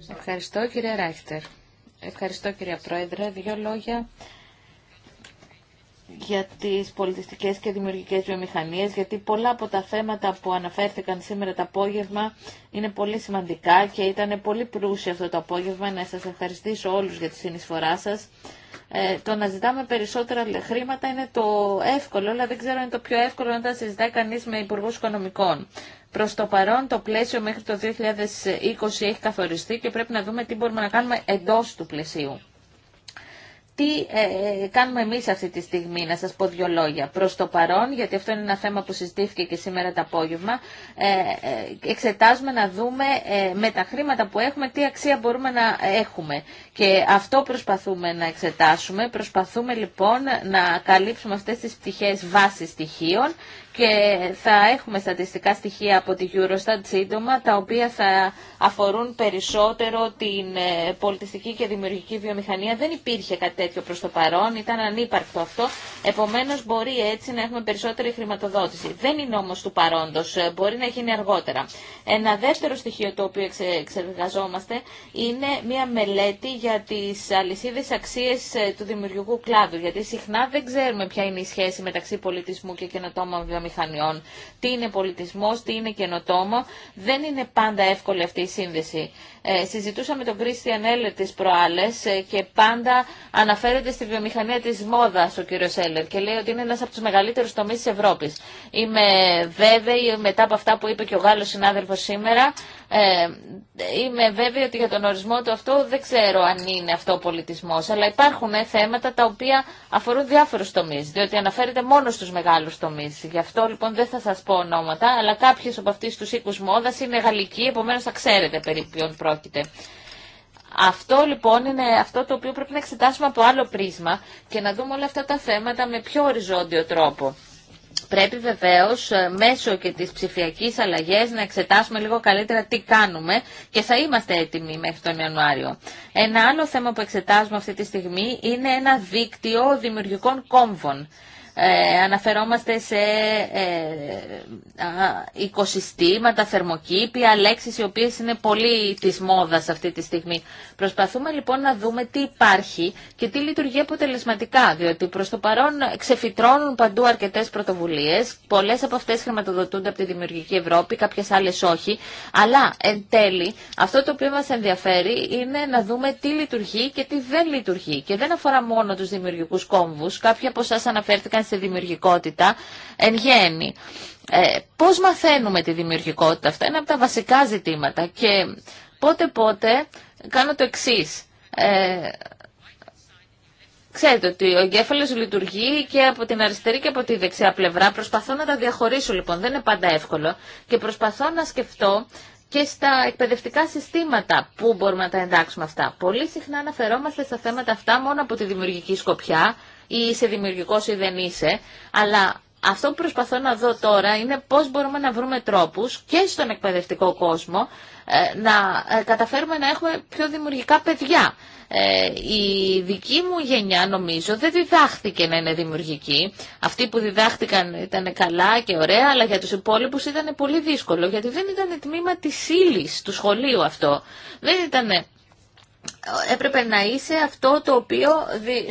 Ευχαριστώ κύριε Ράχτερ. Ευχαριστώ κύριε Πρόεδρε. Δύο λόγια για τις πολιτιστικές και δημιουργικές βιομηχανίες, γιατί πολλά από τα θέματα που αναφέρθηκαν σήμερα το απόγευμα είναι πολύ σημαντικά και ήταν πολύ πλούσιο αυτό το απόγευμα. Να σας ευχαριστήσω όλους για τη συνεισφορά σας. Ε, το να ζητάμε περισσότερα χρήματα είναι το εύκολο, αλλά δεν ξέρω αν είναι το πιο εύκολο να τα συζητάει κανείς με υπουργού οικονομικών. Προς το παρόν το πλαίσιο μέχρι το 2020 έχει καθοριστεί και πρέπει να δούμε τι μπορούμε να κάνουμε εντός του πλαισίου τι ε, ε, κάνουμε εμείς αυτή τη στιγμή, να σας πω δύο λόγια. Προς το παρόν, γιατί αυτό είναι ένα θέμα που συζητήθηκε και σήμερα το απόγευμα, ε, εξετάζουμε να δούμε ε, με τα χρήματα που έχουμε τι αξία μπορούμε να έχουμε. Και αυτό προσπαθούμε να εξετάσουμε. Προσπαθούμε λοιπόν να καλύψουμε αυτές τις πτυχές βάσης στοιχείων και θα έχουμε στατιστικά στοιχεία από τη Eurostat σύντομα, τα οποία θα αφορούν περισσότερο την ε, πολιτιστική και δημιουργική βιομηχανία. Δεν υπήρχε κάτι τέτοιο προς το παρόν, ήταν ανύπαρκτο αυτό, επομένως μπορεί έτσι να έχουμε περισσότερη χρηματοδότηση. Δεν είναι όμως του παρόντος, ε, μπορεί να γίνει αργότερα. Ένα δεύτερο στοιχείο το οποίο εξεργαζόμαστε είναι μια μελέτη για τις αλυσίδες αξίες ε, του δημιουργικού κλάδου, γιατί συχνά δεν ξέρουμε ποια είναι η σχέση μεταξύ πολιτισμού και καινοτόμων βιομηχανιών, τι είναι πολιτισμός, τι είναι καινοτόμο. Δεν είναι πάντα εύκολη αυτή η σύνδεση. Ε, με τον Κρίστιαν Έλλερ τις προάλλες ε, και πάντα αναφέρεται στη βιομηχανία της μόδας ο κύριος Έλλερ και λέει ότι είναι ένας από τους μεγαλύτερους τομείς της Ευρώπης. Είμαι βέβαιη μετά από αυτά που είπε και ο Γάλλος συνάδελφος σήμερα ε, είμαι βέβαιη ότι για τον ορισμό του αυτό δεν ξέρω αν είναι αυτό ο πολιτισμός, αλλά υπάρχουν ε, θέματα τα οποία αφορούν διάφορους τομείς, διότι αναφέρεται μόνο στους μεγάλους τομείς. Γι' αυτό λοιπόν δεν θα σας πω ονόματα, αλλά κάποιες από αυτές τους οίκους μόδας είναι γαλλικοί, επομένως θα ξέρετε περί ποιον αυτό λοιπόν είναι αυτό το οποίο πρέπει να εξετάσουμε από άλλο πρίσμα και να δούμε όλα αυτά τα θέματα με πιο οριζόντιο τρόπο. Πρέπει βεβαίως ε, μέσω και της ψηφιακής αλλαγής να εξετάσουμε λίγο καλύτερα τι κάνουμε και θα είμαστε έτοιμοι μέχρι τον Ιανουάριο. Ένα άλλο θέμα που εξετάζουμε αυτή τη στιγμή είναι ένα δίκτυο δημιουργικών κόμβων. Ε, αναφερόμαστε σε ε, οικοσυστήματα, θερμοκήπια, λέξεις οι οποίες είναι πολύ της μόδας αυτή τη στιγμή. Προσπαθούμε λοιπόν να δούμε τι υπάρχει και τι λειτουργεί αποτελεσματικά, διότι προς το παρόν ξεφυτρώνουν παντού αρκετές πρωτοβουλίες, πολλές από αυτές χρηματοδοτούνται από τη Δημιουργική Ευρώπη, κάποιες άλλες όχι, αλλά εν τέλει αυτό το οποίο μας ενδιαφέρει είναι να δούμε τι λειτουργεί και τι δεν λειτουργεί. Και δεν αφορά μόνο τους δημιουργικούς κόμβους, κάποιοι από εσάς αναφέρθηκαν στη δημιουργικότητα εν γέννη. Ε, πώς μαθαίνουμε τη δημιουργικότητα, αυτά είναι από τα βασικά ζητήματα και πότε πότε κάνω το εξής. Ε, Ξέρετε ότι ο εγκέφαλο λειτουργεί και από την αριστερή και από τη δεξιά πλευρά. Προσπαθώ να τα διαχωρίσω λοιπόν, δεν είναι πάντα εύκολο. Και προσπαθώ να σκεφτώ και στα εκπαιδευτικά συστήματα που μπορούμε να τα εντάξουμε αυτά. Πολύ συχνά αναφερόμαστε στα θέματα αυτά μόνο από τη δημιουργική σκοπιά ή είσαι δημιουργικό ή δεν είσαι, αλλά αυτό που προσπαθώ να δω τώρα είναι πώς μπορούμε να βρούμε τρόπους και στον εκπαιδευτικό κόσμο ε, να ε, καταφέρουμε να έχουμε πιο δημιουργικά παιδιά. Ε, η δική μου γενιά νομίζω δεν διδάχθηκε να είναι δημιουργική. Αυτοί που διδάχτηκαν ήταν καλά και ωραία, αλλά για τους υπόλοιπους ήταν πολύ δύσκολο, γιατί δεν ήταν τμήμα της ύλη του σχολείου αυτό. Δεν ήταν έπρεπε να είσαι αυτό το οποίο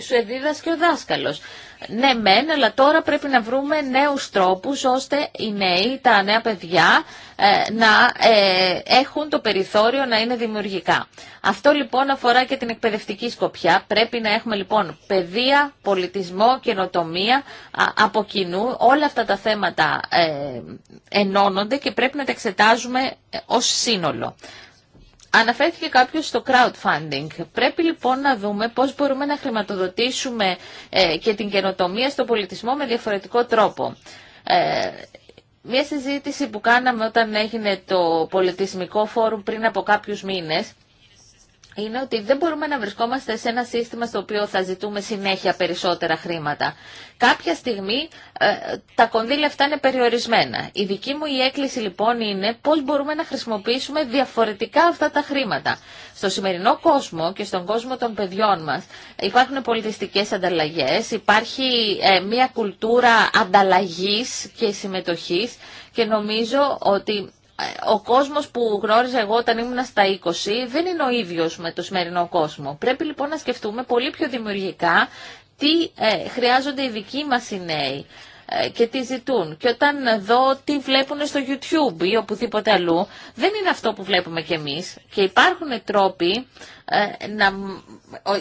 σου εδίδασκε ο δάσκαλος. Ναι μεν, αλλά τώρα πρέπει να βρούμε νέους τρόπους ώστε οι νέοι, τα νέα παιδιά ε, να ε, έχουν το περιθώριο να είναι δημιουργικά. Αυτό λοιπόν αφορά και την εκπαιδευτική σκοπιά. Πρέπει να έχουμε λοιπόν παιδεία, πολιτισμό, καινοτομία από κοινού. Όλα αυτά τα θέματα ε, ενώνονται και πρέπει να τα εξετάζουμε ως σύνολο. Αναφέρθηκε κάποιος στο crowdfunding. Πρέπει λοιπόν να δούμε πώς μπορούμε να χρηματοδοτήσουμε ε, και την καινοτομία στον πολιτισμό με διαφορετικό τρόπο. Ε, Μία συζήτηση που κάναμε όταν έγινε το πολιτισμικό φόρουμ πριν από κάποιους μήνες είναι ότι δεν μπορούμε να βρισκόμαστε σε ένα σύστημα στο οποίο θα ζητούμε συνέχεια περισσότερα χρήματα. Κάποια στιγμή ε, τα κονδύλια αυτά είναι περιορισμένα. Η δική μου η έκκληση λοιπόν είναι πώς μπορούμε να χρησιμοποιήσουμε διαφορετικά αυτά τα χρήματα. Στο σημερινό κόσμο και στον κόσμο των παιδιών μας υπάρχουν πολιτιστικές ανταλλαγές, υπάρχει ε, μια κουλτούρα ανταλλαγής και συμμετοχής και νομίζω ότι ε, ο κόσμος που γνώριζα εγώ όταν ήμουν στα 20 δεν είναι ο ίδιος με το σημερινό κόσμο. Πρέπει λοιπόν να σκεφτούμε πολύ πιο δημιουργικά τι ε, χρειάζονται οι δικοί μας οι νέοι ε, και τι ζητούν. Και όταν δω τι βλέπουν στο YouTube ή οπουδήποτε αλλού, δεν είναι αυτό που βλέπουμε κι εμείς. Και υπάρχουν τρόποι ε, να,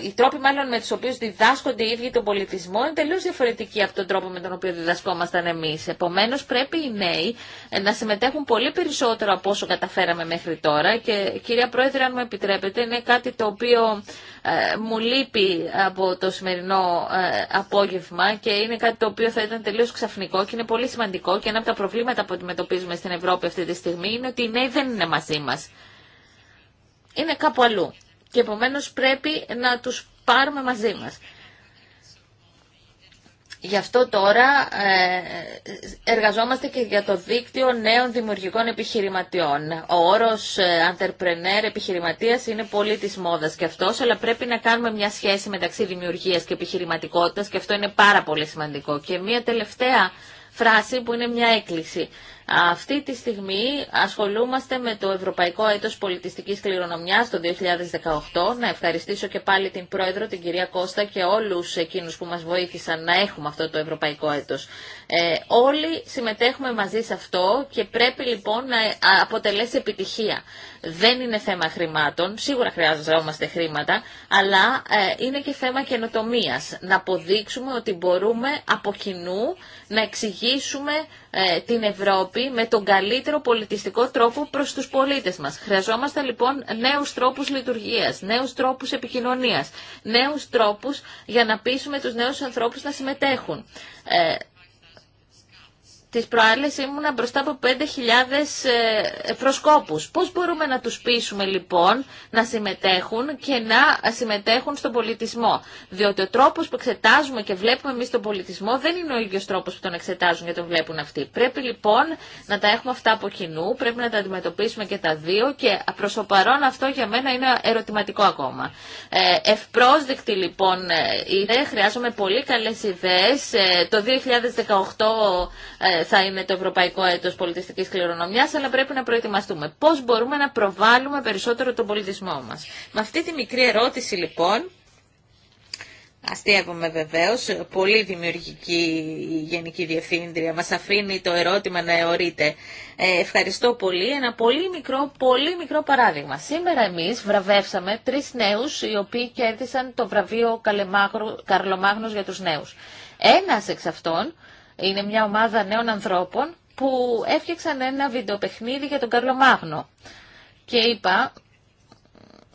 οι τρόποι μάλλον με τους οποίους διδάσκονται οι ίδιοι τον πολιτισμό είναι τελείως διαφορετικοί από τον τρόπο με τον οποίο διδασκόμασταν εμείς. Επομένως πρέπει οι νέοι ε, να συμμετέχουν πολύ περισσότερο από όσο καταφέραμε μέχρι τώρα και κυρία Πρόεδρε αν μου επιτρέπετε είναι κάτι το οποίο ε, μου λείπει από το σημερινό ε, απόγευμα και είναι κάτι το οποίο θα ήταν τελείως ξαφνικό και είναι πολύ σημαντικό και ένα από τα προβλήματα που αντιμετωπίζουμε στην Ευρώπη αυτή τη στιγμή είναι ότι οι νέοι δεν είναι μαζί μας. Είναι κάπου αλλού και επομένως πρέπει να τους πάρουμε μαζί μας. Γι' αυτό τώρα ε, εργαζόμαστε και για το δίκτυο νέων δημιουργικών επιχειρηματιών. Ο όρος ε, entrepreneur επιχειρηματίας είναι πολύ της μόδας και αυτός, αλλά πρέπει να κάνουμε μια σχέση μεταξύ δημιουργίας και επιχειρηματικότητας και αυτό είναι πάρα πολύ σημαντικό. Και μια τελευταία φράση που είναι μια έκκληση. Αυτή τη στιγμή ασχολούμαστε με το Ευρωπαϊκό Έτος Πολιτιστικής Κληρονομιάς το 2018. Να ευχαριστήσω και πάλι την Πρόεδρο, την κυρία Κώστα και όλους εκείνους που μας βοήθησαν να έχουμε αυτό το Ευρωπαϊκό Έτος. Ε, όλοι συμμετέχουμε μαζί σε αυτό και πρέπει λοιπόν να ε, αποτελέσει επιτυχία. Δεν είναι θέμα χρημάτων, σίγουρα χρειάζομαστε χρήματα, αλλά ε, είναι και θέμα καινοτομία. Να αποδείξουμε ότι μπορούμε από κοινού να εξηγήσουμε ε, την Ευρώπη με τον καλύτερο πολιτιστικό τρόπο προς τους πολίτες μας. Χρειαζόμαστε λοιπόν νέου τρόπου λειτουργία, νέου τρόπου επικοινωνία, νέου τρόπου για να πείσουμε τους νέου ανθρώπου να συμμετέχουν. Ε, Τις προάλλες ήμουνα μπροστά από 5.000 ε, προσκόπους. Πώς μπορούμε να τους πείσουμε λοιπόν να συμμετέχουν και να συμμετέχουν στον πολιτισμό. Διότι ο τρόπος που εξετάζουμε και βλέπουμε εμείς τον πολιτισμό δεν είναι ο ίδιος τρόπος που τον εξετάζουν και τον βλέπουν αυτοί. Πρέπει λοιπόν να τα έχουμε αυτά από κοινού, πρέπει να τα αντιμετωπίσουμε και τα δύο και προς το παρόν αυτό για μένα είναι ερωτηματικό ακόμα. Ε, ευπρόσδεκτη λοιπόν ε, ιδέα, χρειάζομαι πολύ καλές ιδέες. Ε, το 2018 θα είναι το Ευρωπαϊκό Έτος Πολιτιστικής Κληρονομιάς, αλλά πρέπει να προετοιμαστούμε. Πώς μπορούμε να προβάλλουμε περισσότερο τον πολιτισμό μας. Με αυτή τη μικρή ερώτηση λοιπόν, Αστείευομαι βεβαίω. Πολύ δημιουργική η Γενική Διευθύντρια. Μα αφήνει το ερώτημα να εωρείτε. Ε, ευχαριστώ πολύ. Ένα πολύ μικρό, πολύ μικρό παράδειγμα. Σήμερα εμεί βραβεύσαμε τρει νέου οι οποίοι κέρδισαν το βραβείο Καρλομάγνο για του νέου. Ένα εξ αυτών είναι μια ομάδα νέων ανθρώπων που έφτιαξαν ένα βιντεοπαιχνίδι για τον Καρλομάγνο. Και είπα,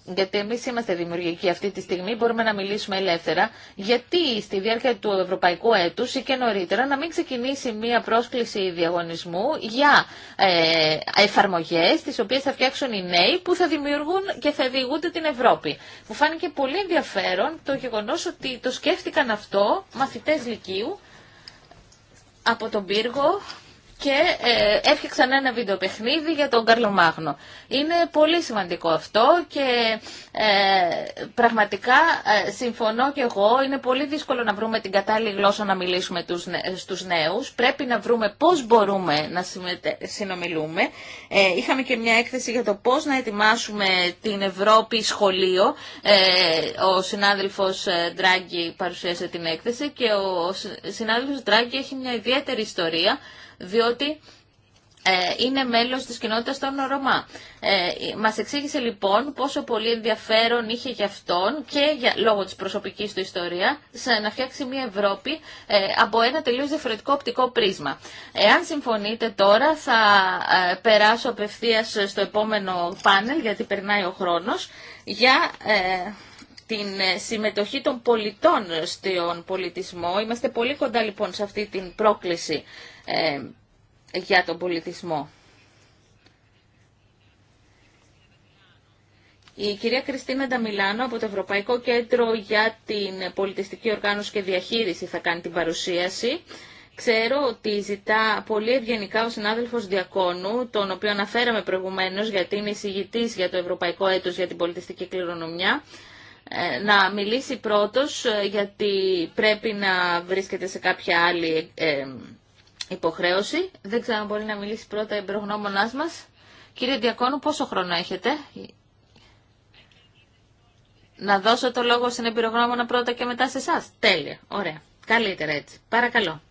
γιατί εμεί είμαστε δημιουργικοί αυτή τη στιγμή, μπορούμε να μιλήσουμε ελεύθερα, γιατί στη διάρκεια του Ευρωπαϊκού έτου ή και νωρίτερα να μην ξεκινήσει μία πρόσκληση διαγωνισμού για ε, εφαρμογέ, τι οποίε θα φτιάξουν οι νέοι που θα δημιουργούν και θα διηγούνται την Ευρώπη. Μου φάνηκε πολύ ενδιαφέρον το γεγονό ότι το σκέφτηκαν αυτό μαθητέ Λυκείου από τον πύργο και ε, έφτιαξαν ένα βίντεο για τον Καρλομάγνο. Είναι πολύ σημαντικό αυτό και ε, πραγματικά ε, συμφωνώ και εγώ, είναι πολύ δύσκολο να βρούμε την κατάλληλη γλώσσα να μιλήσουμε τους, στους νέους. Πρέπει να βρούμε πώς μπορούμε να συνομιλούμε. είχαμε και μια έκθεση για το πώς να ετοιμάσουμε την Ευρώπη σχολείο. Ε, ο συνάδελφος Ντράγκη παρουσίασε την έκθεση και ο συνάδελφος Ντράγκη έχει μια ιδιαίτερη ιστορία διότι ε, είναι μέλος της κοινότητας των Ρωμά. Ε, μας εξήγησε λοιπόν πόσο πολύ ενδιαφέρον είχε για αυτόν και για, λόγω της προσωπικής του ιστορία να φτιάξει μια Ευρώπη ε, από ένα τελείως διαφορετικό οπτικό πρίσμα. Εάν συμφωνείτε τώρα θα ε, περάσω απευθείας στο επόμενο πάνελ γιατί περνάει ο χρόνος για... την συμμετοχή των πολιτών στον πολιτισμό. Είμαστε πολύ κοντά λοιπόν σε αυτή την πρόκληση ε, για τον πολιτισμό. Η κυρία Κριστίνα Νταμιλάνο από το Ευρωπαϊκό Κέντρο για την Πολιτιστική Οργάνωση και Διαχείριση θα κάνει την παρουσίαση. Ξέρω ότι ζητά πολύ ευγενικά ο συνάδελφο Διακόνου, τον οποίο αναφέραμε προηγουμένω γιατί είναι εισηγητή για το Ευρωπαϊκό Έτο για την Πολιτιστική Κληρονομιά, ε, να μιλήσει πρώτος ε, γιατί πρέπει να βρίσκεται σε κάποια άλλη υποχρέωση. Δεν ξέρω αν μπορεί να μιλήσει πρώτα η προγνώμονάς μας. Κύριε Διακόνου, πόσο χρόνο έχετε. Να δώσω το λόγο στην εμπειρογνώμονα πρώτα και μετά σε εσά. Τέλεια. Ωραία. Καλύτερα έτσι. Παρακαλώ.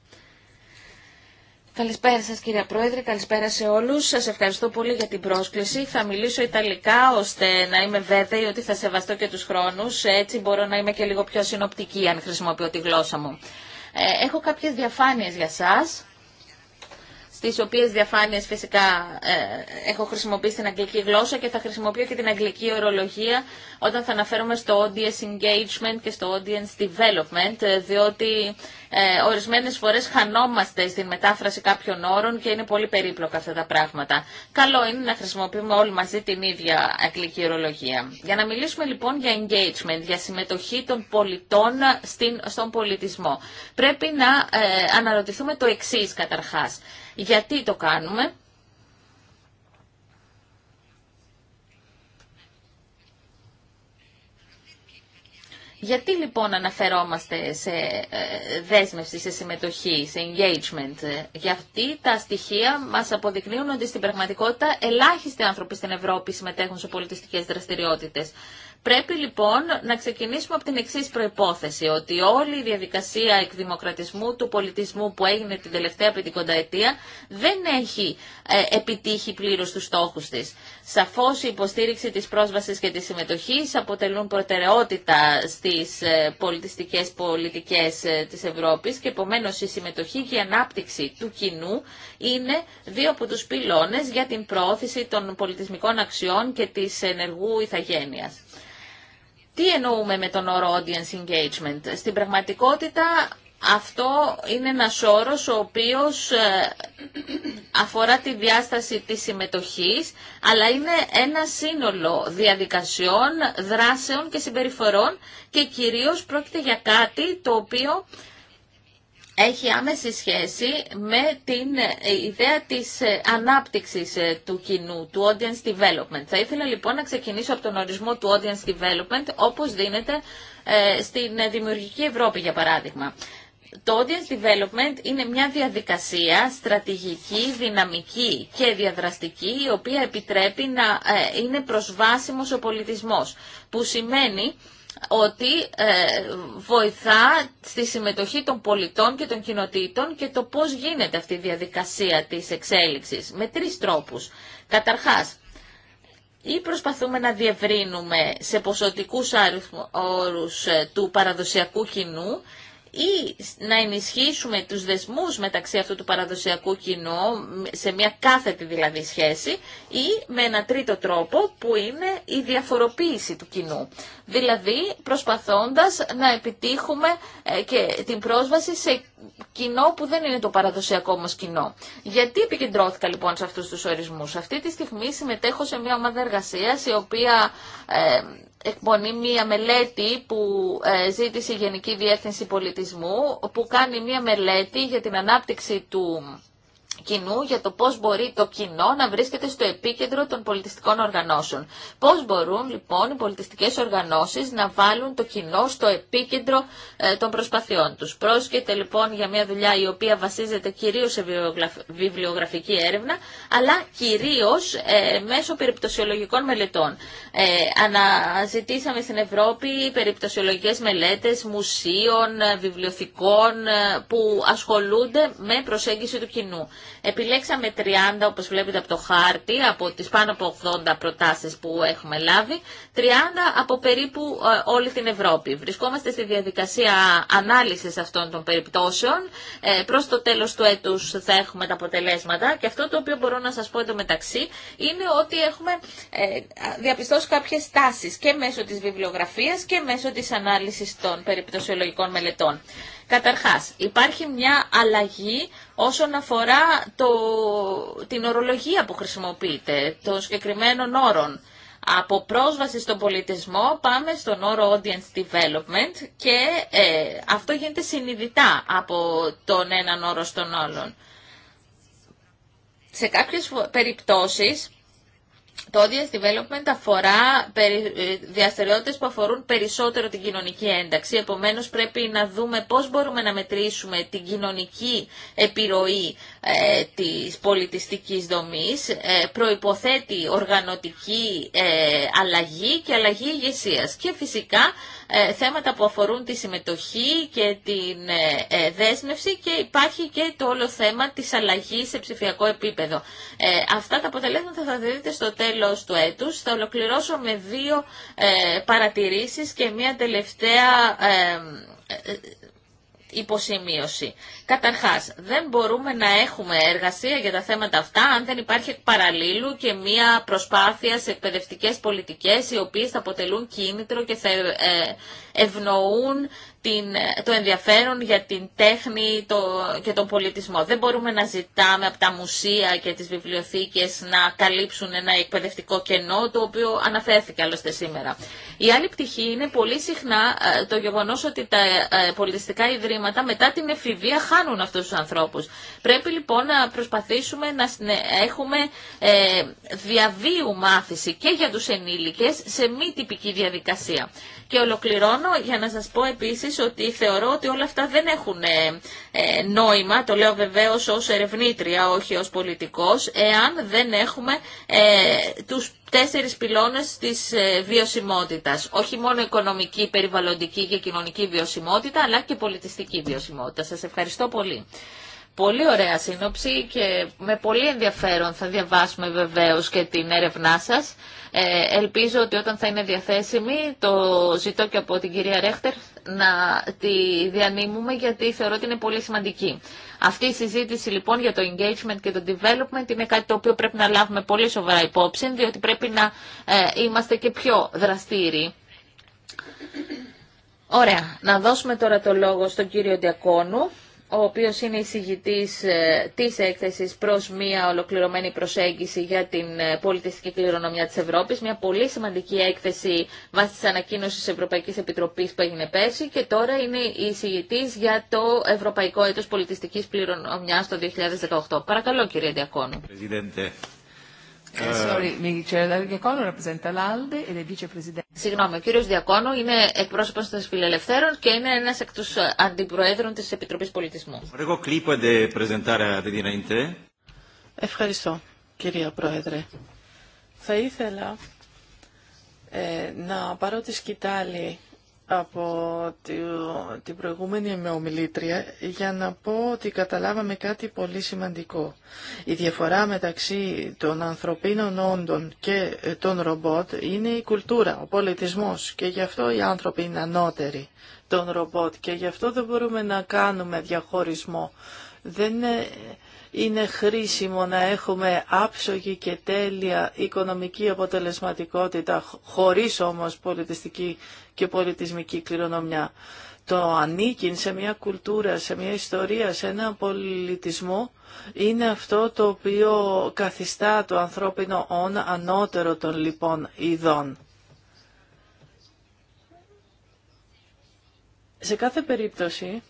Καλησπέρα σας κύριε Πρόεδρε, καλησπέρα σε όλους. Σας ευχαριστώ πολύ για την πρόσκληση. Θα μιλήσω Ιταλικά ώστε να είμαι βέβαιη ότι θα σεβαστώ και τους χρόνους. Έτσι μπορώ να είμαι και λίγο πιο συνοπτική αν χρησιμοποιώ τη γλώσσα μου. Ε, έχω κάποιες διαφάνειες για σας στις οποίες διαφάνειες φυσικά ε, έχω χρησιμοποιήσει την αγγλική γλώσσα και θα χρησιμοποιώ και την αγγλική ορολογία όταν θα αναφέρομαι στο audience engagement και στο audience development, ε, διότι ε, ορισμένες φορές χανόμαστε στην μετάφραση κάποιων όρων και είναι πολύ περίπλοκα αυτά τα πράγματα. Καλό είναι να χρησιμοποιούμε όλοι μαζί την ίδια αγγλική ορολογία. Για να μιλήσουμε λοιπόν για engagement, για συμμετοχή των πολιτών στην, στον πολιτισμό, πρέπει να ε, αναρωτηθούμε το εξή καταρχάς γιατί το κάνουμε. Γιατί λοιπόν αναφερόμαστε σε ε, δέσμευση, σε συμμετοχή, σε engagement. Ε, γιατί τα στοιχεία μας αποδεικνύουν ότι στην πραγματικότητα ελάχιστοι άνθρωποι στην Ευρώπη συμμετέχουν σε πολιτιστικές δραστηριότητες. Πρέπει λοιπόν να ξεκινήσουμε από την εξή προπόθεση, ότι όλη η διαδικασία εκδημοκρατισμού του πολιτισμού που έγινε την τελευταία πεντηκονταετία δεν έχει ε, επιτύχει πλήρω του στόχου τη. Σαφώ η υποστήριξη τη πρόσβαση και τη συμμετοχή αποτελούν προτεραιότητα στι ε, πολιτιστικέ πολιτικέ ε, τη Ευρώπη και επομένω η συμμετοχή και η ανάπτυξη του κοινού είναι δύο από του πυλώνε για την προώθηση των πολιτισμικών αξιών και τη ενεργού ηθαγένεια. Τι εννοούμε με τον όρο audience engagement. Στην πραγματικότητα αυτό είναι ένας όρος ο οποίος ε, αφορά τη διάσταση της συμμετοχής, αλλά είναι ένα σύνολο διαδικασιών, δράσεων και συμπεριφορών και κυρίως πρόκειται για κάτι το οποίο έχει άμεση σχέση με την ε, ιδέα της ε, ανάπτυξης ε, του κοινού, του audience development. Θα ήθελα λοιπόν να ξεκινήσω από τον ορισμό του audience development όπως δίνεται στην Δημιουργική Ευρώπη για παράδειγμα. Το audience development είναι μια διαδικασία στρατηγική, δυναμική και διαδραστική η οποία επιτρέπει να είναι προσβάσιμος ο πολιτισμός που σημαίνει ότι ε, βοηθά στη συμμετοχή των πολιτών και των κοινοτήτων και το πώς γίνεται αυτή η διαδικασία της εξέλιξης με τρεις τρόπους. Καταρχάς, ή προσπαθούμε να διευρύνουμε σε ποσοτικούς όρους ε, του παραδοσιακού κοινού ή να ενισχύσουμε τους δεσμούς μεταξύ αυτού του παραδοσιακού κοινού, σε μια κάθετη δηλαδή σχέση, ή με ένα τρίτο τρόπο που είναι η διαφοροποίηση του κοινού. Δηλαδή προσπαθώντας να επιτύχουμε ε, και την πρόσβαση σε κοινό που δεν είναι το παραδοσιακό μας κοινό. Γιατί επικεντρώθηκα λοιπόν σε αυτούς τους ορισμούς. Αυτή τη στιγμή συμμετέχω σε μια ομάδα εργασίας η οποία... Ε, εκπονεί μία μελέτη που ε, ζήτησε η Γενική Διεύθυνση Πολιτισμού, που κάνει μία μελέτη για την ανάπτυξη του κοινού για το πώς μπορεί το κοινό να βρίσκεται στο επίκεντρο των πολιτιστικών οργανώσεων. Πώς μπορούν λοιπόν οι πολιτιστικές οργανώσεις να βάλουν το κοινό στο επίκεντρο ε, των προσπαθειών τους. Πρόσκειται λοιπόν για μια δουλειά η οποία βασίζεται κυρίως σε βιβλιογραφική έρευνα, αλλά κυρίως ε, μέσω περιπτωσιολογικών μελετών. Ε, αναζητήσαμε στην Ευρώπη περιπτωσιολογικές μελέτες μουσείων, βιβλιοθηκών που ασχολούνται με προσέγγιση του κοινού. Επιλέξαμε 30, όπως βλέπετε από το χάρτη, από τις πάνω από 80 προτάσεις που έχουμε λάβει, 30 από περίπου ε, όλη την Ευρώπη. Βρισκόμαστε στη διαδικασία ανάλυσης αυτών των περιπτώσεων. Ε, προς το τέλος του έτους θα έχουμε τα αποτελέσματα και αυτό το οποίο μπορώ να σας πω μεταξύ είναι ότι έχουμε ε, διαπιστώσει κάποιες τάσεις και μέσω της βιβλιογραφίας και μέσω της ανάλυσης των περιπτωσιολογικών μελετών. Καταρχάς, υπάρχει μια αλλαγή όσον αφορά το, την ορολογία που χρησιμοποιείται, των συγκεκριμένων όρων. Από πρόσβαση στον πολιτισμό πάμε στον όρο audience development και ε, αυτό γίνεται συνειδητά από τον έναν όρο στον άλλον. Σε κάποιες περιπτώσεις το audience development αφορά ε, διαστερεότητες που αφορούν περισσότερο την κοινωνική ένταξη, επομένως πρέπει να δούμε πώς μπορούμε να μετρήσουμε την κοινωνική επιρροή ε, της πολιτιστικής δομής ε, προϋποθέτει οργανωτική ε, αλλαγή και αλλαγή ηγεσία. και φυσικά ε, θέματα που αφορούν τη συμμετοχή και την δέσμευση και υπάρχει και το όλο θέμα της αλλαγής σε ψηφιακό επίπεδο. Αυτά τα αποτελέσματα θα δείτε στο τέλος του έτους. Θα ολοκληρώσω με δύο παρατηρήσεις και μία τελευταία υποσημείωση. Καταρχάς, δεν μπορούμε να έχουμε εργασία για τα θέματα αυτά αν δεν υπάρχει και μία προσπάθεια σε εκπαιδευτικές πολιτικές οι οποίες θα αποτελούν κίνητρο και θα ε, ευνοούν την, το ενδιαφέρον για την τέχνη το, και τον πολιτισμό. Δεν μπορούμε να ζητάμε από τα μουσεία και τις βιβλιοθήκες να καλύψουν ένα εκπαιδευτικό κενό, το οποίο αναφέρθηκε άλλωστε σήμερα. Η άλλη πτυχή είναι πολύ συχνά ε, το γεγονός ότι τα ε, πολιτιστικά ιδρύματα μετά την εφηβεία χάνουν αυτούς τους ανθρώπους. Πρέπει λοιπόν να προσπαθήσουμε να έχουμε ε, διαβίου μάθηση και για τους ενήλικες σε μη τυπική διαδικασία. Και ολοκληρώνω για να σας πω επίσης ότι θεωρώ ότι όλα αυτά δεν έχουν ε, ε, νόημα, το λέω βεβαίως ως ερευνήτρια, όχι ως πολιτικός, εάν δεν έχουμε ε, τους τέσσερις πυλώνες της βιωσιμότητας. Όχι μόνο οικονομική, περιβαλλοντική και κοινωνική βιωσιμότητα, αλλά και πολιτιστική βιωσιμότητα. Σας ευχαριστώ πολύ. Πολύ ωραία σύνοψη και με πολύ ενδιαφέρον θα διαβάσουμε βεβαίως και την έρευνά σας. Ε, ελπίζω ότι όταν θα είναι διαθέσιμη, το ζητώ και από την κυρία Ρέχτερ, να τη διανύμουμε γιατί θεωρώ ότι είναι πολύ σημαντική. Αυτή η συζήτηση λοιπόν για το engagement και το development είναι κάτι το οποίο πρέπει να λάβουμε πολύ σοβαρά υπόψη, διότι πρέπει να ε, είμαστε και πιο δραστήριοι. Ωραία, να δώσουμε τώρα το λόγο στον κύριο Διακόνου ο οποίος είναι εισηγητής ε, της έκθεσης προς μια ολοκληρωμένη προσέγγιση για την ε, πολιτιστική κληρονομιά της Ευρώπης, μια πολύ σημαντική έκθεση βάσει της ανακοίνωσης Ευρωπαϊκής Επιτροπής που έγινε πέρσι και τώρα είναι εισηγητής για το Ευρωπαϊκό Έτος Πολιτιστικής Κληρονομιάς το 2018. Παρακαλώ κύριε Διακόνου. Ε, ε, δηλαδή Συγγνώμη, ο κύριος Διακόνο είναι εκπρόσωπος των Φιλελευθέρων και είναι ένας εκ τους αντιπροέδρων της Επιτροπής Πολιτισμού. Ευχαριστώ, κυρία Πρόεδρε. Θα ήθελα ε, να πάρω τη σκητάλη από την προηγούμενη με ομιλήτρια για να πω ότι καταλάβαμε κάτι πολύ σημαντικό. Η διαφορά μεταξύ των ανθρωπίνων όντων και των ρομπότ είναι η κουλτούρα, ο πολιτισμός και γι' αυτό οι άνθρωποι είναι ανώτεροι των ρομπότ και γι' αυτό δεν μπορούμε να κάνουμε διαχωρισμό. Δεν είναι χρήσιμο να έχουμε άψογη και τέλεια οικονομική αποτελεσματικότητα χωρίς όμως πολιτιστική και πολιτισμική κληρονομιά. Το ανήκει σε μια κουλτούρα, σε μια ιστορία, σε ένα πολιτισμό είναι αυτό το οποίο καθιστά το ανθρώπινο όν ανώτερο των λοιπόν ειδών. Σε κάθε περίπτωση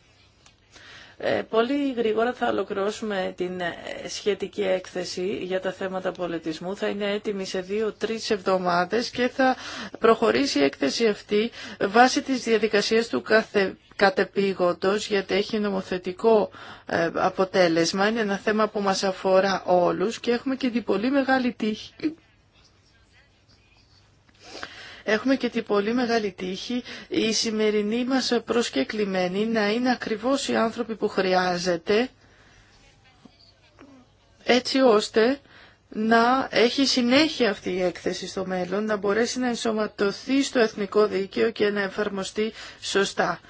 ε, πολύ γρήγορα θα ολοκληρώσουμε την ε, σχετική έκθεση για τα θέματα πολιτισμού. Θα είναι έτοιμη σε δύο-τρεις εβδομάδες και θα προχωρήσει η έκθεση αυτή βάσει της διαδικασίας του κάθε κατεπήγοντος γιατί έχει νομοθετικό ε, αποτέλεσμα. Είναι ένα θέμα που μας αφορά όλους και έχουμε και την πολύ μεγάλη τύχη έχουμε και την πολύ μεγάλη τύχη η σημερινή μας προσκεκλημένη να είναι ακριβώς οι άνθρωποι που χρειάζεται έτσι ώστε να έχει συνέχεια αυτή η έκθεση στο μέλλον, να μπορέσει να ενσωματωθεί στο εθνικό δίκαιο και να εφαρμοστεί σωστά.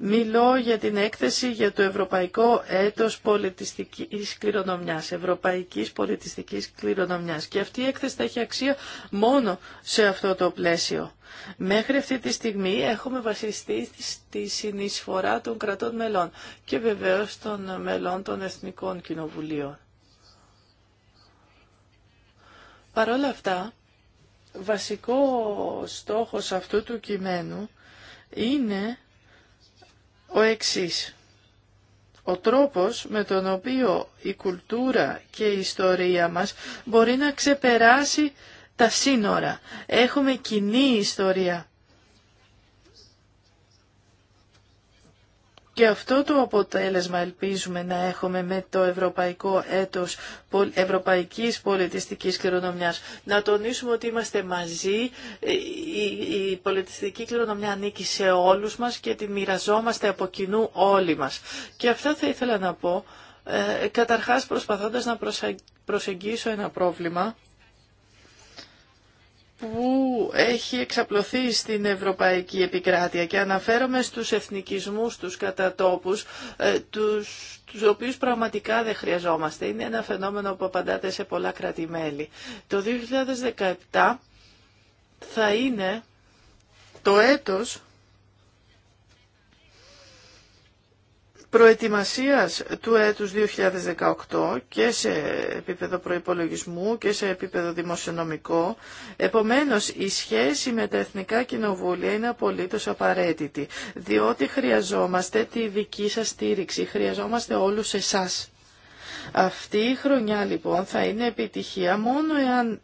Μιλώ για την έκθεση για το Ευρωπαϊκό Έτος Πολιτιστικής Κληρονομιάς, Ευρωπαϊκής Πολιτιστικής Κληρονομιάς. Και αυτή η έκθεση θα έχει αξία μόνο σε αυτό το πλαίσιο. Μέχρι αυτή τη στιγμή έχουμε βασιστεί στη συνεισφορά των κρατών μελών και βεβαίως των μελών των Εθνικών Κοινοβουλίων. Παρ' όλα αυτά, βασικό στόχος αυτού του κειμένου είναι ο εξής. Ο τρόπος με τον οποίο η κουλτούρα και η ιστορία μας μπορεί να ξεπεράσει τα σύνορα. Έχουμε κοινή ιστορία Και αυτό το αποτέλεσμα ελπίζουμε να έχουμε με το ευρωπαϊκό έτος ευρωπαϊκής πολιτιστικής κληρονομιάς. Να τονίσουμε ότι είμαστε μαζί, ε, η πολιτιστική κληρονομιά ανήκει σε όλους μας και τη μοιραζόμαστε από κοινού όλοι μας. Και αυτά θα ήθελα να πω, ε, καταρχάς προσπαθώντας να προσεγγίσω ένα πρόβλημα που έχει εξαπλωθεί στην ευρωπαϊκή επικράτεια και αναφέρομαι στους εθνικισμούς, τους κατατόπους, ε, τους, τους οποίους πραγματικά δεν χρειαζόμαστε. Είναι ένα φαινόμενο που απαντάται σε πολλά Το 2017 θα είναι το έτος προετοιμασίας του έτους 2018 και σε επίπεδο προϋπολογισμού και σε επίπεδο δημοσιονομικό. Επομένως, η σχέση με τα Εθνικά Κοινοβούλια είναι απολύτως απαραίτητη, διότι χρειαζόμαστε τη δική σας στήριξη, χρειαζόμαστε όλους εσάς. Αυτή η χρονιά λοιπόν θα είναι επιτυχία μόνο εάν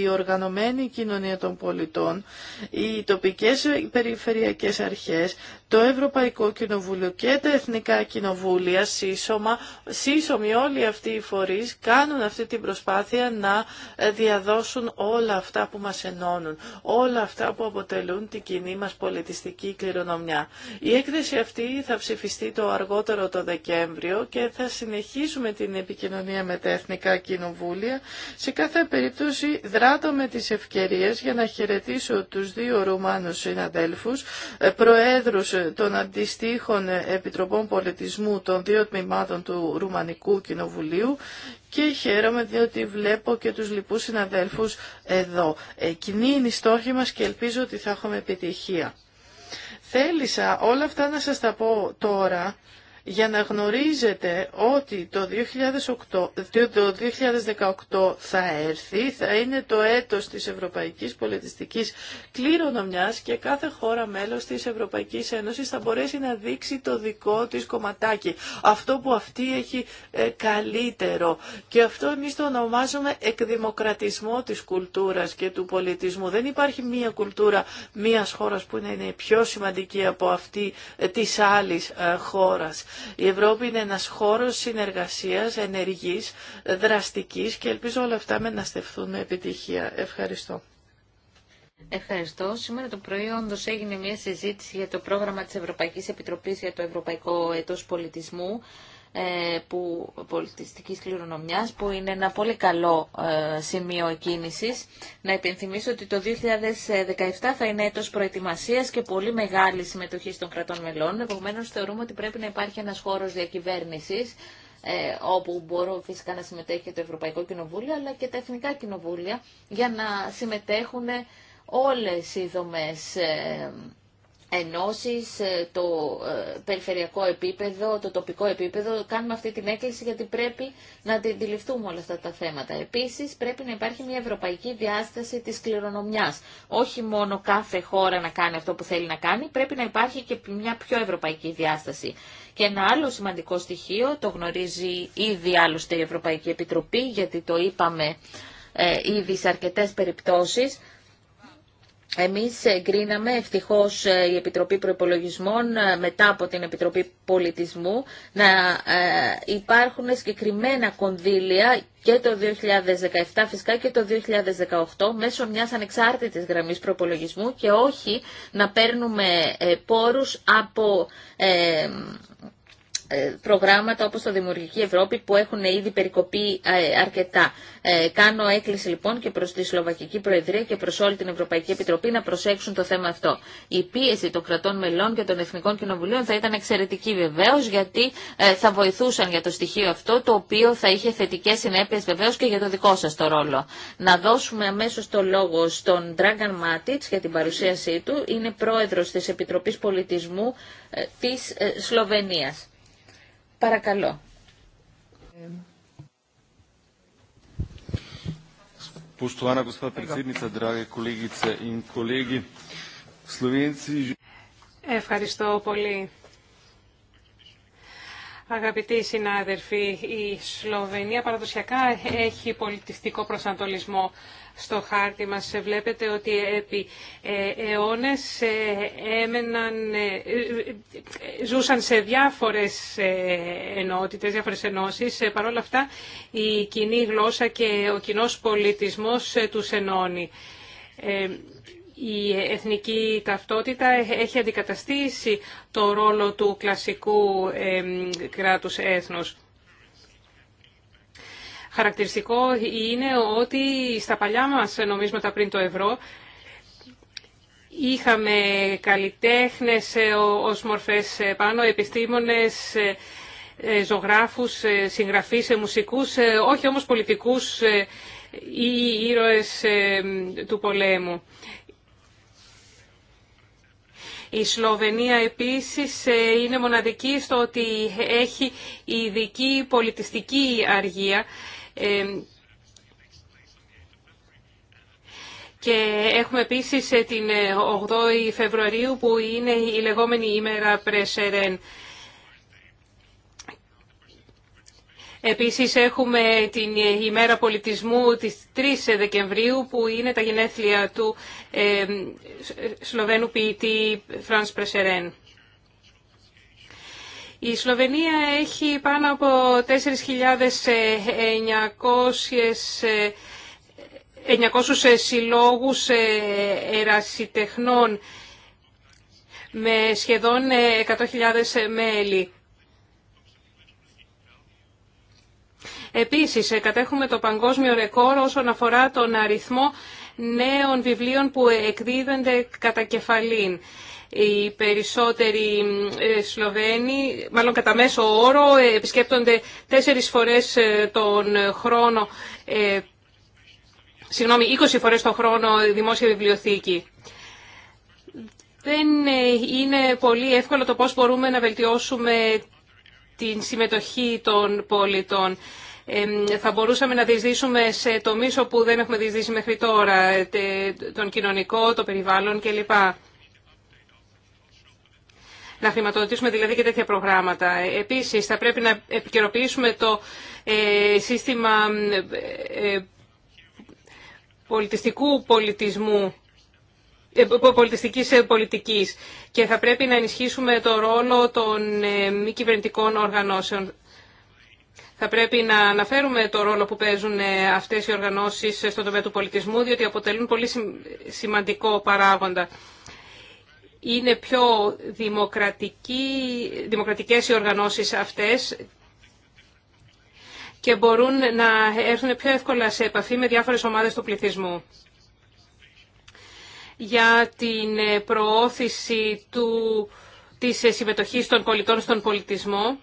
η οργανωμένη κοινωνία των πολιτών, οι τοπικές περιφερειακές αρχές, το Ευρωπαϊκό Κοινοβούλιο και τα Εθνικά Κοινοβούλια σύσσωμα, σύσσωμοι όλοι αυτοί οι φορείς κάνουν αυτή την προσπάθεια να ε, διαδώσουν όλα αυτά που μας ενώνουν, όλα αυτά που αποτελούν την κοινή μας πολιτιστική κληρονομιά. Η έκθεση αυτή θα ψηφιστεί το αργότερο το Δεκέμβριο και θα συνεχίσουμε την επικοινωνία με τα Εθνικά Κοινοβούλια. Σε κάθε περίπτωση δράτω με τις ευκαιρίες για να χαιρετήσω τους δύο Ρουμάνους συναδέλφους, ε, προέδρους των αντιστοίχων Επιτροπών Πολιτισμού των δύο τμήματων του Ρουμανικού Κοινοβουλίου και χαίρομαι διότι βλέπω και τους λοιπούς συναδέλφους εδώ. Κοινή είναι η στόχη μας και ελπίζω ότι θα έχουμε επιτυχία. Θέλησα όλα αυτά να σας τα πω τώρα για να γνωρίζετε ότι το, 2018 θα έρθει, θα είναι το έτος της Ευρωπαϊκής Πολιτιστικής Κληρονομιάς και κάθε χώρα μέλος της Ευρωπαϊκής Ένωσης θα μπορέσει να δείξει το δικό της κομματάκι, αυτό που αυτή έχει ε, καλύτερο. Και αυτό εμεί το ονομάζουμε εκδημοκρατισμό της κουλτούρας και του πολιτισμού. Δεν υπάρχει μία κουλτούρα μίας χώρας που είναι πιο σημαντική από αυτή ε, της άλλης ε, χώρας. Η Ευρώπη είναι ένας χώρος συνεργασίας, ενεργής, δραστικής και ελπίζω όλα αυτά με να στεφθούν με επιτυχία. Ευχαριστώ. Ευχαριστώ. Σήμερα το πρωί όντω έγινε μια συζήτηση για το πρόγραμμα της Ευρωπαϊκής Επιτροπής για το Ευρωπαϊκό Έτος Πολιτισμού ε, που, πολιτιστικής κληρονομιάς που είναι ένα πολύ καλό ε, σημείο κίνησης. Να υπενθυμίσω ότι το 2017 θα είναι έτος προετοιμασίας και πολύ μεγάλη συμμετοχή των κρατών μελών. Επομένω, θεωρούμε ότι πρέπει να υπάρχει ένας χώρος διακυβέρνησης ε, όπου μπορούν φυσικά να συμμετέχει και το Ευρωπαϊκό Κοινοβούλιο αλλά και τα Εθνικά Κοινοβούλια για να συμμετέχουν όλες οι δομές ενώσεις, ε, το ε, περιφερειακό επίπεδο, το τοπικό επίπεδο. Κάνουμε αυτή την έκκληση γιατί πρέπει να αντιληφθούμε όλα αυτά τα θέματα. Επίσης πρέπει να υπάρχει μια ευρωπαϊκή διάσταση της κληρονομιάς. Όχι μόνο κάθε χώρα να κάνει αυτό που θέλει να κάνει, πρέπει να υπάρχει και μια πιο ευρωπαϊκή διάσταση. Και ένα άλλο σημαντικό στοιχείο, το γνωρίζει ήδη άλλωστε η Ευρωπαϊκή Επιτροπή, γιατί το είπαμε ε, ήδη σε αρκετές περιπτώσεις, εμείς εγκρίναμε ευτυχώς ε, η Επιτροπή Προϋπολογισμών ε, μετά από την Επιτροπή Πολιτισμού να ε, υπάρχουν συγκεκριμένα κονδύλια και το 2017 φυσικά και το 2018 μέσω μιας ανεξάρτητης γραμμής προϋπολογισμού και όχι να παίρνουμε πόρους από ε, προγράμματα όπως το Δημιουργική Ευρώπη που έχουν ήδη περικοπεί ε, αρκετά. Ε, κάνω έκκληση λοιπόν και προς τη Σλοβακική Προεδρία και προς όλη την Ευρωπαϊκή Επιτροπή να προσέξουν το θέμα αυτό. Η πίεση των κρατών μελών και των εθνικών κοινοβουλίων θα ήταν εξαιρετική βεβαίω γιατί θα βοηθούσαν για το στοιχείο αυτό το οποίο θα είχε θετικές συνέπειες βεβαίω και για το δικό σας το ρόλο. Να δώσουμε αμέσω το λόγο στον Dragon Matic για την παρουσίασή του. Είναι πρόεδρος της Επιτροπής Πολιτισμού της Σλοβενίας. Παρακαλώ. Ευχαριστώ πολύ. Αγαπητοί συνάδελφοι, η Σλοβενία παραδοσιακά έχει πολιτιστικό προσανατολισμό στο χάρτη μας. Βλέπετε ότι επί ε, αιώνες ε, έμεναν, ε, ζούσαν σε διάφορες ενότητες, διάφορες ενώσεις. Παρ' όλα αυτά η κοινή γλώσσα και ο κοινός πολιτισμός τους ενώνει. Η εθνική ταυτότητα έχει αντικαταστήσει το ρόλο του κλασικού κράτους έθνους χαρακτηριστικό είναι ότι στα παλιά μας νομίσματα πριν το ευρώ είχαμε καλλιτέχνες ε, ως μορφές ε, πάνω, επιστήμονες, ε, ζωγράφους, συγγραφείς, μουσικούς, όχι όμως πολιτικούς ή ήρωες του πολέμου. Η Σλοβενία επίσης είναι μοναδική στο ότι έχει ειδική πολιτιστική αργία ε, και έχουμε επίσης ε, την 8η ε, Φεβρουαρίου που είναι η λεγόμενη ημέρα Πρεσερέν. Επίσης έχουμε την ημέρα πολιτισμού της 3 Δεκεμβρίου που είναι τα γενέθλια του ε, Σλοβαίνου ποιητή Φρανς Πρεσερέν. Η Σλοβενία έχει πάνω από 4.900 ε, συλλόγους ε, ερασιτεχνών με σχεδόν 100.000 ε, μέλη. Επίσης, κατέχουμε το παγκόσμιο ρεκόρ όσον αφορά τον αριθμό νέων βιβλίων που εκδίδονται κατά κεφαλήν. Οι περισσότεροι ε, Σλοβαίνοι, μάλλον κατά μέσο όρο, ε, επισκέπτονται τέσσερις φορές ε, τον χρόνο, συγγνώμη, 20 φορές τον χρόνο δημόσια βιβλιοθήκη. Δεν είναι πολύ εύκολο το πώς μπορούμε να βελτιώσουμε την συμμετοχή των πολιτών. Θα μπορούσαμε να διεισδύσουμε σε τομείς όπου δεν έχουμε διεισδύσει μέχρι τώρα, τον κοινωνικό, το περιβάλλον κλπ να χρηματοδοτήσουμε δηλαδή και τέτοια προγράμματα. Επίσης, θα πρέπει να επικαιροποιήσουμε το ε, σύστημα ε, ε, πολιτιστικού πολιτισμού πολιτιστικής πολιτικής και θα πρέπει να ενισχύσουμε το ρόλο των μη κυβερνητικών οργανώσεων. Θα πρέπει να αναφέρουμε το ρόλο που παίζουν αυτές οι οργανώσεις στον τομέα του πολιτισμού, διότι αποτελούν πολύ σημαντικό παράγοντα είναι πιο δημοκρατική, δημοκρατικές οι οργανώσεις αυτές και μπορούν να έρθουν πιο εύκολα σε επαφή με διάφορες ομάδες του πληθυσμού. Για την προώθηση του, της συμμετοχής των πολιτών στον πολιτισμό,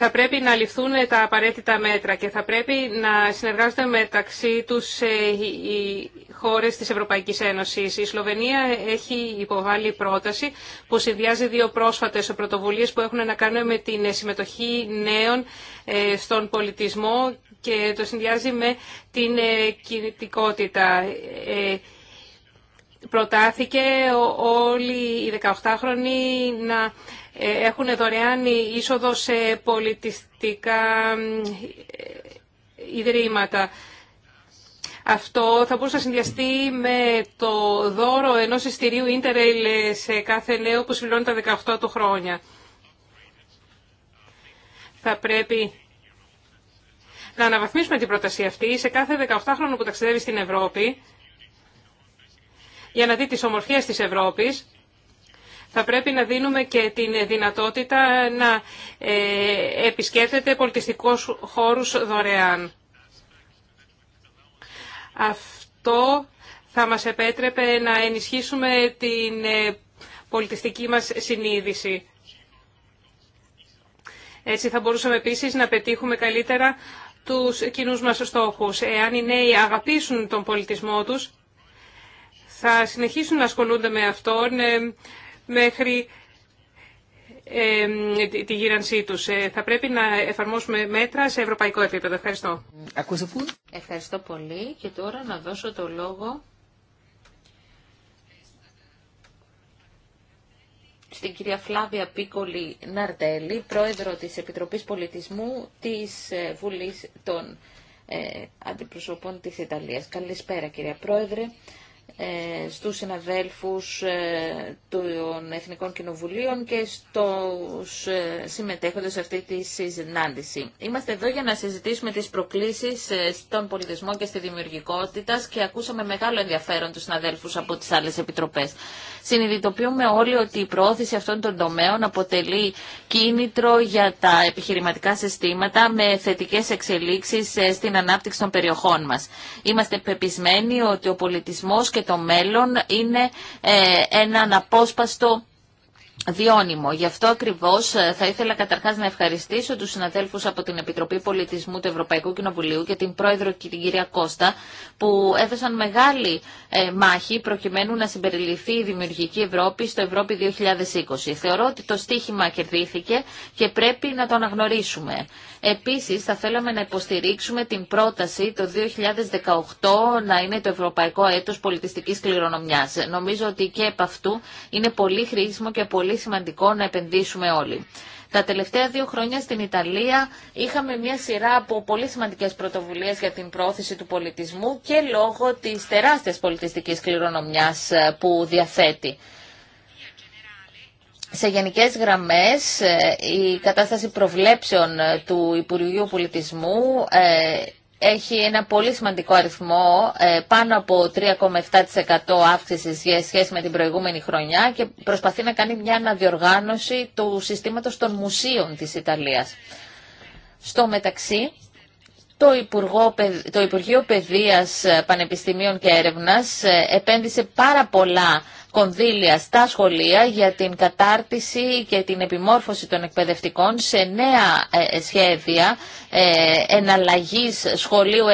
θα πρέπει να ληφθούν τα απαραίτητα μέτρα και θα πρέπει να συνεργάζονται μεταξύ τους ε, οι χώρες της Ευρωπαϊκής Ένωσης. Η Σλοβενία έχει υποβάλει πρόταση που συνδυάζει δύο πρόσφατες πρωτοβουλίες που έχουν να κάνουν με την συμμετοχή νέων ε, στον πολιτισμό και το συνδυάζει με την ε, κινητικότητα προτάθηκε όλοι οι 18χρονοι να έχουν δωρεάν είσοδο σε πολιτιστικά ιδρύματα. Αυτό θα μπορούσε να συνδυαστεί με το δώρο ενός εισιτηρίου Interrail σε κάθε νέο που συμπληρώνει τα 18 του χρόνια. Θα πρέπει να αναβαθμίσουμε την πρόταση αυτή σε κάθε 18χρονο που ταξιδεύει στην Ευρώπη για να δει τις ομορφιές της Ευρώπης θα πρέπει να δίνουμε και την δυνατότητα να ε, επισκέφτεται πολιτιστικούς χώρους δωρεάν. Αυτό θα μας επέτρεπε να ενισχύσουμε την ε, πολιτιστική μας συνείδηση. Έτσι θα μπορούσαμε επίσης να πετύχουμε καλύτερα τους κοινούς μας στόχους. Εάν οι νέοι αγαπήσουν τον πολιτισμό τους, θα συνεχίσουν να ασχολούνται με αυτόν, ε, μέχρι τη γύρανσή τους. Ε, θα πρέπει να εφαρμόσουμε μέτρα σε ευρωπαϊκό επίπεδο. Ευχαριστώ. Ευχαριστώ πολύ και τώρα να δώσω το λόγο στην κυρία Φλάβια Πίκολη Ναρτέλη, πρόεδρο της Επιτροπής Πολιτισμού της ε, Βουλής των ε, Αντιπροσωπών της Ιταλίας. Καλησπέρα κυρία Πρόεδρε. Ε, στους συναδέλφους ε, των Εθνικών Κοινοβουλίων και στους ε, συμμετέχοντες σε αυτή τη συνάντηση. Είμαστε εδώ για να συζητήσουμε τις προκλήσεις στον πολιτισμό και στη δημιουργικότητα και ακούσαμε μεγάλο ενδιαφέρον τους συναδέλφους από τις άλλες επιτροπές συνειδητοποιούμε όλοι ότι η προώθηση αυτών των τομέων αποτελεί κίνητρο για τα επιχειρηματικά συστήματα με θετικές εξελίξεις ε, στην ανάπτυξη των περιοχών μας. Είμαστε πεπισμένοι ότι ο πολιτισμός και το μέλλον είναι ε, ένα αναπόσπαστο Γι' αυτό ακριβώ ε, θα ήθελα καταρχά να ευχαριστήσω του συναδέλφους από την Επιτροπή Πολιτισμού του Ευρωπαϊκού Κοινοβουλίου και την πρόεδρο και την κυρία Κώστα που έδωσαν μεγάλη ε, μάχη προκειμένου να συμπεριληφθεί η δημιουργική Ευρώπη στο Ευρώπη 2020. Θεωρώ ότι το στίχημα κερδίθηκε και πρέπει να το αναγνωρίσουμε. Επίση, θα θέλαμε να υποστηρίξουμε την πρόταση το 2018 να είναι το Ευρωπαϊκό Έτο πολιτιστική κληρονομιά. Νομίζω ότι και επ' αυτού είναι πολύ χρήσιμο και πολύ πολύ σημαντικό να επενδύσουμε όλοι. Τα τελευταία δύο χρόνια στην Ιταλία είχαμε μια σειρά από πολύ σημαντικές πρωτοβουλίες για την πρόθεση του πολιτισμού και λόγω της τεράστιας πολιτιστικής κληρονομιάς ε, που διαθέτει. Σε γενικές γραμμές ε, η κατάσταση προβλέψεων ε, του Υπουργείου Πολιτισμού έχει ένα πολύ σημαντικό αριθμό, ε, πάνω από 3,7% αύξηση σε σχέση με την προηγούμενη χρονιά και προσπαθεί να κάνει μια αναδιοργάνωση του συστήματος των μουσείων της Ιταλίας. Στο μεταξύ, το, Υπουργό, το Υπουργείο Παιδείας, ε, Πανεπιστημίων και Έρευνας ε, επένδυσε πάρα πολλά κονδύλια στα σχολεία για την κατάρτιση και την επιμόρφωση των εκπαιδευτικών σε νέα εναλλαγή ε, ε, εναλλαγής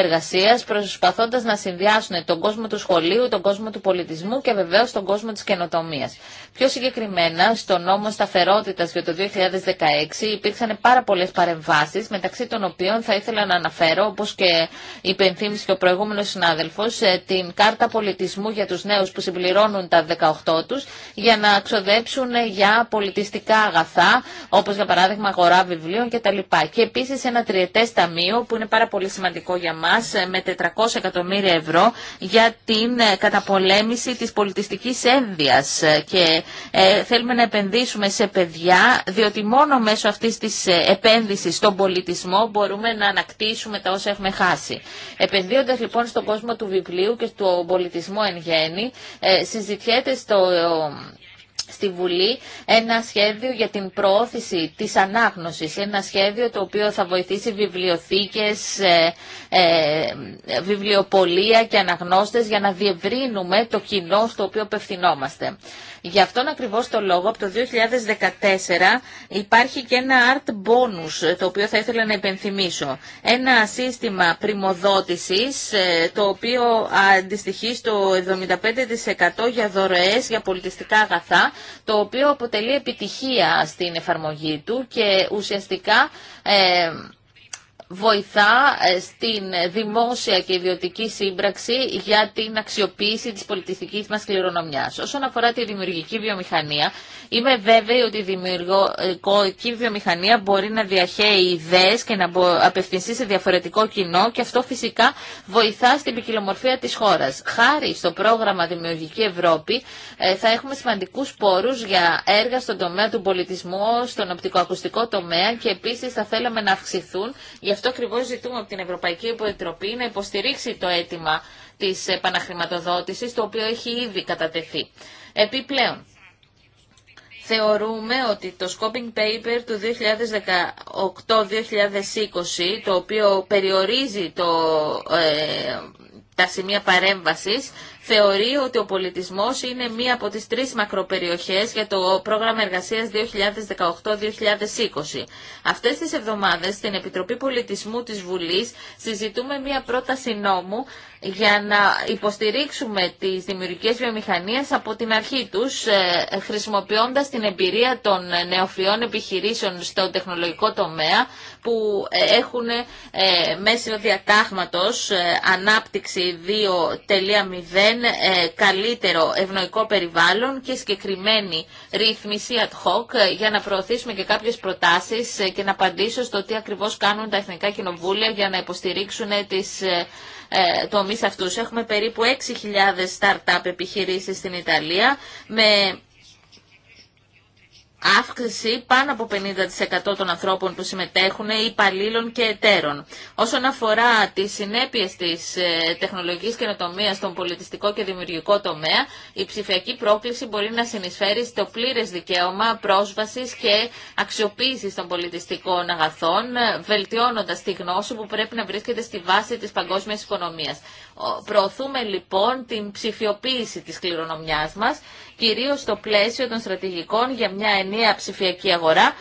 εργασία, προσπαθώντα να συνδυάσουν τον κόσμο του σχολείου, τον κόσμο του πολιτισμού και βεβαίω τον κόσμο τη καινοτομία. Πιο συγκεκριμένα, στο νόμο σταθερότητα για το 2016 υπήρξαν πάρα πολλέ παρεμβάσει, μεταξύ των οποίων θα ήθελα να αναφέρω, όπω και υπενθύμησε και ο προηγούμενο συνάδελφο ε, την κάρτα πολιτισμού για του νέου που συμπληρώνουν τα 18 τους για να ξοδέψουν για πολιτιστικά αγαθά, όπως για παράδειγμα αγορά βιβλίων κτλ. Και επίσης ένα τριετές ταμείο που είναι πάρα πολύ σημαντικό για μας ε, με 400 εκατομμύρια ευρώ για την ε, καταπολέμηση της πολιτιστικής ένδυας ε, και θέλουμε να επενδύσουμε σε παιδιά διότι μόνο μέσω αυτής της επένδυσης στον πολιτισμό μπορούμε να ανακτήσουμε τα όσα έχουμε χάσει. Επενδύοντας λοιπόν στον κόσμο του βιβλίου και του πολιτισμού εν γέννη, στο, στη Βουλή ένα σχέδιο για την προώθηση της ανάγνωσης, ένα σχέδιο το οποίο θα βοηθήσει βιβλιοθήκες, ε, ε, βιβλιοπολία και αναγνώστες για να διευρύνουμε το κοινό στο οποίο απευθυνόμαστε. Γι' αυτόν ακριβώς το λόγο από το 2014 υπάρχει και ένα art bonus ε, το οποίο θα ήθελα να υπενθυμίσω. Ένα σύστημα πρημοδότησης ε, το οποίο αντιστοιχεί στο 75% για δωρεές για πολιτιστικά αγαθά το οποίο αποτελεί επιτυχία στην εφαρμογή του και ουσιαστικά ε, βοηθά ε, στην δημόσια και ιδιωτική σύμπραξη για την αξιοποίηση της πολιτιστικής μας κληρονομιάς. Όσον αφορά τη δημιουργική βιομηχανία, είμαι βέβαιη ότι η δημιουργική βιομηχανία μπορεί να διαχέει ιδέες και να απευθυνθεί σε διαφορετικό κοινό και αυτό φυσικά βοηθά στην ποικιλομορφία της χώρας. Χάρη στο πρόγραμμα Δημιουργική Ευρώπη ε, θα έχουμε σημαντικούς πόρους για έργα στον τομέα του πολιτισμού, στον οπτικοακουστικό τομέα και επίσης θα θέλαμε να αυξηθούν αυτό ακριβώ ζητούμε από την Ευρωπαϊκή Επιτροπή να υποστηρίξει το αίτημα της επαναχρηματοδότηση, το οποίο έχει ήδη κατατεθεί. Επιπλέον, Θεωρούμε ότι το Scoping Paper του 2018-2020, το οποίο περιορίζει το ε, τα σημεία παρέμβασης θεωρεί ότι ο πολιτισμός είναι μία από τις τρεις μακροπεριοχές για το πρόγραμμα εργασίας 2018-2020. Αυτές τις εβδομάδες στην Επιτροπή Πολιτισμού της Βουλής συζητούμε μία πρόταση νόμου για να υποστηρίξουμε τις δημιουργικές βιομηχανίες από την αρχή τους, ε, χρησιμοποιώντας την εμπειρία των νεοφυών επιχειρήσεων στο τεχνολογικό τομέα, που ε, έχουν ε, μέσω διατάγματος ε, ανάπτυξη 2.0 καλύτερο ευνοϊκό περιβάλλον και συγκεκριμένη ρύθμιση ad hoc για να προωθήσουμε και κάποιες προτάσεις και να απαντήσω στο τι ακριβώς κάνουν τα Εθνικά Κοινοβούλια για να υποστηρίξουν τις τομείς αυτούς. Έχουμε περίπου 6.000 startup επιχειρήσεις στην Ιταλία με αύξηση πάνω από 50% των ανθρώπων που συμμετέχουν, υπαλλήλων και εταίρων. Όσον αφορά τις συνέπειες της ε, τεχνολογικής καινοτομίας στον πολιτιστικό και δημιουργικό τομέα, η ψηφιακή πρόκληση μπορεί να συνεισφέρει στο πλήρες δικαίωμα πρόσβασης και αξιοποίησης των πολιτιστικών αγαθών, ε, βελτιώνοντας τη γνώση που πρέπει να βρίσκεται στη βάση της παγκόσμιας οικονομίας. Προωθούμε λοιπόν την ψηφιοποίηση της κληρονομιάς μας, κυρίως στο πλαίσιο των στρατηγικών για μια ενιαία ψηφιακή αγορά,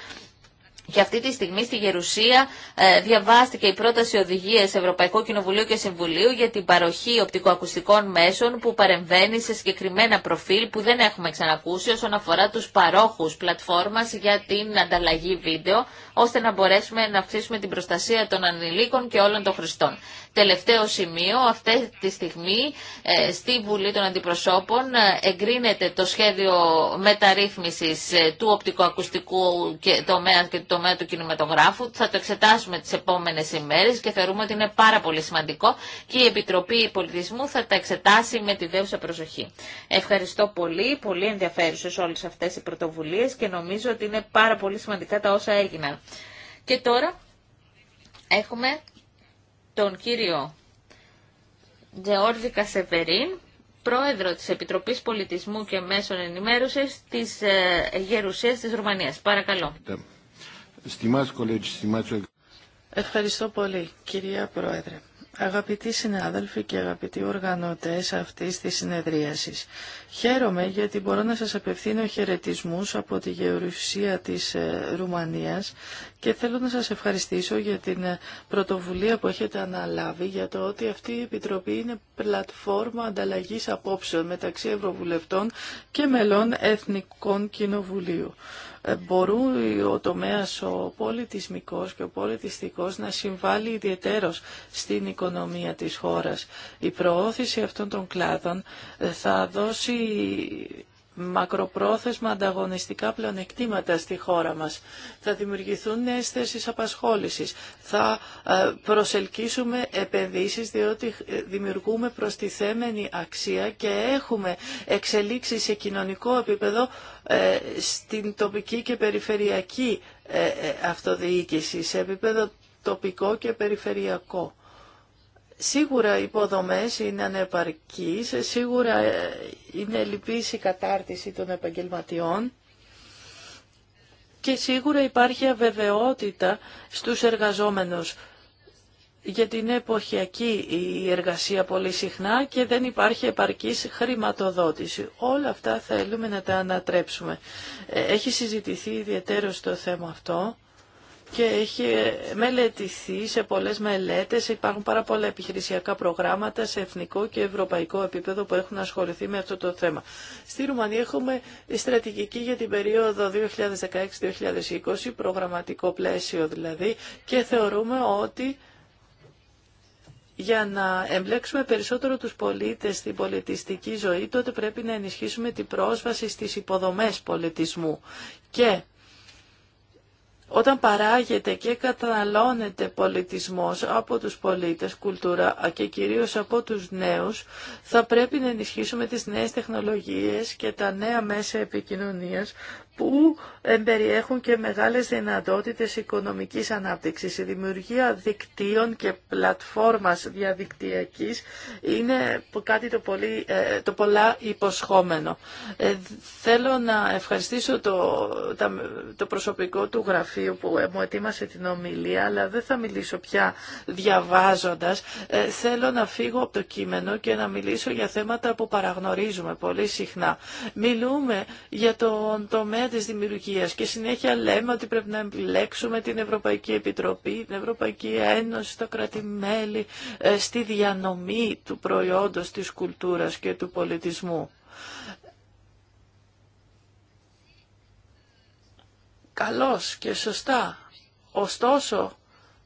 και αυτή τη στιγμή στη Γερουσία ε, διαβάστηκε η πρόταση οδηγίες Ευρωπαϊκού Κοινοβουλίου και Συμβουλίου για την παροχή οπτικοακουστικών μέσων που παρεμβαίνει σε συγκεκριμένα προφίλ που δεν έχουμε ξανακούσει όσον αφορά τους παρόχους πλατφόρμας για την ανταλλαγή βίντεο ώστε να μπορέσουμε να αυξήσουμε την προστασία των ανηλίκων και όλων των χρηστών. Τελευταίο σημείο, αυτή τη στιγμή ε, στη Βουλή των Αντιπροσώπων ε, εγκρίνεται το σχέδιο μεταρρύθμισης ε, του οπτικοακουστικού τομέα και του τομέα του κινηματογράφου. Θα το εξετάσουμε τις επόμενες ημέρες και θεωρούμε ότι είναι πάρα πολύ σημαντικό και η Επιτροπή Πολιτισμού θα τα εξετάσει με τη δέουσα προσοχή. Ευχαριστώ πολύ, πολύ ενδιαφέρουσες όλες αυτές οι πρωτοβουλίες και νομίζω ότι είναι πάρα πολύ σημαντικά τα όσα έγιναν. Και τώρα έχουμε τον κύριο Γεώργη Κασεβερίν, πρόεδρο της Επιτροπής Πολιτισμού και Μέσων Ενημέρωσης της ε, Γερουσίας της Ρουμανίας. Παρακαλώ. Ευχαριστώ πολύ, κυρία Πρόεδρε. Αγαπητοί συνάδελφοι και αγαπητοί οργανωτές αυτής της συνεδρίασης, χαίρομαι γιατί μπορώ να σας απευθύνω χαιρετισμούς από τη γεωρουσία της ε, Ρουμανίας και θέλω να σας ευχαριστήσω για την ε, πρωτοβουλία που έχετε αναλάβει για το ότι αυτή η Επιτροπή είναι πλατφόρμα ανταλλαγής απόψεων μεταξύ Ευρωβουλευτών και μελών Εθνικών Κοινοβουλίου μπορούν ο τομέας ο πολιτισμικός και ο πολιτιστικός να συμβάλλει ιδιαιτέρως στην οικονομία της χώρας. Η προώθηση αυτών των κλάδων θα δώσει μακροπρόθεσμα ανταγωνιστικά πλεονεκτήματα στη χώρα μας. Θα δημιουργηθούν νέες θέσεις απασχόλησης. Θα ε, προσελκύσουμε επενδύσεις διότι ε, δημιουργούμε προστιθέμενη αξία και έχουμε εξελίξει σε κοινωνικό επίπεδο ε, στην τοπική και περιφερειακή αυτοδιοίκηση, σε επίπεδο τοπικό και περιφερειακό. Σίγουρα οι υποδομές είναι ανεπαρκείς, σίγουρα ε, είναι λυπής η κατάρτιση των επαγγελματιών και σίγουρα υπάρχει αβεβαιότητα στους εργαζόμενους γιατί την εποχιακή η εργασία πολύ συχνά και δεν υπάρχει επαρκής χρηματοδότηση. Όλα αυτά θέλουμε να τα ανατρέψουμε. Ε, έχει συζητηθεί ιδιαίτερο το θέμα αυτό και έχει μελετηθεί σε πολλές μελέτες. Υπάρχουν πάρα πολλά επιχειρησιακά προγράμματα σε εθνικό και ευρωπαϊκό επίπεδο που έχουν ασχοληθεί με αυτό το θέμα. Στη Ρουμανία έχουμε στρατηγική για την περίοδο 2016-2020, προγραμματικό πλαίσιο δηλαδή, και θεωρούμε ότι για να εμπλέξουμε περισσότερο τους πολίτες στην πολιτιστική ζωή, τότε πρέπει να ενισχύσουμε την πρόσβαση στις υποδομές πολιτισμού. Και όταν παράγεται και καταναλώνεται πολιτισμός από τους πολίτες, κουλτούρα και κυρίως από τους νέους, θα πρέπει να ενισχύσουμε τις νέες τεχνολογίες και τα νέα μέσα επικοινωνίας που περιέχουν και μεγάλες δυνατότητες οικονομικής ανάπτυξης. Η δημιουργία δικτύων και πλατφόρμας διαδικτυακής είναι κάτι το, πολύ, ε, το πολλά υποσχόμενο. Ε, θέλω να ευχαριστήσω το, το προσωπικό του γραφείου που μου ετοίμασε την ομιλία, αλλά δεν θα μιλήσω πια διαβάζοντας. Ε, θέλω να φύγω από το κείμενο και να μιλήσω για θέματα που παραγνωρίζουμε πολύ συχνά. Μιλούμε για τον τομέα της δημιουργίας και συνέχεια λέμε ότι πρέπει να επιλέξουμε την Ευρωπαϊκή Επιτροπή, την Ευρωπαϊκή Ένωση, τα μελη ε, στη διανομή του προϊόντος της κουλτούρας και του πολιτισμού. Καλώς και σωστά. Ωστόσο,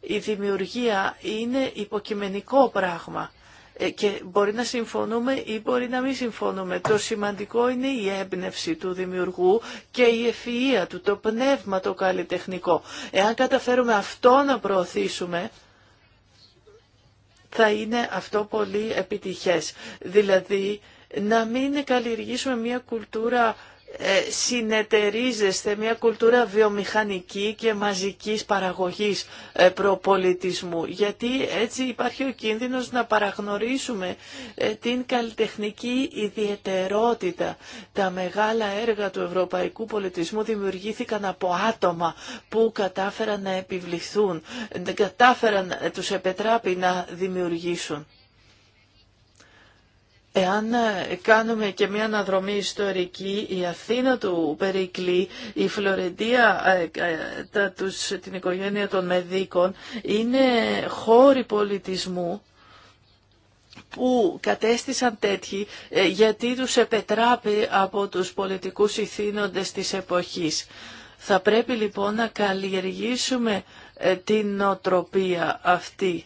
η δημιουργία είναι υποκειμενικό πράγμα ε, και μπορεί να συμφωνούμε ή μπορεί να μην συμφωνούμε. Το σημαντικό είναι η έμπνευση του δημιουργού και η ευφυΐα του, το πνεύμα το καλλιτεχνικό. Εάν καταφέρουμε αυτό να προωθήσουμε, θα είναι αυτό πολύ επιτυχές. Δηλαδή, να μην καλλιεργήσουμε μια κουλτούρα ε, συνεταιρίζεστε μια κουλτούρα βιομηχανική και μαζικής παραγωγής ε, προπολιτισμού γιατί έτσι υπάρχει ο κίνδυνος να παραγνωρίσουμε ε, την καλλιτεχνική ιδιαιτερότητα. Τα μεγάλα έργα του ευρωπαϊκού πολιτισμού δημιουργήθηκαν από άτομα που κατάφεραν να επιβληθούν, κατάφεραν, τους επετράπη να δημιουργήσουν. Εάν ε, κάνουμε και μια αναδρομή ιστορική, η Αθήνα του Περικλή, η Φλωρεντία, ε, ε, τους, την οικογένεια των Μεδίκων, είναι χώροι πολιτισμού που κατέστησαν τέτοιοι γιατί τους επετράπη από τους πολιτικούς ηθήνοντες της εποχής. Θα πρέπει λοιπόν να καλλιεργήσουμε την οτροπία αυτή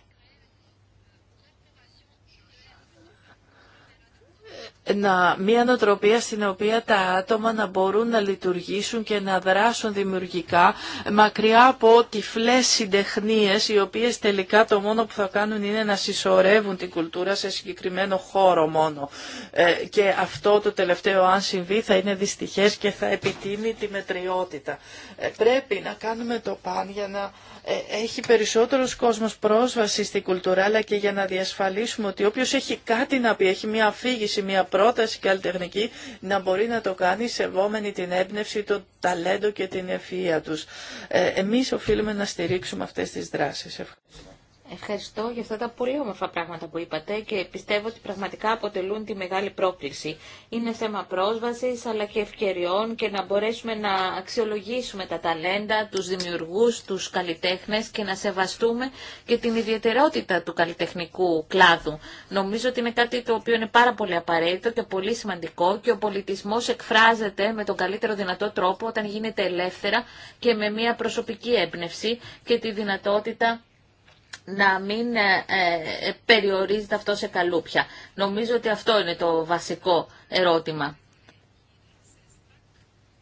να, μια νοοτροπία στην οποία τα άτομα να μπορούν να λειτουργήσουν και να δράσουν δημιουργικά μακριά από τυφλές συντεχνίες οι οποίες τελικά το μόνο που θα κάνουν είναι να συσσωρεύουν την κουλτούρα σε συγκεκριμένο χώρο μόνο. Ε, και αυτό το τελευταίο αν συμβεί θα είναι δυστυχές και θα επιτείνει τη μετριότητα. Ε, πρέπει να κάνουμε το παν για να ε, έχει περισσότερος κόσμος πρόσβαση στη κουλτούρα, αλλά και για να διασφαλίσουμε ότι όποιος έχει κάτι να πει, έχει μια αφήγηση, μια πρόταση καλλιτεχνική, να μπορεί να το κάνει σεβόμενη την έμπνευση, το ταλέντο και την ευφυΐα τους. Ε, εμείς οφείλουμε να στηρίξουμε αυτές τις δράσεις. Ευχαριστώ για αυτά τα πολύ όμορφα πράγματα που είπατε και πιστεύω ότι πραγματικά αποτελούν τη μεγάλη πρόκληση. Είναι θέμα πρόσβασης αλλά και ευκαιριών και να μπορέσουμε να αξιολογήσουμε τα ταλέντα, τους δημιουργούς, τους καλλιτέχνες και να σεβαστούμε και την ιδιαιτερότητα του καλλιτεχνικού κλάδου. Νομίζω ότι είναι κάτι το οποίο είναι πάρα πολύ απαραίτητο και πολύ σημαντικό και ο πολιτισμός εκφράζεται με τον καλύτερο δυνατό τρόπο όταν γίνεται ελεύθερα και με μια προσωπική έμπνευση και τη δυνατότητα να μην ε, ε, περιορίζεται αυτό σε καλούπια. Νομίζω ότι αυτό είναι το βασικό ερώτημα.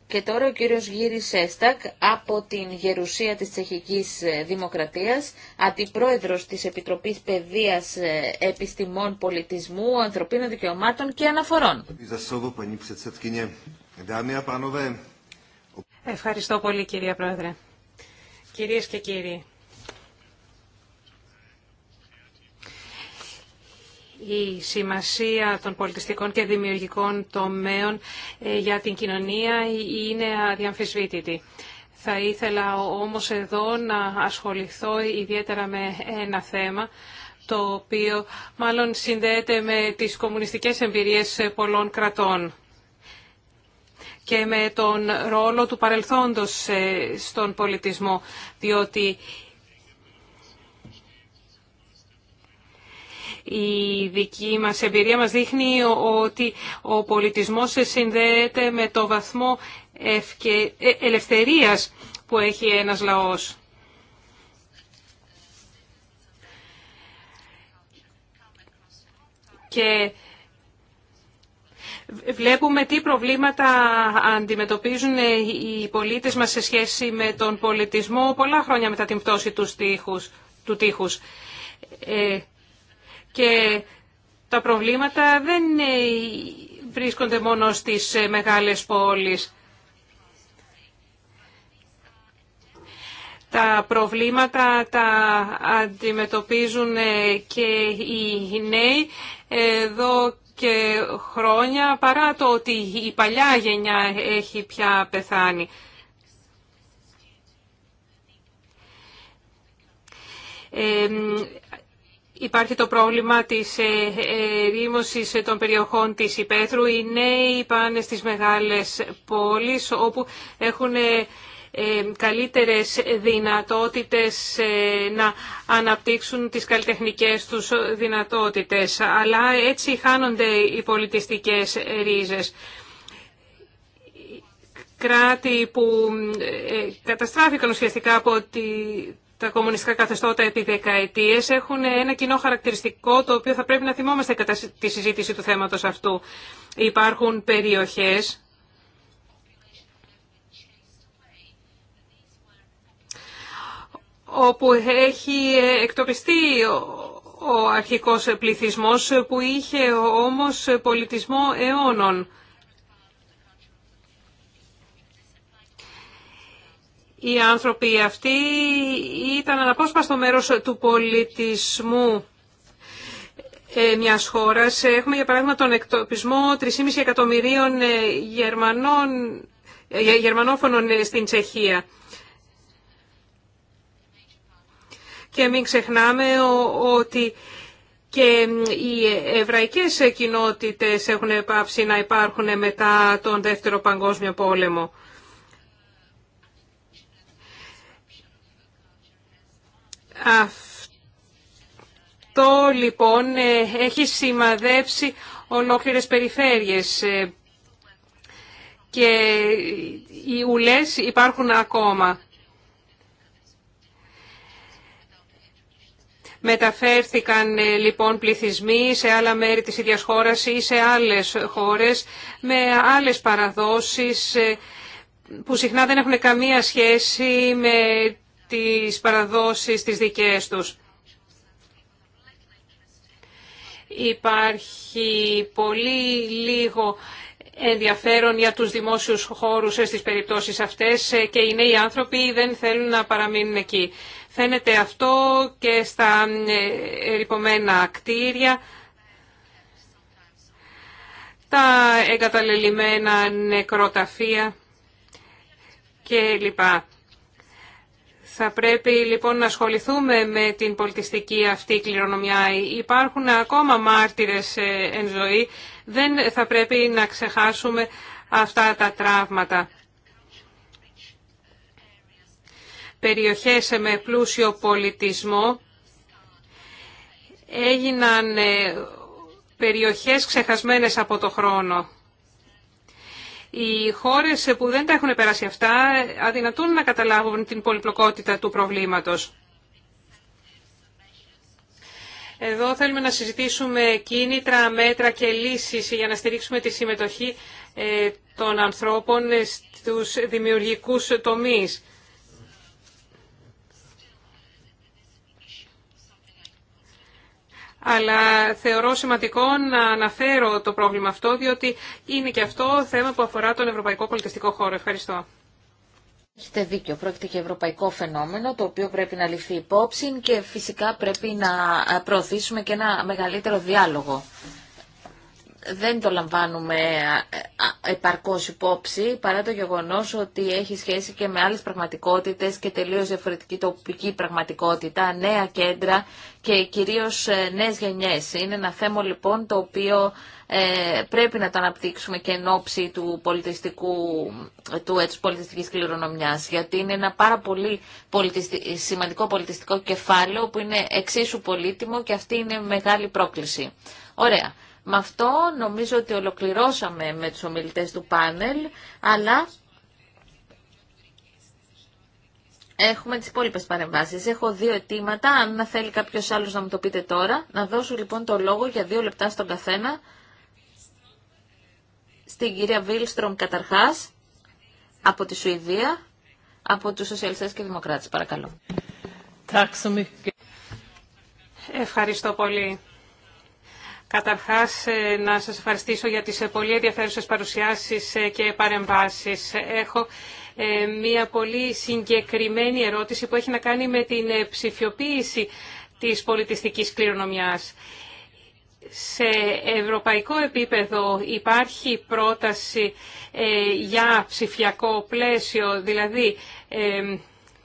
Και τώρα ο κύριος Γύρι Σέστακ από την Γερουσία της Τσεχικής ε, Δημοκρατίας, αντιπρόεδρος της Επιτροπής Παιδείας Επιστημών Πολιτισμού, Ανθρωπίνων Δικαιωμάτων και Αναφορών. Ευχαριστώ πολύ κυρία Πρόεδρε. Κυρίες και κύριοι, η σημασία των πολιτιστικών και δημιουργικών τομέων ε, για την κοινωνία είναι αδιαμφισβήτητη. Θα ήθελα όμως εδώ να ασχοληθώ ιδιαίτερα με ένα θέμα το οποίο μάλλον συνδέεται με τις κομμουνιστικές εμπειρίες πολλών κρατών και με τον ρόλο του παρελθόντος ε, στον πολιτισμό, διότι Η δική μας εμπειρία μας δείχνει ότι ο πολιτισμός συνδέεται με το βαθμό ε, ελευθερίας που έχει ένας λαός. Και βλέπουμε τι προβλήματα αντιμετωπίζουν οι πολίτες μας σε σχέση με τον πολιτισμό πολλά χρόνια μετά την πτώση του, στίχους, τείχους. Ε, και τα προβλήματα δεν ε, βρίσκονται μόνο στις ε, μεγάλες πόλεις. Τα προβλήματα τα αντιμετωπίζουν ε, και οι νέοι εδώ και χρόνια παρά το ότι η παλιά γενιά έχει πια πεθάνει. Υπάρχει το πρόβλημα της ε, ε, ρήμωσης των περιοχών της Υπέθρου. Οι νέοι πάνε στις μεγάλες πόλεις όπου έχουν ε, καλύτερες δυνατότητες να αναπτύξουν τις καλλιτεχνικές τους δυνατότητες. Αλλά έτσι χάνονται οι πολιτιστικές ρίζες. Κράτη που καταστράφηκαν ουσιαστικά από τη τα κομμουνιστικά καθεστώτα επί δεκαετίε έχουν ένα κοινό χαρακτηριστικό το οποίο θα πρέπει να θυμόμαστε κατά τη συζήτηση του θέματος αυτού. Υπάρχουν περιοχές όπου έχει εκτοπιστεί ο αρχικός πληθυσμός που είχε όμως πολιτισμό αιώνων. Οι άνθρωποι αυτοί ήταν αναπόσπαστο μέρος του πολιτισμού ε, μιας χώρας. Έχουμε για παράδειγμα τον εκτοπισμό 3,5 εκατομμυρίων ε, Γερμανών, ε, γερμανόφωνων στην Τσεχία. Και μην ξεχνάμε ότι και οι εβραϊκές κοινότητες έχουν πάψει να υπάρχουν μετά τον Δεύτερο Παγκόσμιο Πόλεμο. Αυτό λοιπόν ε, έχει σημαδέψει ολόκληρες περιφέρειες ε, και οι ουλές υπάρχουν ακόμα. Μεταφέρθηκαν ε, λοιπόν πληθυσμοί σε άλλα μέρη της ίδιας χώρας ή σε άλλες χώρες με άλλες παραδόσεις που συχνά δεν έχουν καμία σχέση με τις παραδόσεις τις δικές τους. Υπάρχει πολύ λίγο ενδιαφέρον για τους δημόσιους χώρους στις περιπτώσεις αυτές και οι νέοι άνθρωποι δεν θέλουν να παραμείνουν εκεί. Φαίνεται αυτό και στα ε, ρηπομένα κτίρια, τα εγκαταλελειμμένα νεκροταφεία και λοιπά. Θα πρέπει λοιπόν να ασχοληθούμε με την πολιτιστική αυτή κληρονομιά. Υπάρχουν ακόμα μάρτυρες ε, εν ζωή. Δεν θα πρέπει να ξεχάσουμε αυτά τα τραύματα. Περιοχές με πλούσιο πολιτισμό έγιναν ε, περιοχές ξεχασμένες από το χρόνο. Οι χώρες που δεν τα έχουν περάσει αυτά αδυνατούν να καταλάβουν την πολυπλοκότητα του προβλήματος. Εδώ θέλουμε να συζητήσουμε κίνητρα, μέτρα και λύσεις για να στηρίξουμε τη συμμετοχή ε, των ανθρώπων στους δημιουργικούς τομείς. αλλά θεωρώ σημαντικό να αναφέρω το πρόβλημα αυτό, διότι είναι και αυτό θέμα που αφορά τον ευρωπαϊκό πολιτιστικό χώρο. Ευχαριστώ. Έχετε δίκιο. Πρόκειται και ευρωπαϊκό φαινόμενο, το οποίο πρέπει να ληφθεί υπόψη και φυσικά πρέπει να προωθήσουμε και ένα μεγαλύτερο διάλογο δεν το λαμβάνουμε επαρκώς υπόψη, παρά το γεγονός ότι έχει σχέση και με άλλες πραγματικότητες και τελείως διαφορετική τοπική πραγματικότητα, νέα κέντρα και κυρίως ε, νέες γενιές. Είναι ένα θέμα λοιπόν το οποίο ε, πρέπει να το αναπτύξουμε και εν ώψη του πολιτιστικού, του έτσι πολιτιστικής κληρονομιάς, γιατί είναι ένα πάρα πολύ σημαντικό πολιτιστικό κεφάλαιο που είναι εξίσου πολύτιμο και αυτή είναι μεγάλη πρόκληση. Ωραία. Με αυτό νομίζω ότι ολοκληρώσαμε με τους ομιλητές του πάνελ, αλλά Έχουμε τις υπόλοιπες παρεμβάσεις. Έχω δύο αιτήματα. Αν θέλει κάποιος άλλος να μου το πείτε τώρα, να δώσω λοιπόν το λόγο για δύο λεπτά στον καθένα. Στην κυρία Βίλστρομ καταρχάς, από τη Σουηδία, από τους Σοσιαλιστές και Δημοκράτες. Παρακαλώ. Ευχαριστώ πολύ. Καταρχάς, ε, να σας ευχαριστήσω για τις ε, πολύ ενδιαφέρουσες παρουσιάσεις ε, και παρεμβάσεις. Έχω μία πολύ συγκεκριμένη ερώτηση που έχει να κάνει με την ψηφιοποίηση της πολιτιστικής κληρονομιάς. Σε ευρωπαϊκό επίπεδο υπάρχει πρόταση για ψηφιακό πλαίσιο, δηλαδή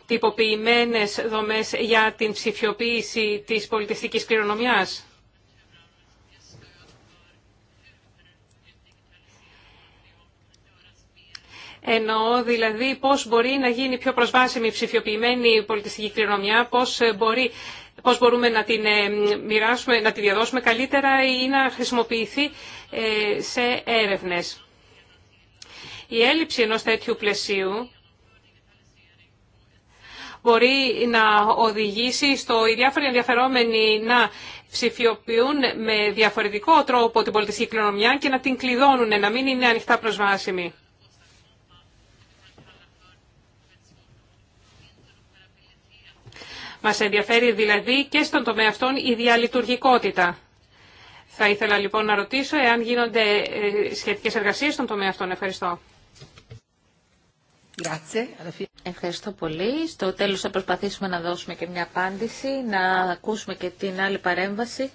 τυποποιημένες δομές για την ψηφιοποίηση της πολιτιστικής κληρονομιάς. Εννοώ δηλαδή πώς μπορεί να γίνει πιο προσβάσιμη η ψηφιοποιημένη πολιτιστική κληρονομιά, πώς, ε, μπορεί, πώς μπορούμε να την ε, μοιράσουμε, να τη διαδώσουμε καλύτερα ή να χρησιμοποιηθεί ε, σε έρευνες. Η έλλειψη ενός τέτοιου πλαισίου μπορεί να οδηγήσει στο οι διάφοροι ενδιαφερόμενοι να ψηφιοποιούν με διαφορετικό τρόπο την πολιτιστική κληρονομιά και να την κλειδώνουν, να μην είναι ανοιχτά προσβάσιμη. Μας ενδιαφέρει δηλαδή και στον τομέα αυτών η διαλειτουργικότητα. Θα ήθελα λοιπόν να ρωτήσω εάν γίνονται ε, σχετικές εργασίες στον τομέα αυτών. Ευχαριστώ. Ευχαριστώ πολύ. Στο τέλος θα προσπαθήσουμε να δώσουμε και μια απάντηση, να ακούσουμε και την άλλη παρέμβαση.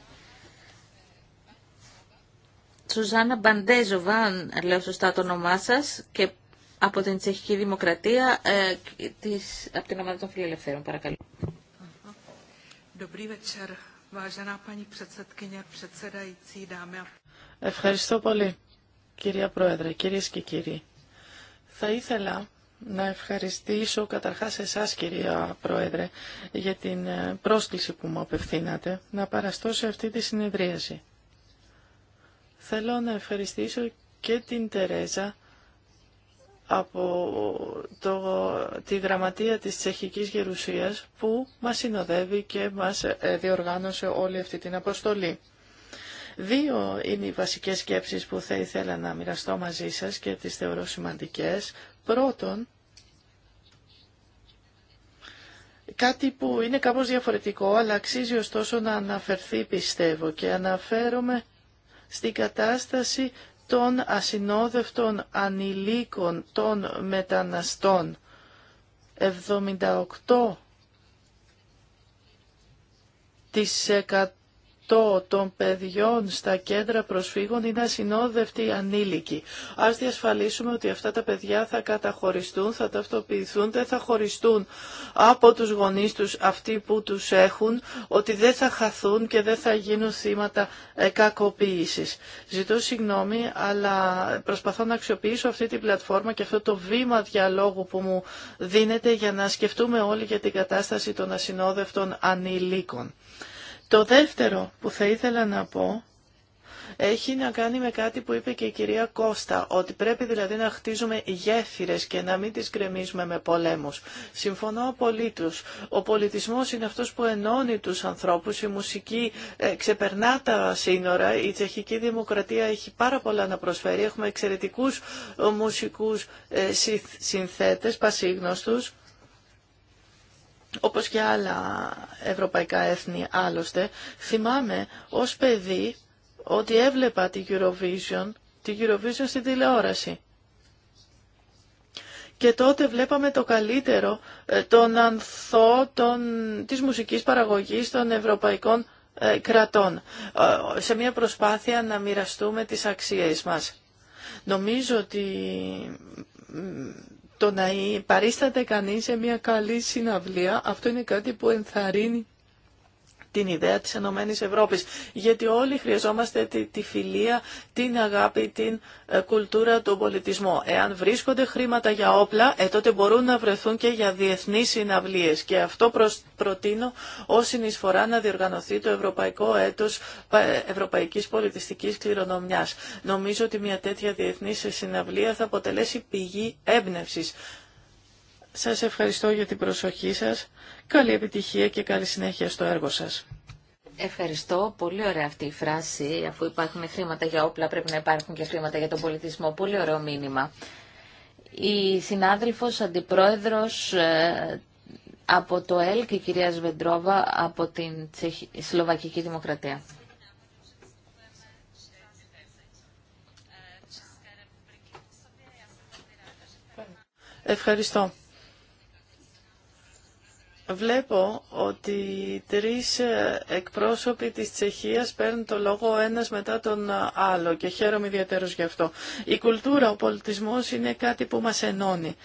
Σουζάνα Μπαντέζοβαν λέω σωστά το όνομά σας, και από την Τσεχική Δημοκρατία, ε, από την Ομάδα των Φιλελευθέρων, παρακαλώ. Ευχαριστώ πολύ, κυρία Πρόεδρε, κυρίες και κύριοι. Θα ήθελα να ευχαριστήσω καταρχάς εσάς κυρία Πρόεδρε για την ε, πρόσκληση που μου απευθύνατε να παραστώ σε αυτή τη συνεδρίαση. Θέλω να ευχαριστήσω και την Τερέζα από το, τη γραμματεία της Τσεχικής Γερουσίας που μας συνοδεύει και μας ε, διοργάνωσε όλη αυτή την αποστολή. Δύο είναι οι βασικές σκέψεις που θα ήθελα να μοιραστώ μαζί σας και τις θεωρώ σημαντικές. Πρώτον, κάτι που είναι κάπως διαφορετικό, αλλά αξίζει ωστόσο να αναφερθεί πιστεύω και αναφέρομαι στην κατάσταση των ασυνόδευτων ανηλίκων των μεταναστών. 78% το των παιδιών στα κέντρα προσφύγων είναι ασυνόδευτοι ανήλικοι. Ας διασφαλίσουμε ότι αυτά τα παιδιά θα καταχωριστούν, θα ταυτοποιηθούν, δεν θα χωριστούν από τους γονείς τους αυτοί που τους έχουν, ότι δεν θα χαθούν και δεν θα γίνουν θύματα ε, κακοποίησης. Ζητώ συγγνώμη, αλλά προσπαθώ να αξιοποιήσω αυτή την πλατφόρμα και αυτό το βήμα διαλόγου που μου δίνεται για να σκεφτούμε όλοι για την κατάσταση των ασυνόδευτων ανηλίκων. Το δεύτερο που θα ήθελα να πω έχει να κάνει με κάτι που είπε και η κυρία Κώστα, ότι πρέπει δηλαδή να χτίζουμε γέφυρες και να μην τις γκρεμίζουμε με πολέμους. Συμφωνώ απολύτως. Ο πολιτισμός είναι αυτός που ενώνει τους ανθρώπους, η μουσική ε, ξεπερνά τα σύνορα, η τσεχική δημοκρατία έχει πάρα πολλά να προσφέρει, έχουμε εξαιρετικούς ε, μουσικούς ε, συνθέτες, πασίγνωστους όπως και άλλα ευρωπαϊκά έθνη άλλωστε, θυμάμαι ως παιδί ότι έβλεπα την Eurovision, τη Eurovision στην τηλεόραση. Και τότε βλέπαμε το καλύτερο, ε, τον ανθό τον της μουσικής παραγωγής των ευρωπαϊκών ε, κρατών, ε, σε μια προσπάθεια να μοιραστούμε τις αξίες μας. Νομίζω ότι το να παρίσταται κανείς σε μια καλή συναυλία, αυτό είναι κάτι που ενθαρρύνει την ιδέα της Ενωμένης Ευρώπης. Γιατί όλοι χρειαζόμαστε τη, τη φιλία, την αγάπη, την ε, κουλτούρα, τον πολιτισμό. Εάν βρίσκονται χρήματα για όπλα, ε, τότε μπορούν να βρεθούν και για διεθνείς συναυλίες. Και αυτό προτείνω ως συνεισφορά να διοργανωθεί το Ευρωπαϊκό Έτος ε, Ευρωπαϊκής Πολιτιστικής Κληρονομιάς. Νομίζω ότι μια τέτοια διεθνή συναυλία θα αποτελέσει πηγή έμπνευσης σας ευχαριστώ για την προσοχή σας. Καλή επιτυχία και καλή συνέχεια στο έργο σας. Ευχαριστώ. Πολύ ωραία αυτή η φράση. Αφού υπάρχουν χρήματα για όπλα, πρέπει να υπάρχουν και χρήματα για τον πολιτισμό. Πολύ ωραίο μήνυμα. Η συνάδελφος αντιπρόεδρος ε, από το ΕΛ και η κυρία Σβεντρόβα από την Σλοβακική Δημοκρατία. Ευχαριστώ. Βλέπω ότι τρεις ε, εκπρόσωποι της Τσεχίας παίρνουν το λόγο ένας μετά τον ε, άλλο και χαίρομαι ιδιαίτερος γι' αυτό. Η κουλτούρα, ο πολιτισμός είναι κάτι που μας ενώνει.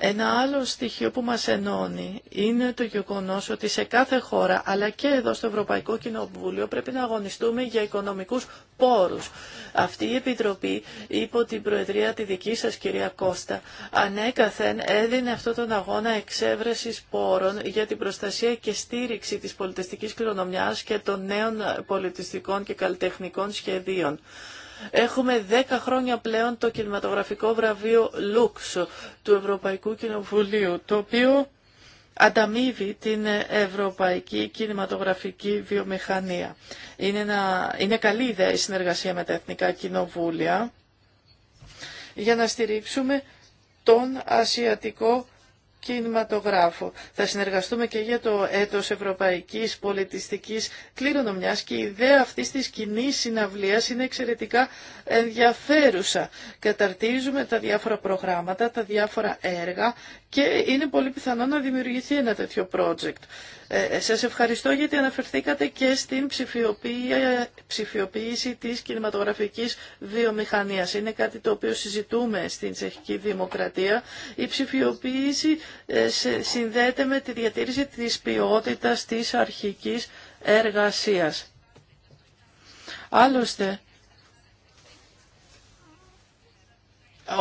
Ένα άλλο στοιχείο που μας ενώνει είναι το γεγονός ότι σε κάθε χώρα, αλλά και εδώ στο Ευρωπαϊκό Κοινοβούλιο, πρέπει να αγωνιστούμε για οικονομικούς πόρους. Αυτή η Επιτροπή, υπό την Προεδρία τη δική σας κυρία Κώστα, ανέκαθεν έδινε αυτόν τον αγώνα εξέβρεσης πόρων για την προστασία και στήριξη της πολιτιστικής κληρονομιάς και των νέων πολιτιστικών και καλλιτεχνικών σχεδίων. Έχουμε 10 χρόνια πλέον το κινηματογραφικό βραβείο Lux του Ευρωπαϊκού Κοινοβουλίου, το οποίο ανταμείβει την ευρωπαϊκή κινηματογραφική βιομηχανία. Είναι, ένα, είναι καλή ιδέα η συνεργασία με τα εθνικά κοινοβούλια για να στηρίξουμε τον ασιατικό κινηματογράφο. Θα συνεργαστούμε και για το έτος ευρωπαϊκής πολιτιστικής κληρονομιάς και η ιδέα αυτής της κοινή συναυλίας είναι εξαιρετικά ενδιαφέρουσα. Καταρτίζουμε τα διάφορα προγράμματα, τα διάφορα έργα και είναι πολύ πιθανό να δημιουργηθεί ένα τέτοιο project. Ε, ε σας ευχαριστώ γιατί αναφερθήκατε και στην ε, ψηφιοποίηση της κινηματογραφικής βιομηχανίας. Είναι κάτι το οποίο συζητούμε στην τσεχική δημοκρατία. Η ψηφιοποίηση ε, συνδέεται με τη διατήρηση της ποιότητας της αρχικής εργασίας. Άλλωστε,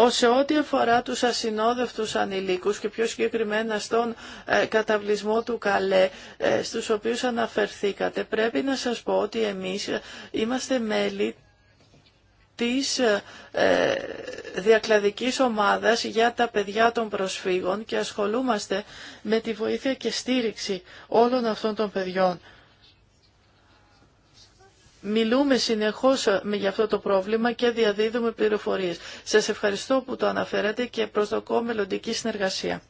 σε ό,τι αφορά τους ασυνόδευτους ανηλίκους και πιο συγκεκριμένα στον ε, καταβλισμό του Καλέ ε, στους οποίους αναφερθήκατε, πρέπει να σας πω ότι εμείς ε, είμαστε μέλη της διακλαδικής ομάδας για τα παιδιά των προσφύγων και ασχολούμαστε με τη βοήθεια και στήριξη όλων αυτών των παιδιών. Μιλούμε συνεχώς ε, για αυτό το πρόβλημα και διαδίδουμε πληροφορίες. Σας ευχαριστώ που το αναφέρατε και προσδοκώ μελλοντική συνεργασία.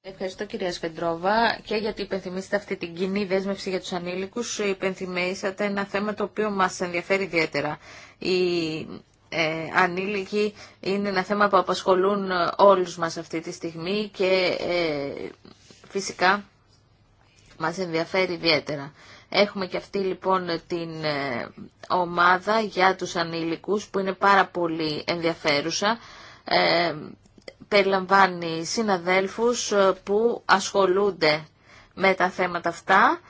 Ευχαριστώ κυρία Σφεντρόβα και γιατί υπενθυμίσατε αυτή την κοινή δέσμευση για τους ανήλικους. Υπενθυμίσατε ένα θέμα το οποίο μας ενδιαφέρει ιδιαίτερα. Η ε, ανήλικοι είναι ένα θέμα που απασχολούν ε, όλους μας αυτή τη στιγμή και ε, φυσικά μας ενδιαφέρει ιδιαίτερα. Έχουμε και αυτή λοιπόν την ε, ομάδα για τους ανήλικους που είναι πάρα πολύ ενδιαφέρουσα. Ε, περιλαμβάνει συναδέλφους ε, που ασχολούνται με τα θέματα αυτά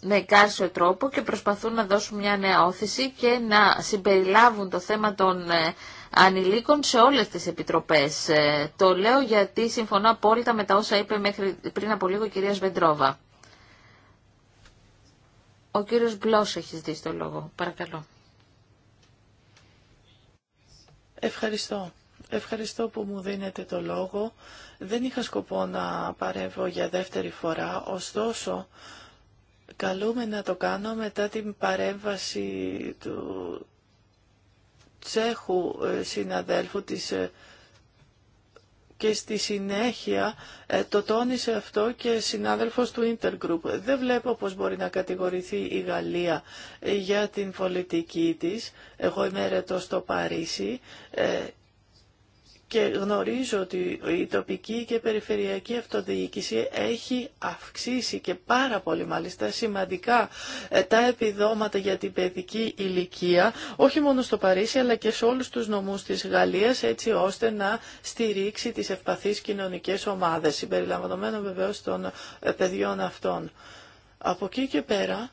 με κάρσιο τρόπο και προσπαθούν να δώσουν μια νέα όθηση και να συμπεριλάβουν το θέμα των ε, ανηλίκων σε όλες τις επιτροπές. Το λέω γιατί συμφωνώ απόλυτα με τα όσα είπε μέχρι πριν από λίγο η κυρία Σβεντρόβα. Ο κύριος Μπλός έχει ζητήσει το λόγο. Παρακαλώ. Ευχαριστώ. Ευχαριστώ που μου δίνετε το λόγο. Δεν είχα σκοπό να παρεύω για δεύτερη φορά, ωστόσο καλούμε να το κάνω μετά την παρέμβαση του Τσέχου ε, συναδέλφου της ε, και στη συνέχεια ε, το τόνισε αυτό και συνάδελφος του Intergroup. Δεν βλέπω πώς μπορεί να κατηγορηθεί η Γαλλία ε, για την πολιτική της. Εγώ είμαι ερετός στο Παρίσι ε, και γνωρίζω ότι η τοπική και περιφερειακή αυτοδιοίκηση έχει αυξήσει και πάρα πολύ μάλιστα σημαντικά ε, τα επιδόματα για την παιδική ηλικία, όχι μόνο στο Παρίσι αλλά και σε όλους τους νομούς της Γαλλίας, έτσι ώστε να στηρίξει τις ευπαθείς κοινωνικές ομάδες, συμπεριλαμβανομένων βεβαίως των ε, παιδιών αυτών. Από εκεί και πέρα,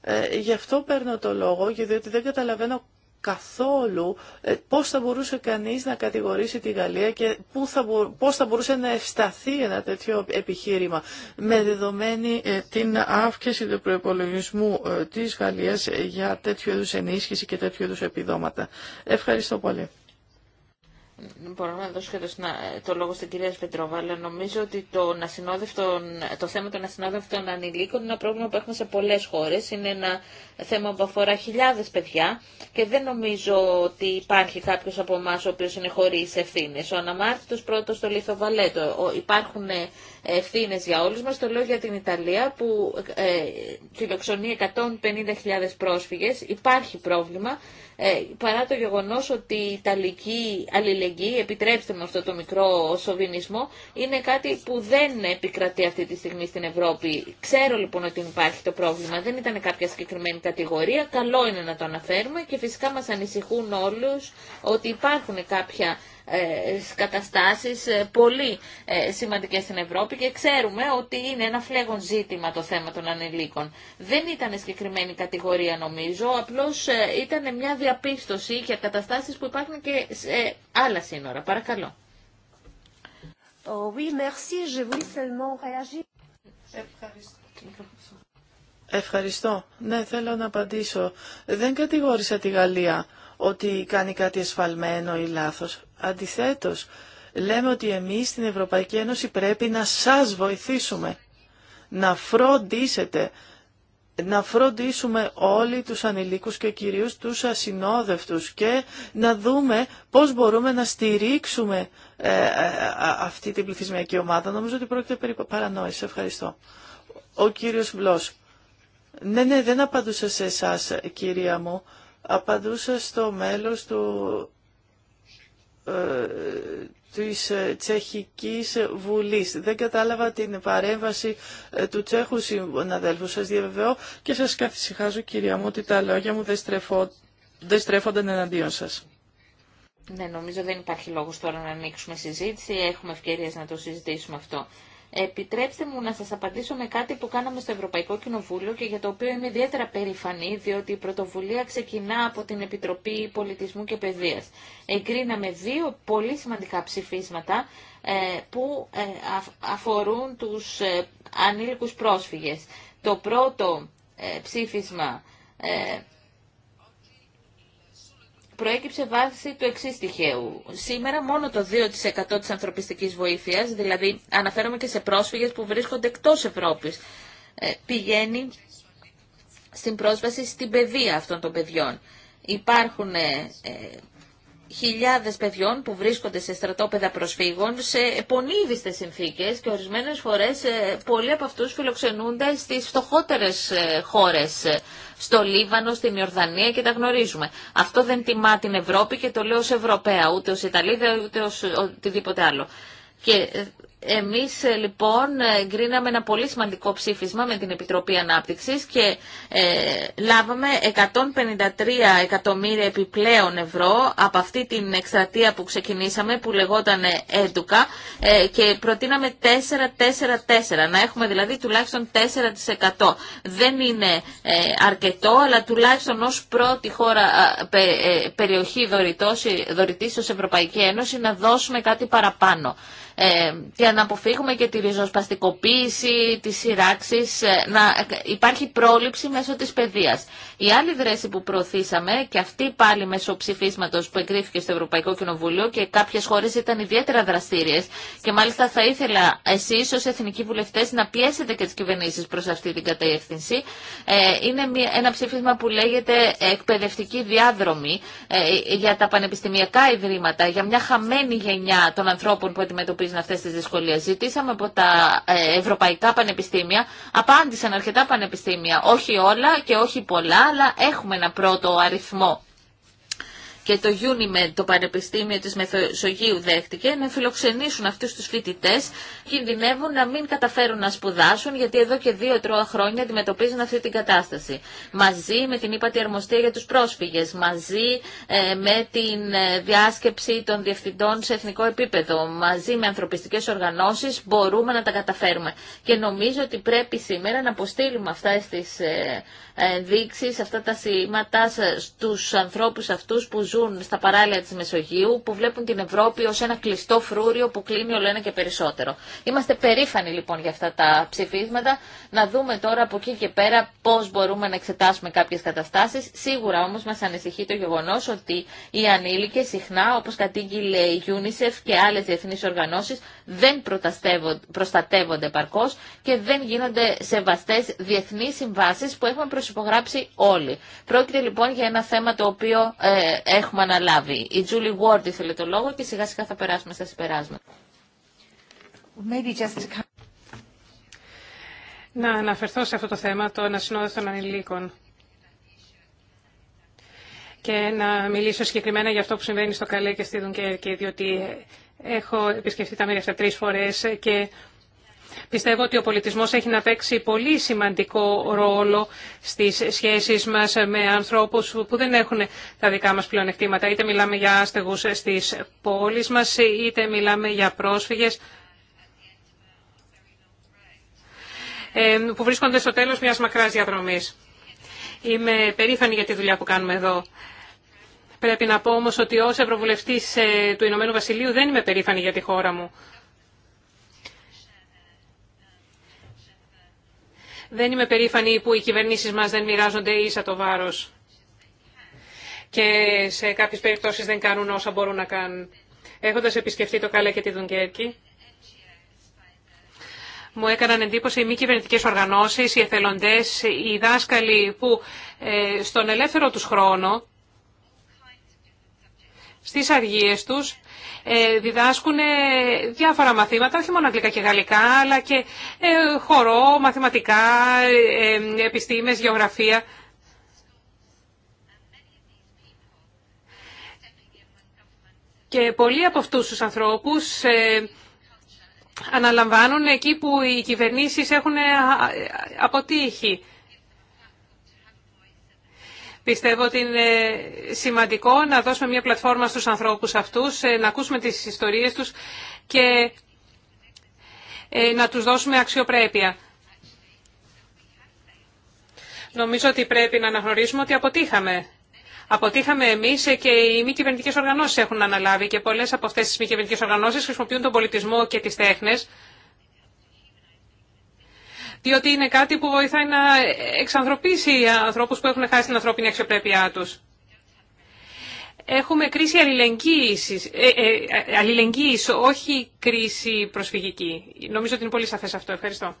ε, γι' αυτό παίρνω το λόγο, γιατί δεν καταλαβαίνω καθόλου ε, πώς θα μπορούσε κανείς να κατηγορήσει τη Γαλλία και πού θα πώς θα μπορούσε να ευσταθεί ένα τέτοιο επιχείρημα με δεδομένη ε, την αύξηση του προπολογισμού ε, της Γαλλίας για τέτοιου είδους ενίσχυση και τέτοιου είδους επιδόματα. Ευχαριστώ πολύ μπορώ να δώσω και το, λόγο στην κυρία Σπετρόβα, αλλά νομίζω ότι το, το θέμα των ασυνόδευτων ανηλίκων είναι ένα πρόβλημα που έχουμε σε πολλέ χώρε. Είναι ένα θέμα που αφορά χιλιάδε παιδιά και δεν νομίζω ότι υπάρχει κάποιο από εμά ο οποίο είναι χωρί ευθύνε. Ο αναμάρτητος πρώτο στο Λιθοβαλέτο. Υπάρχουν ευθύνε για όλου μα. Το λέω για την Ιταλία που ε, 150.000 πρόσφυγε. Υπάρχει πρόβλημα. Ε, παρά το γεγονό ότι η Ιταλική αλληλεγγύη, επιτρέψτε μου αυτό το μικρό σοβινισμό, είναι κάτι που δεν επικρατεί αυτή τη στιγμή στην Ευρώπη. Ξέρω λοιπόν ότι υπάρχει το πρόβλημα, δεν ήταν κάποια συγκεκριμένη κατηγορία, καλό είναι να το αναφέρουμε και φυσικά μα ανησυχούν όλου ότι υπάρχουν κάποια ε, καταστάσεις ε, πολύ ε, σημαντικές στην Ευρώπη και ξέρουμε ότι είναι ένα φλέγον ζήτημα το θέμα των ανηλίκων. Δεν ήταν συγκεκριμένη κατηγορία νομίζω, απλώς ήταν μια διαπίστωση για καταστάσεις που υπάρχουν και σε άλλα σύνορα. Παρακαλώ. Oh, oui, merci. Je Ευχαριστώ. Ευχαριστώ. Ναι, θέλω να απαντήσω. Δεν κατηγόρησα τη Γαλλία ότι κάνει κάτι εσφαλμένο ή λάθος. Αντιθέτως, λέμε ότι εμείς στην Ευρωπαϊκή Ένωση πρέπει να σας βοηθήσουμε, να φροντίσετε, να φροντίσουμε όλοι τους ανηλίκους και κυρίως τους ασυνόδευτους και να δούμε πώς μπορούμε να στηρίξουμε ε, ε, αυτή την πληθυσμιακή ομάδα. Νομίζω ότι πρόκειται περί παρανόηση. Ευχαριστώ. Ο κύριος Βλός. Ναι, ναι, δεν απαντούσα σε εσά, κυρία μου. Απαντούσα στο μέλος του ε, της ε, Τσεχικής Βουλής. Δεν κατάλαβα την παρέμβαση ε, του Τσέχου συναδέλφου σας διαβεβαιώ και σας καθησυχάζω κυρία μου ότι τα λόγια μου δεν, στρέφονται δεν στρέφονταν εναντίον σας. Ναι, νομίζω δεν υπάρχει λόγος τώρα να ανοίξουμε συζήτηση. Έχουμε ευκαιρίες να το συζητήσουμε αυτό. Επιτρέψτε μου να σας απαντήσω με κάτι που κάναμε στο Ευρωπαϊκό Κοινοβούλιο και για το οποίο είμαι ιδιαίτερα περηφανή, διότι η πρωτοβουλία ξεκινά από την Επιτροπή Πολιτισμού και Παιδείας. Εγκρίναμε δύο πολύ σημαντικά ψηφίσματα ε, που ε, αφορούν τους ε, ανήλικους πρόσφυγες. Το πρώτο ψήφισμα προέκυψε βάση του εξή τυχαίου. Σήμερα μόνο το 2% της ανθρωπιστικής βοήθειας, δηλαδή αναφέρομαι και σε πρόσφυγες που βρίσκονται εκτός Ευρώπης, ε, πηγαίνει στην πρόσβαση στην παιδεία αυτών των παιδιών. Υπάρχουν ε, ε, χιλιάδες παιδιών που βρίσκονται σε στρατόπεδα προσφύγων σε πονίδιστες συνθήκες και ορισμένες φορές ε, πολλοί από αυτούς φιλοξενούνται στις φτωχότερες ε, χώρες ε, στο Λίβανο, στην Ιορδανία και τα γνωρίζουμε. Αυτό δεν τιμά την Ευρώπη και το λέω ως Ευρωπαία, ούτε ως Ιταλίδα, ούτε ως οτιδήποτε άλλο. Και εμείς ε, λοιπόν γκρίναμε ένα πολύ σημαντικό ψήφισμα με την Επιτροπή Ανάπτυξης και ε, λάβαμε 153 εκατομμύρια επιπλέον ευρώ από αυτή την εκστρατεία που ξεκινήσαμε που λεγόταν έντουκα ε, ε, και προτείναμε 4-4-4 να έχουμε δηλαδή τουλάχιστον 4% δεν είναι ε, αρκετό αλλά τουλάχιστον ως πρώτη χώρα περιοχή δωρητής ως Ευρωπαϊκή Ένωση να δώσουμε κάτι παραπάνω ε, για να αποφύγουμε και τη ριζοσπαστικοποίηση, τις σειράξεις, ε, να ε, υπάρχει πρόληψη μέσω της παιδείας. Η άλλη δρέση που προωθήσαμε και αυτή πάλι μέσω ψηφίσματο που εγκρίθηκε στο Ευρωπαϊκό Κοινοβούλιο και κάποιε χώρε ήταν ιδιαίτερα δραστήριε και μάλιστα θα ήθελα εσεί ω εθνικοί βουλευτέ να πιέσετε και τι κυβερνήσει προ αυτή την κατεύθυνση. Ε, είναι ένα ψήφισμα που λέγεται εκπαιδευτική διάδρομη ε, για τα πανεπιστημιακά ιδρύματα, για μια χαμένη γενιά των ανθρώπων που αντιμετωπίζουν αυτέ τι δυσκολίε. Ζητήσαμε από τα ε, ευρωπαϊκά πανεπιστήμια, απάντησαν αρκετά πανεπιστήμια, όχι όλα και όχι πολλά, αλλά έχουμε ένα πρώτο αριθμό. Και το UNIMED, το Πανεπιστήμιο της Μεθοσογείου δέχτηκε να φιλοξενήσουν αυτούς τους φοιτητές, κινδυνεύουν να μην καταφέρουν να σπουδάσουν, γιατί εδώ και δύο-τρία χρόνια αντιμετωπίζουν αυτή την κατάσταση. Μαζί με την ύπατη αρμοστία για τους πρόσφυγες, μαζί ε, με την ε, διάσκεψη των διευθυντών σε εθνικό επίπεδο, μαζί με ανθρωπιστικές οργανώσεις, μπορούμε να τα καταφέρουμε. Και νομίζω ότι πρέπει σήμερα να αποστείλουμε αυτά στις ε, ενδείξει, αυτά τα σήματα στους ανθρώπους αυτούς που ζουν στα παράλια της Μεσογείου, που βλέπουν την Ευρώπη ως ένα κλειστό φρούριο που κλείνει όλο ένα και περισσότερο. Είμαστε περήφανοι λοιπόν για αυτά τα ψηφίσματα. Να δούμε τώρα από εκεί και πέρα πώς μπορούμε να εξετάσουμε κάποιες καταστάσεις. Σίγουρα όμως μας ανησυχεί το γεγονός ότι οι ανήλικες συχνά, όπως κατήγγειλε η UNICEF και άλλες διεθνείς οργανώσεις, δεν προστατεύονται παρκώς και δεν γίνονται σεβαστές διεθνείς συμβάσεις που έχουμε υπογράψει όλοι. Πρόκειται λοιπόν για ένα θέμα το οποίο ε, έχουμε αναλάβει. Η Julie Ward ήθελε το λόγο και σιγά σιγά θα περάσουμε στα συμπεράσματα. Να αναφερθώ σε αυτό το θέμα το των ασυνόδευτων ανηλίκων και να μιλήσω συγκεκριμένα για αυτό που συμβαίνει στο Καλέ και στη Δουνκέρκη, διότι έχω επισκεφτεί τα μέρη αυτά τρεις φορές και Πιστεύω ότι ο πολιτισμός έχει να παίξει πολύ σημαντικό ρόλο στις σχέσεις μας με ανθρώπους που δεν έχουν τα δικά μας πλεονεκτήματα. Είτε μιλάμε για άστεγους στις πόλεις μας, είτε μιλάμε για πρόσφυγες ε, που βρίσκονται στο τέλος μιας μακράς διαδρομής. Είμαι περήφανη για τη δουλειά που κάνουμε εδώ. Πρέπει να πω όμως ότι ως Ευρωβουλευτής ε, του Ηνωμένου Βασιλείου δεν είμαι περήφανη για τη χώρα μου. Δεν είμαι περήφανη που οι κυβερνήσεις μας δεν μοιράζονται ίσα το βάρος και σε κάποιε περιπτώσεις δεν κάνουν όσα μπορούν να κάνουν. Έχοντας επισκεφτεί το Κάλε και τη Δουνκέρκη, μου έκαναν εντύπωση οι μη κυβερνητικέ οργανώσει, οι εθελοντέ, οι δάσκαλοι που ε, στον ελεύθερο τους χρόνο στις αργίες τους ε, διδάσκουν ε, διάφορα μαθήματα, όχι μόνο αγγλικά και γαλλικά, αλλά και ε, χορό, μαθηματικά, επιστήμες, γεωγραφία. Και πολλοί από αυτούς τους ανθρώπους αναλαμβάνουν εκεί που οι κυβερνήσεις έχουν αποτύχει. Πιστεύω ότι είναι σημαντικό να δώσουμε μια πλατφόρμα στους ανθρώπους αυτούς, ε, να ακούσουμε τις ιστορίες τους και ε, να τους δώσουμε αξιοπρέπεια. Νομίζω ότι πρέπει να αναγνωρίσουμε ότι αποτύχαμε. Αποτύχαμε εμεί ε, και οι μη κυβερνητικέ οργανώσει έχουν αναλάβει και πολλέ από αυτέ τι μη κυβερνητικέ οργανώσει χρησιμοποιούν τον πολιτισμό και τι τέχνε διότι είναι κάτι που βοηθάει να εξανθρωπίσει ανθρώπους που έχουν χάσει την ανθρώπινη αξιοπρέπειά τους. Έχουμε κρίση αλληλεγγύης, ε, ε, όχι κρίση προσφυγική. Νομίζω ότι είναι πολύ σαφές αυτό. Ευχαριστώ.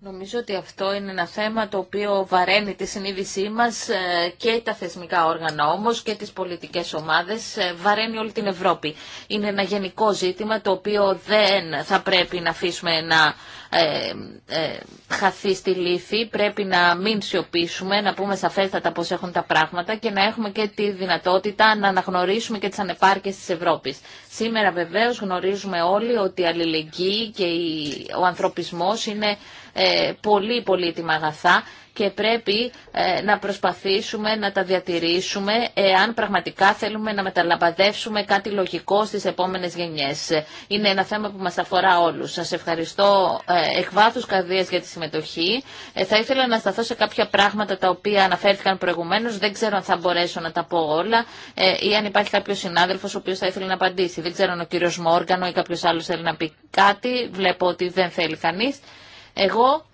Νομίζω ότι αυτό είναι ένα θέμα το οποίο βαραίνει τη συνείδησή μας ε, και τα θεσμικά όργανα όμως και τις πολιτικές ομάδες, ε, βαραίνει όλη την Ευρώπη. Είναι ένα γενικό ζήτημα το οποίο δεν θα πρέπει να αφήσουμε να ε, ε, χαθεί στη λύθη. Πρέπει να μην σιωπήσουμε, να πούμε σαφέστατα πώς έχουν τα πράγματα και να έχουμε και τη δυνατότητα να αναγνωρίσουμε και τις ανεπάρκειες της Ευρώπης. Σήμερα βεβαίως γνωρίζουμε όλοι ότι η αλληλεγγύη και ο ανθρωπισμός είναι ε, πολύ πολύτιμα αγαθά και πρέπει ε, να προσπαθήσουμε να τα διατηρήσουμε εάν πραγματικά θέλουμε να μεταλαμπαδεύσουμε κάτι λογικό στις επόμενες γενιές. Είναι ένα θέμα που μας αφορά όλους. Σας ευχαριστώ ε, εκ βάθους καρδίας για τη συμμετοχή. Ε, θα ήθελα να σταθώ σε κάποια πράγματα τα οποία αναφέρθηκαν προηγουμένως. Δεν ξέρω αν θα μπορέσω να τα πω όλα ή αν υπάρχει κάποιο συνάδελφος ο οποίος θα ήθελε να απαντήσει. Δεν ξέρω αν ο κύριος Μόργανο ή κάποιος άλλος θέλει να πει κάτι. Βλέπω ότι δεν θέλει κανείς. Εγώ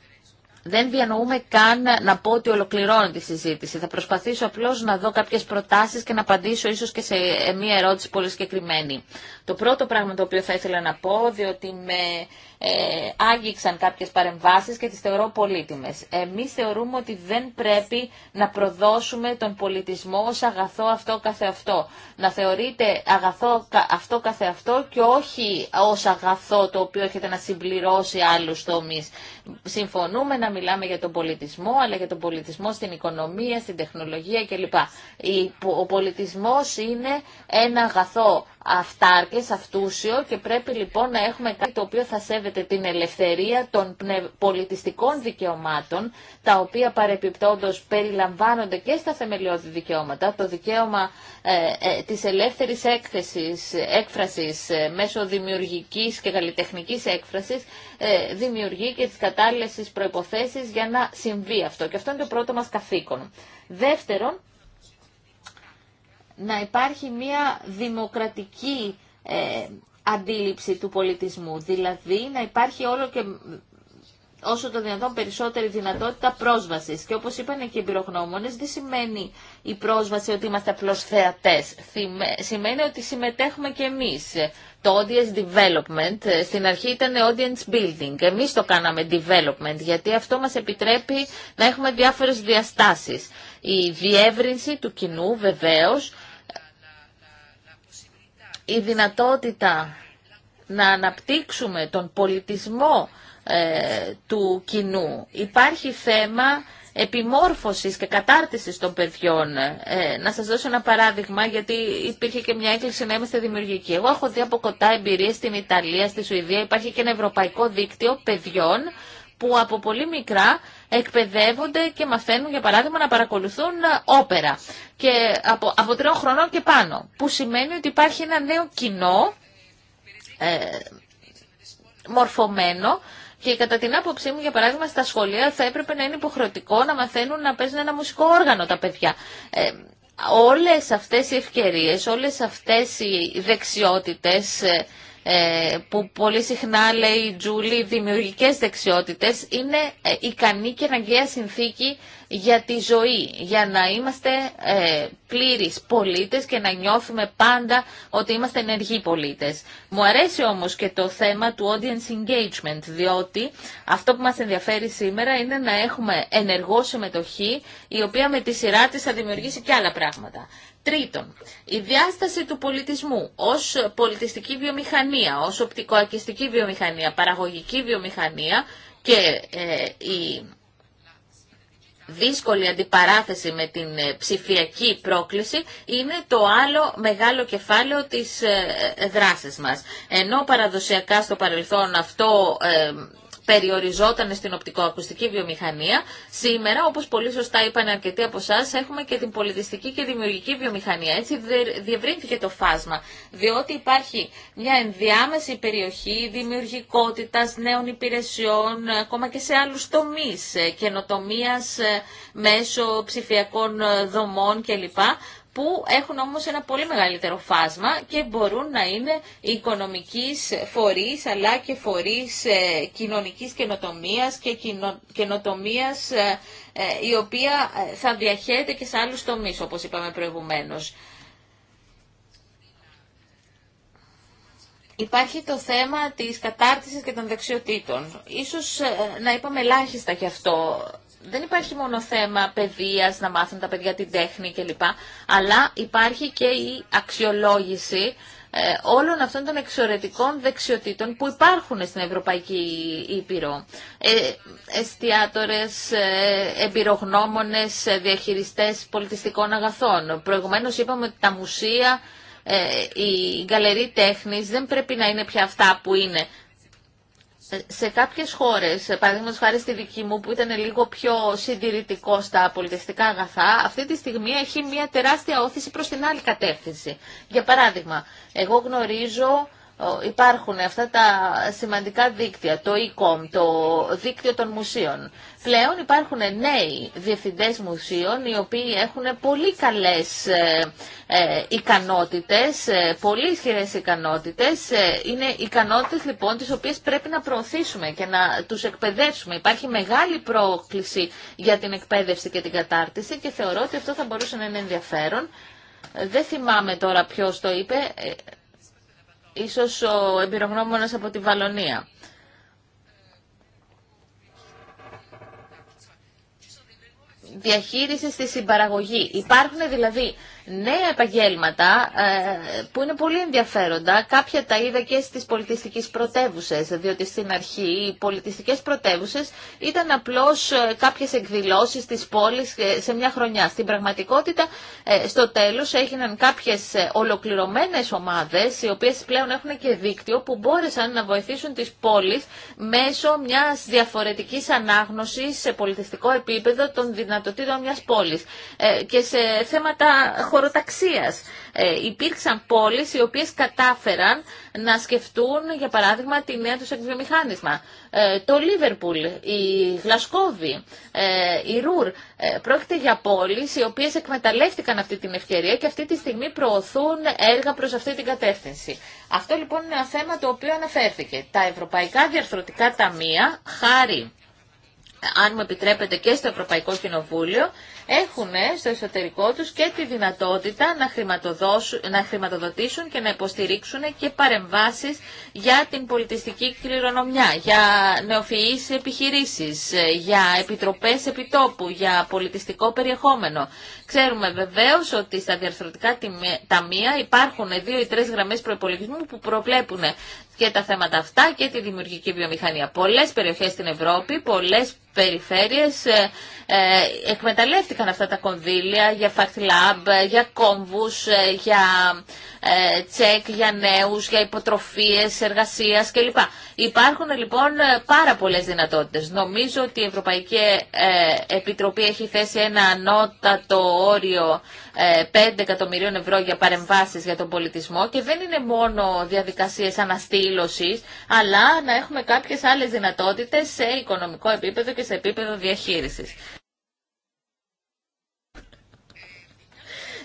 δεν διανοούμε καν να πω ότι ολοκληρώνεται τη συζήτηση. Θα προσπαθήσω απλώς να δω κάποιες προτάσεις και να απαντήσω ίσως και σε ε, μία ερώτηση πολύ συγκεκριμένη. Το πρώτο πράγμα το οποίο θα ήθελα να πω, διότι με ε, άγγιξαν κάποιες παρεμβάσεις και τις θεωρώ πολύτιμες. Εμείς θεωρούμε ότι δεν πρέπει να προδώσουμε τον πολιτισμό ως αγαθό αυτό καθεαυτό. Να θεωρείται αγαθό αυτό καθεαυτό και όχι ως αγαθό το οποίο έχετε να συμπληρώσει άλλους τομείς. Συμφωνούμε να μιλάμε για τον πολιτισμό, αλλά για τον πολιτισμό στην οικονομία, στην τεχνολογία κλπ. Ο πολιτισμός είναι ένα αγαθό αυτάρκες, αυτούσιο και πρέπει λοιπόν να έχουμε κάτι το οποίο θα σέβεται την ελευθερία των πολιτιστικών δικαιωμάτων, τα οποία παρεπιπτόντως περιλαμβάνονται και στα θεμελιώδη δικαιώματα, το δικαίωμα ε, ε, της ελεύθερης έκφρασης ε, μέσω δημιουργικής και καλλιτεχνικής έκφρασης, δημιουργεί και τις κατάλληλες προϋποθέσεις για να συμβεί αυτό. Και αυτό είναι το πρώτο μας καθήκον. Δεύτερον, να υπάρχει μια δημοκρατική αντίληψη του πολιτισμού. Δηλαδή να υπάρχει όλο και όσο το δυνατόν περισσότερη δυνατότητα πρόσβασης. Και όπω είπαν και οι εμπειρογνώμονες, δεν σημαίνει η πρόσβαση ότι είμαστε απλώ θεατέ. Σημαίνει ότι συμμετέχουμε και εμείς. Το audience development ε, στην αρχή ήταν audience building. Εμείς το κάναμε development γιατί αυτό μας επιτρέπει να έχουμε διάφορε διαστάσει. Η διεύρυνση του κοινού βεβαίω η δυνατότητα να αναπτύξουμε τον πολιτισμό ε, του κοινού. Υπάρχει θέμα επιμόρφωσης και κατάρτισης των παιδιών. Ε, να σας δώσω ένα παράδειγμα, γιατί υπήρχε και μια έκκληση να είμαστε δημιουργικοί. Εγώ έχω δει από κοντά εμπειρίες στην Ιταλία, στη Σουηδία, υπάρχει και ένα ευρωπαϊκό δίκτυο παιδιών που από πολύ μικρά εκπαιδεύονται και μαθαίνουν για παράδειγμα να παρακολουθούν ε, όπερα και από, από τριών χρονών και πάνω που σημαίνει ότι υπάρχει ένα νέο κοινό ε, μορφωμένο και κατά την άποψή μου, για παράδειγμα, στα σχολεία θα έπρεπε να είναι υποχρεωτικό να μαθαίνουν να παίζουν ένα μουσικό όργανο τα παιδιά. Ε, όλες αυτές οι ευκαιρίες, όλες αυτές οι δεξιότητες ε, ε, που πολύ συχνά λέει η Τζούλη, δημιουργικές δεξιότητες, είναι ε, ικανή και αναγκαία συνθήκη για τη ζωή, για να είμαστε ε, πλήρεις πολίτες και να νιώθουμε πάντα ότι είμαστε ενεργοί πολίτες. Μου αρέσει όμως και το θέμα του audience engagement, διότι αυτό που μας ενδιαφέρει σήμερα είναι να έχουμε ενεργό συμμετοχή, η οποία με τη σειρά της θα δημιουργήσει και άλλα πράγματα. Τρίτον, η διάσταση του πολιτισμού ως πολιτιστική βιομηχανία, ως οπτικοακιστική βιομηχανία, παραγωγική βιομηχανία και ε, η δύσκολη αντιπαράθεση με την ε, ψηφιακή πρόκληση είναι το άλλο μεγάλο κεφάλαιο της ε, δράσης μας. Ενώ παραδοσιακά στο παρελθόν αυτό περιοριζόταν στην οπτικοακουστική βιομηχανία. Σήμερα, όπως πολύ σωστά είπαν αρκετοί από εσά, έχουμε και την πολιτιστική και δημιουργική βιομηχανία. Έτσι διευρύνθηκε το φάσμα, διότι υπάρχει μια ενδιάμεση περιοχή δημιουργικότητας νέων υπηρεσιών, ακόμα και σε άλλου τομεί ε, καινοτομία ε, μέσω ψηφιακών ε, δομών κλπ που έχουν όμως ένα πολύ μεγαλύτερο φάσμα και μπορούν να είναι οικονομικής φορείς αλλά και φορείς ε, κοινωνικής καινοτομίας και κοινο, ε, ε, η οποία θα διαχέεται και σε άλλους τομείς όπως είπαμε προηγουμένως. Υπάρχει το θέμα της κατάρτισης και των δεξιοτήτων. Ίσως να είπαμε ελάχιστα και αυτό δεν υπάρχει μόνο θέμα παιδείας, να μάθουν τα παιδιά την τέχνη κλπ. Αλλά υπάρχει και η αξιολόγηση ε, όλων αυτών των εξαιρετικών δεξιοτήτων που υπάρχουν στην Ευρωπαϊκή Ήπειρο. Ε, εστιατόρες, ε, εμπειρογνώμονες, ε, διαχειριστές πολιτιστικών αγαθών. Προηγουμένως είπαμε ότι τα μουσεία, η γκαλερί τέχνης δεν πρέπει να είναι πια αυτά που είναι σε κάποιες χώρες, ε, παραδείγματος χάρη στη δική μου που ήταν λίγο πιο συντηρητικό στα πολιτιστικά αγαθά, αυτή τη στιγμή έχει μια τεράστια όθηση προς την άλλη κατεύθυνση. Για παράδειγμα, εγώ γνωρίζω υπάρχουν αυτά τα σημαντικά δίκτυα, το e το δίκτυο των μουσείων. Πλέον υπάρχουν νέοι διευθυντές μουσείων οι οποίοι έχουν πολύ καλές ε, ε ικανότητες, ε, πολύ ισχυρέ ικανότητες. Ε, είναι ικανότητες λοιπόν τις οποίες πρέπει να προωθήσουμε και να τους εκπαιδεύσουμε. Υπάρχει μεγάλη πρόκληση για την εκπαίδευση και την κατάρτιση και θεωρώ ότι αυτό θα μπορούσε να είναι ενδιαφέρον. Δεν θυμάμαι τώρα ποιος το είπε, ίσως ο εμπειρογνώμονας από τη Βαλονία. Διαχείριση στη συμπαραγωγή. Υπάρχουν δηλαδή νέα επαγγέλματα ε, που είναι πολύ ενδιαφέροντα. Κάποια τα είδα και στις πολιτιστικές πρωτεύουσες, διότι στην αρχή οι πολιτιστικές πρωτεύουσες ήταν απλώς ε, κάποιες εκδηλώσεις της πόλης ε, σε μια χρονιά. Στην πραγματικότητα, στο τέλος έγιναν κάποιες ολοκληρωμένες ομάδες, οι οποίες πλέον έχουν και δίκτυο, που μπόρεσαν να βοηθήσουν τις πόλεις μέσω μιας διαφορετικής ανάγνωσης σε πολιτιστικό επίπεδο των δυνατοτήτων μιας πόλης και σε θέματα ε, υπήρξαν πόλεις οι οποίες κατάφεραν να σκεφτούν, για παράδειγμα, τη νέα του εκβιομηχάνισμα. Ε, το Λίβερπουλ, η Γλασκόβη, ε, η Ρουρ. Ε, πρόκειται για πόλεις οι οποίες εκμεταλλεύτηκαν αυτή την ευκαιρία και αυτή τη στιγμή προωθούν έργα προς αυτή την κατεύθυνση. Αυτό λοιπόν είναι ένα θέμα το οποίο αναφέρθηκε. Τα ευρωπαϊκά διαρθρωτικά ταμεία, χάρη αν μου επιτρέπετε και στο Ευρωπαϊκό Κοινοβούλιο, έχουν στο εσωτερικό τους και τη δυνατότητα να, να χρηματοδοτήσουν και να υποστηρίξουν και παρεμβάσεις για την πολιτιστική κληρονομιά, για νεοφυείς επιχειρήσεις, για επιτροπές επιτόπου, για πολιτιστικό περιεχόμενο. Ξέρουμε βεβαίως ότι στα διαρθρωτικά ταμεία υπάρχουν δύο ή τρεις γραμμές προπολογισμού που προβλέπουν και τα θέματα αυτά και τη δημιουργική βιομηχανία. Πολλές περιοχές στην Ευρώπη, πολλές περιφέρειες ε, ε, εκμεταλλεύτηκαν αυτά τα κονδύλια για lab, για κόμβους, ε, για τσεκ, για νέους, για υποτροφίες εργασίας κλπ. Υπάρχουν λοιπόν πάρα πολλές δυνατότητες. Νομίζω ότι η Ευρωπαϊκή Επιτροπή έχει θέσει ένα ανώτατο όριο 5 εκατομμυρίων ευρώ για παρεμβάσεις για τον πολιτισμό και δεν είναι μόνο διαδικασίες αναστήλωσης, αλλά να έχουμε κάποιες άλλες δυνατότητες σε οικονομικό επίπεδο και σε επίπεδο διαχείρισης.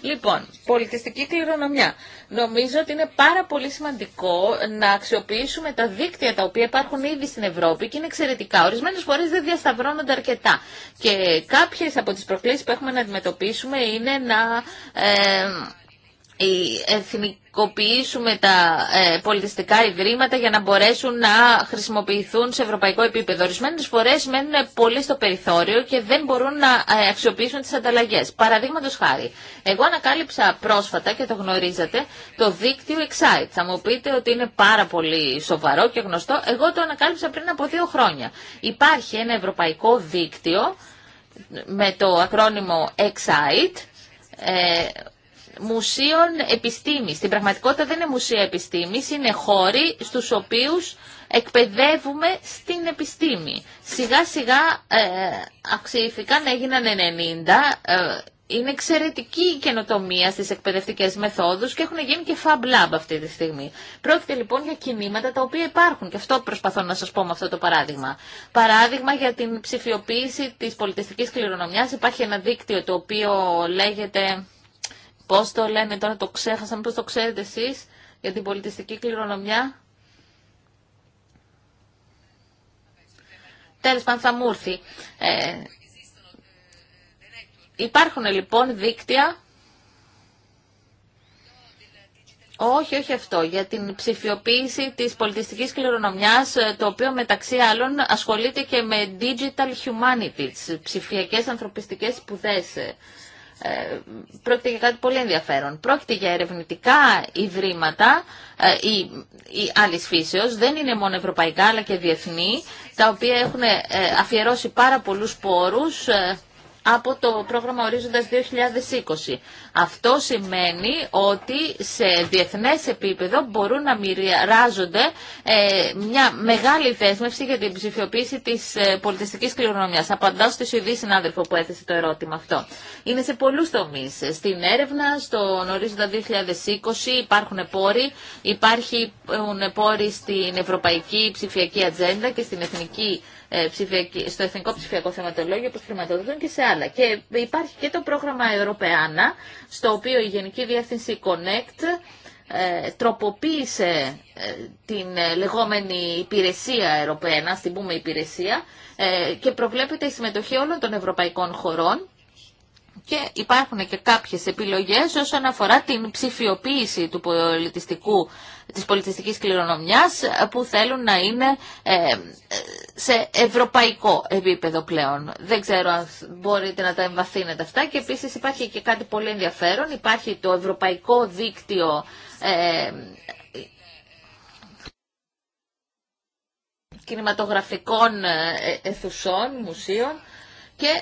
Λοιπόν, πολιτιστική κληρονομιά. Νομίζω ότι είναι πάρα πολύ σημαντικό να αξιοποιήσουμε τα δίκτυα τα οποία υπάρχουν ήδη στην Ευρώπη και είναι εξαιρετικά. Ορισμένε φορέ δεν διασταυρώνονται αρκετά. Και κάποιε από τι προκλήσει που έχουμε να αντιμετωπίσουμε είναι να. Ε, οι εθνικοί Ευρωπαϊκοποιήσουμε τα ε, πολιτιστικά ιδρύματα για να μπορέσουν να χρησιμοποιηθούν σε ευρωπαϊκό επίπεδο. Ορισμένε φορέ μένουν πολύ στο περιθώριο και δεν μπορούν να ε, αξιοποιήσουν τι ανταλλαγέ. Παραδείγματο χάρη, εγώ ανακάλυψα πρόσφατα και το γνωρίζατε το δίκτυο Excite. Θα μου πείτε ότι είναι πάρα πολύ σοβαρό και γνωστό. Εγώ το ανακάλυψα πριν από δύο χρόνια. Υπάρχει ένα ευρωπαϊκό δίκτυο με το ακρόνιμο Excite ε, μουσείων επιστήμης. Στην πραγματικότητα δεν είναι μουσεία επιστήμης, είναι χώροι στους οποίους εκπαιδεύουμε στην επιστήμη. Σιγά σιγά ε, να έγιναν 90, ε, είναι εξαιρετική η καινοτομία στις εκπαιδευτικές μεθόδους και έχουν γίνει και fab lab αυτή τη στιγμή. Πρόκειται λοιπόν για κινήματα τα οποία υπάρχουν και αυτό προσπαθώ να σας πω με αυτό το παράδειγμα. Παράδειγμα για την ψηφιοποίηση της πολιτιστικής κληρονομιάς υπάρχει ένα δίκτυο το οποίο λέγεται Πώ το λένε τώρα, το ξέχασαμε, πώς το ξέρετε εσεί για την πολιτιστική κληρονομιά. Τέλο, πάντων θα μου ήρθει. Ε, υπάρχουν λοιπόν δίκτυα όχι, όχι αυτό. Για την ψηφιοποίηση της πολιτιστικής κληρονομιάς, ε, το οποίο μεταξύ άλλων ασχολείται και με digital humanities, ψηφιακές ανθρωπιστικές σπουδές. Ε, πρόκειται για κάτι πολύ ενδιαφέρον. Πρόκειται για ερευνητικά ιδρύματα ή, ε, ή άλλης δεν είναι μόνο ευρωπαϊκά αλλά και διεθνή, τα οποία έχουν ε, αφιερώσει πάρα πολλούς πόρους από το πρόγραμμα Ορίζοντας 2020. Αυτό σημαίνει ότι σε διεθνές επίπεδο μπορούν να μοιράζονται ε, μια μεγάλη δέσμευση για την ψηφιοποίηση της ε, πολιτιστικής κληρονομιάς. Απαντάω στη Σουηδή συνάδελφο που έθεσε το ερώτημα αυτό. Είναι σε πολλούς τομείς. Στην έρευνα, στον Ορίζοντα 2020 υπάρχουν πόροι, υπάρχουν πόροι στην Ευρωπαϊκή Ψηφιακή Ατζέντα και στην Εθνική ε, στο Εθνικό Ψηφιακό Θεματολόγιο που χρηματοδοτούν και σε άλλα. Και υπάρχει και το πρόγραμμα Ευρωπαϊνα, στο οποίο η Γενική Διεύθυνση Connect ε, τροποποίησε ε, την λεγόμενη υπηρεσία Ευρωπαϊάνα, στην πούμε υπηρεσία, και προβλέπεται η συμμετοχή όλων των ευρωπαϊκών χωρών και υπάρχουν και κάποιες επιλογές όσον αφορά την ψηφιοποίηση του πολιτιστικού, της πολιτιστικής κληρονομιάς που θέλουν να είναι ε, σε ευρωπαϊκό επίπεδο πλέον. Δεν ξέρω αν μπορείτε να τα εμβαθύνετε αυτά και επίσης υπάρχει και κάτι πολύ ενδιαφέρον. Υπάρχει το Ευρωπαϊκό Δίκτυο ε, Κινηματογραφικών Εθουσών, Μουσείων και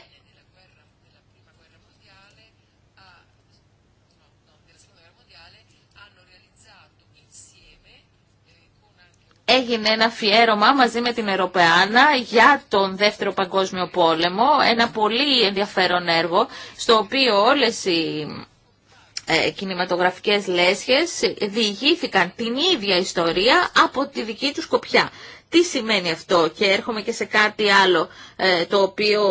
έγινε ένα αφιέρωμα μαζί με την Ευρωπαϊάνα για τον Δεύτερο Παγκόσμιο Πόλεμο, ένα πολύ ενδιαφέρον έργο, στο οποίο όλες οι ε, κινηματογραφικές λέσχες διηγήθηκαν την ίδια ιστορία από τη δική τους κοπιά. Τι σημαίνει αυτό και έρχομαι και σε κάτι άλλο ε, το οποίο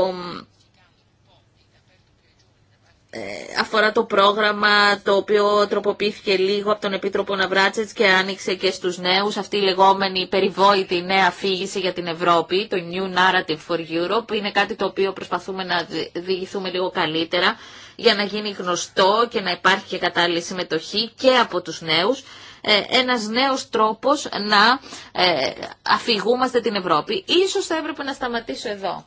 ε, αφορά το πρόγραμμα το οποίο τροποποιήθηκε λίγο από τον Επίτροπο Ναβράτσετς και άνοιξε και στους νέους αυτή η λεγόμενη περιβόητη νέα αφήγηση για την Ευρώπη, το New Narrative for Europe. Είναι κάτι το οποίο προσπαθούμε να διηγηθούμε λίγο καλύτερα για να γίνει γνωστό και να υπάρχει και κατάλληλη συμμετοχή και από τους νέους ε, ένας νέος τρόπος να ε, αφηγούμαστε την Ευρώπη. Ίσως θα έπρεπε να σταματήσω εδώ.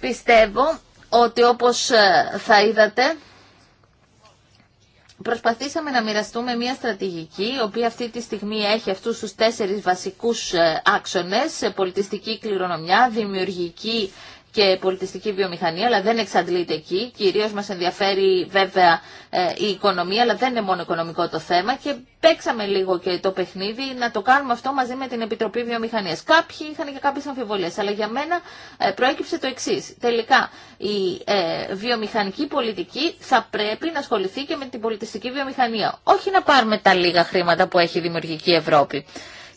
Πιστεύω ότι όπως ε, θα είδατε προσπαθήσαμε να μοιραστούμε μια στρατηγική, η οποία αυτή τη στιγμή έχει αυτούς τους τέσσερις βασικούς ε, άξονες, πολιτιστική κληρονομιά, δημιουργική και πολιτιστική βιομηχανία, αλλά δεν εξαντλείται εκεί. Κυρίω μα ενδιαφέρει βέβαια ε, η οικονομία, αλλά δεν είναι μόνο οικονομικό το θέμα και παίξαμε λίγο και το παιχνίδι να το κάνουμε αυτό μαζί με την Επιτροπή Βιομηχανία. Κάποιοι είχαν και κάποιε αμφιβολίε, αλλά για μένα ε, προέκυψε το εξή. Τελικά, η ε, βιομηχανική πολιτική θα πρέπει να ασχοληθεί και με την πολιτιστική βιομηχανία. Όχι να πάρουμε τα λίγα χρήματα που έχει η Δημιουργική Ευρώπη.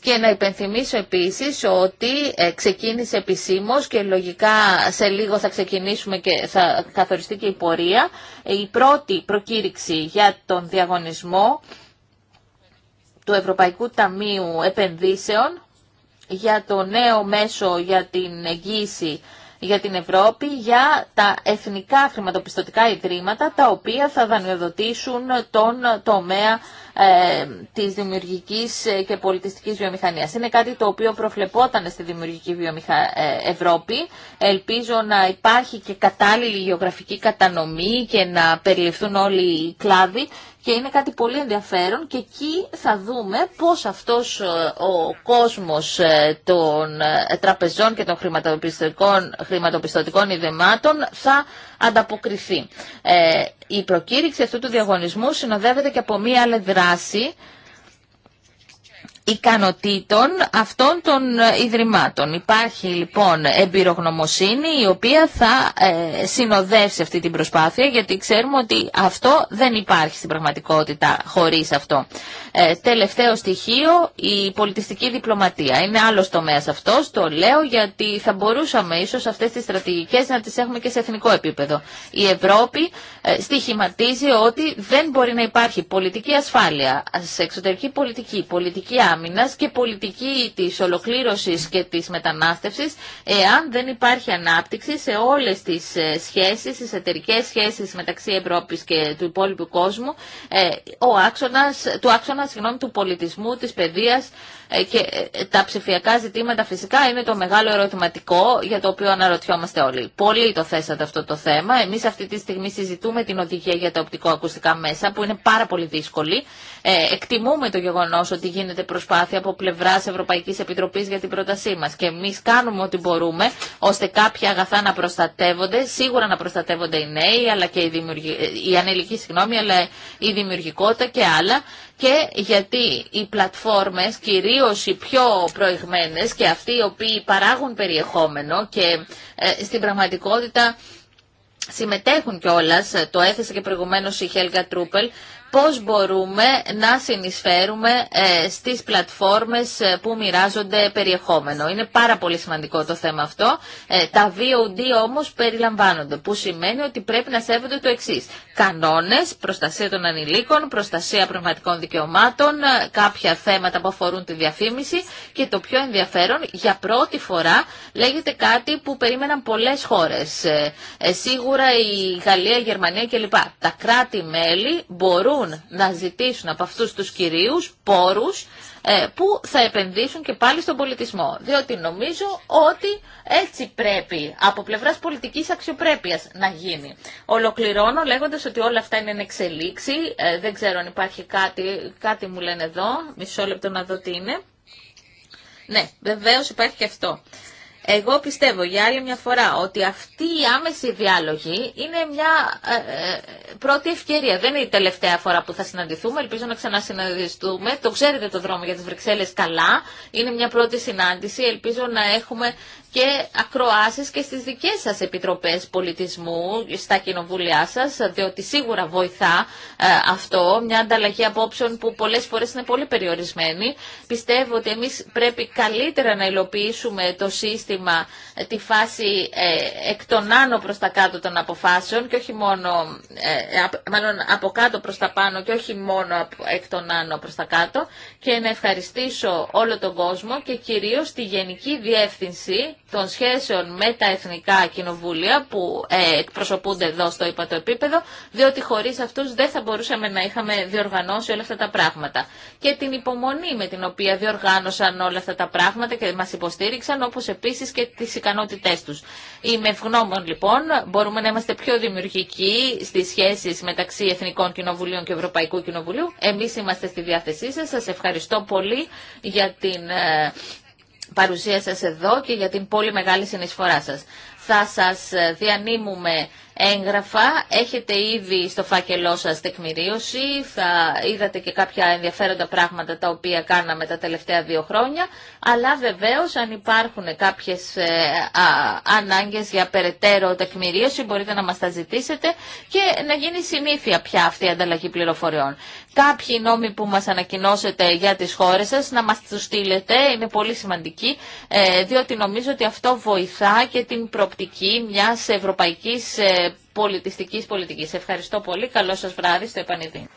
Και να υπενθυμίσω επίσης ότι ε, ξεκίνησε επισήμως και λογικά σε λίγο θα ξεκινήσουμε και θα καθοριστεί και η πορεία. Η πρώτη προκήρυξη για τον διαγωνισμό του Ευρωπαϊκού Ταμείου Επενδύσεων για το νέο μέσο για την εγγύηση για την Ευρώπη για τα εθνικά χρηματοπιστωτικά ιδρύματα τα οποία θα δανειοδοτήσουν τον τομέα ε, της δημιουργικής ε, και πολιτιστικής βιομηχανίας. Είναι κάτι το οποίο προβλεπόταν στη δημιουργική βιομηχα... Ε, Ευρώπη. Ελπίζω να υπάρχει και κατάλληλη γεωγραφική κατανομή και να περιληφθούν όλοι οι κλάδοι και είναι κάτι πολύ ενδιαφέρον και εκεί θα δούμε πώς αυτός ε, ο κόσμος ε, των ε, τραπεζών και των χρηματοπιστωτικών, χρηματοπιστωτικών ιδεμάτων θα ανταποκριθεί. Η προκήρυξη αυτού του διαγωνισμού συνοδεύεται και από μία άλλη δράση ικανοτήτων αυτών των ε, ιδρυμάτων. Υπάρχει λοιπόν εμπειρογνωμοσύνη η οποία θα ε, συνοδεύσει αυτή την προσπάθεια γιατί ξέρουμε ότι αυτό δεν υπάρχει στην πραγματικότητα χωρίς αυτό. Ε, τελευταίο στοιχείο η πολιτιστική διπλωματία. Είναι άλλος τομέας αυτός, το λέω γιατί θα μπορούσαμε ίσως αυτές τις στρατηγικές να τις έχουμε και σε εθνικό επίπεδο. Η Ευρώπη ε, στοιχηματίζει ότι δεν μπορεί να υπάρχει πολιτική ασφάλεια, σε εξωτερική πολιτική, πολιτική και πολιτική της ολοκλήρωσης και της μετανάστευση, εάν δεν υπάρχει ανάπτυξη σε όλες τις ε, σχέσει, τι εταιρικέ σχέσεις μεταξύ Ευρώπη και του υπόλοιπου κόσμου ε, ο άξονας, του άξονα συγγνώμη, του πολιτισμού, της παιδεία, ε, και ε, τα ψηφιακά ζητήματα φυσικά είναι το μεγάλο ερωτηματικό για το οποίο αναρωτιόμαστε όλοι. Πολλοί το θέσατε αυτό το θέμα. Εμεί αυτή τη στιγμή συζητούμε την οδηγία για τα οπτικοακουστικά μέσα που είναι πάρα πολύ δύσκολη. Ε, εκτιμούμε το γεγονό ότι γίνεται προσπάθεια από πλευρά Ευρωπαϊκή Επιτροπής για την πρότασή μα. και εμεί κάνουμε ό,τι μπορούμε ώστε κάποια αγαθά να προστατεύονται, σίγουρα να προστατεύονται οι νέοι αλλά και οι, δημιουργοι... οι συγγνώμη, αλλά η δημιουργικότητα και άλλα και γιατί οι πλατφόρμες, κυρίως οι πιο προηγμένες και αυτοί οι οποίοι παράγουν περιεχόμενο και ε, στην πραγματικότητα συμμετέχουν κιόλα, ε, το έθεσε και προηγουμένω η Χέλγα Τρούπελ, πώς μπορούμε να συνεισφέρουμε ε, στις πλατφόρμες ε, που μοιράζονται περιεχόμενο. Είναι πάρα πολύ σημαντικό το θέμα αυτό. Ε, τα VOD όμως περιλαμβάνονται, που σημαίνει ότι πρέπει να σέβονται το εξή. Κανόνες, προστασία των ανηλίκων, προστασία πνευματικών δικαιωμάτων, κάποια θέματα που αφορούν τη διαφήμιση και το πιο ενδιαφέρον, για πρώτη φορά λέγεται κάτι που περίμεναν πολλές χώρες. Σίγουρα η Γαλλία, η Γερμανία κλπ. Τα κράτη-μέλη μπορούν να ζητήσουν από αυτούς τους κυρίους πόρους ε, που θα επενδύσουν και πάλι στον πολιτισμό. Διότι νομίζω ότι έτσι πρέπει από πλευράς πολιτικής αξιοπρέπειας να γίνει. Ολοκληρώνω λέγοντας ότι όλα αυτά είναι εν εξελίξη. Ε, δεν ξέρω αν υπάρχει κάτι, κάτι μου λένε εδώ. Μισό λεπτό να δω τι είναι. Ναι, βεβαίως υπάρχει και αυτό. Εγώ πιστεύω για άλλη μια φορά ότι αυτή η άμεση διάλογη είναι μια ε, ε, πρώτη ευκαιρία. Δεν είναι η τελευταία φορά που θα συναντηθούμε. Ελπίζω να ξανασυναντηθούμε. Το ξέρετε το δρόμο για τις Βρυξέλλες καλά. Είναι μια πρώτη συνάντηση. Ελπίζω να έχουμε και ακροάσεις και στις δικές σας επιτροπές πολιτισμού, στα κοινοβούλια σας, διότι σίγουρα βοηθά ε, αυτό, μια ανταλλαγή απόψεων που πολλές φορές είναι πολύ περιορισμένη. Πιστεύω ότι εμείς πρέπει καλύτερα να υλοποιήσουμε το σύστημα, ε, τη φάση ε, εκ των άνω προς τα κάτω των αποφάσεων και όχι μόνο, μάλλον από κάτω προς τα πάνω και όχι μόνο εκ των άνω προς τα κάτω και να ευχαριστήσω όλο τον κόσμο και κυρίως τη Γενική Διεύθυνση των σχέσεων με τα εθνικά κοινοβούλια που ε, εκπροσωπούνται εδώ στο ύπατο επίπεδο, διότι χωρί αυτού δεν θα μπορούσαμε να είχαμε διοργανώσει όλα αυτά τα πράγματα. Και την υπομονή με την οποία διοργάνωσαν όλα αυτά τα πράγματα και μα υποστήριξαν, όπω επίση και τι ικανότητε του. Είμαι ευγνώμων λοιπόν, μπορούμε να είμαστε πιο δημιουργικοί στι σχέσει μεταξύ Εθνικών Κοινοβουλίων και Ευρωπαϊκού Κοινοβουλίου. Εμεί είμαστε στη διάθεσή σα. Σα ευχαριστώ πολύ για την ε, παρουσία σας εδώ και για την πολύ μεγάλη συνεισφορά σας. Θα σας ε, διανύμουμε έγγραφα. Έχετε ήδη στο φάκελό σας τεκμηρίωση. Θα είδατε και κάποια ενδιαφέροντα πράγματα τα οποία κάναμε τα τελευταία δύο χρόνια. Αλλά βεβαίως αν υπάρχουν κάποιες ε, ανάγκες για περαιτέρω τεκμηρίωση μπορείτε να μας τα ζητήσετε και να γίνει συνήθεια πια αυτή η ανταλλαγή πληροφοριών κάποιοι νόμοι που μας ανακοινώσετε για τις χώρες σας να μας τους στείλετε, είναι πολύ σημαντική, ε, διότι νομίζω ότι αυτό βοηθά και την προοπτική μιας ευρωπαϊκής ε, πολιτιστικής πολιτικής. Ευχαριστώ πολύ, καλό σας βράδυ στο επανειδή.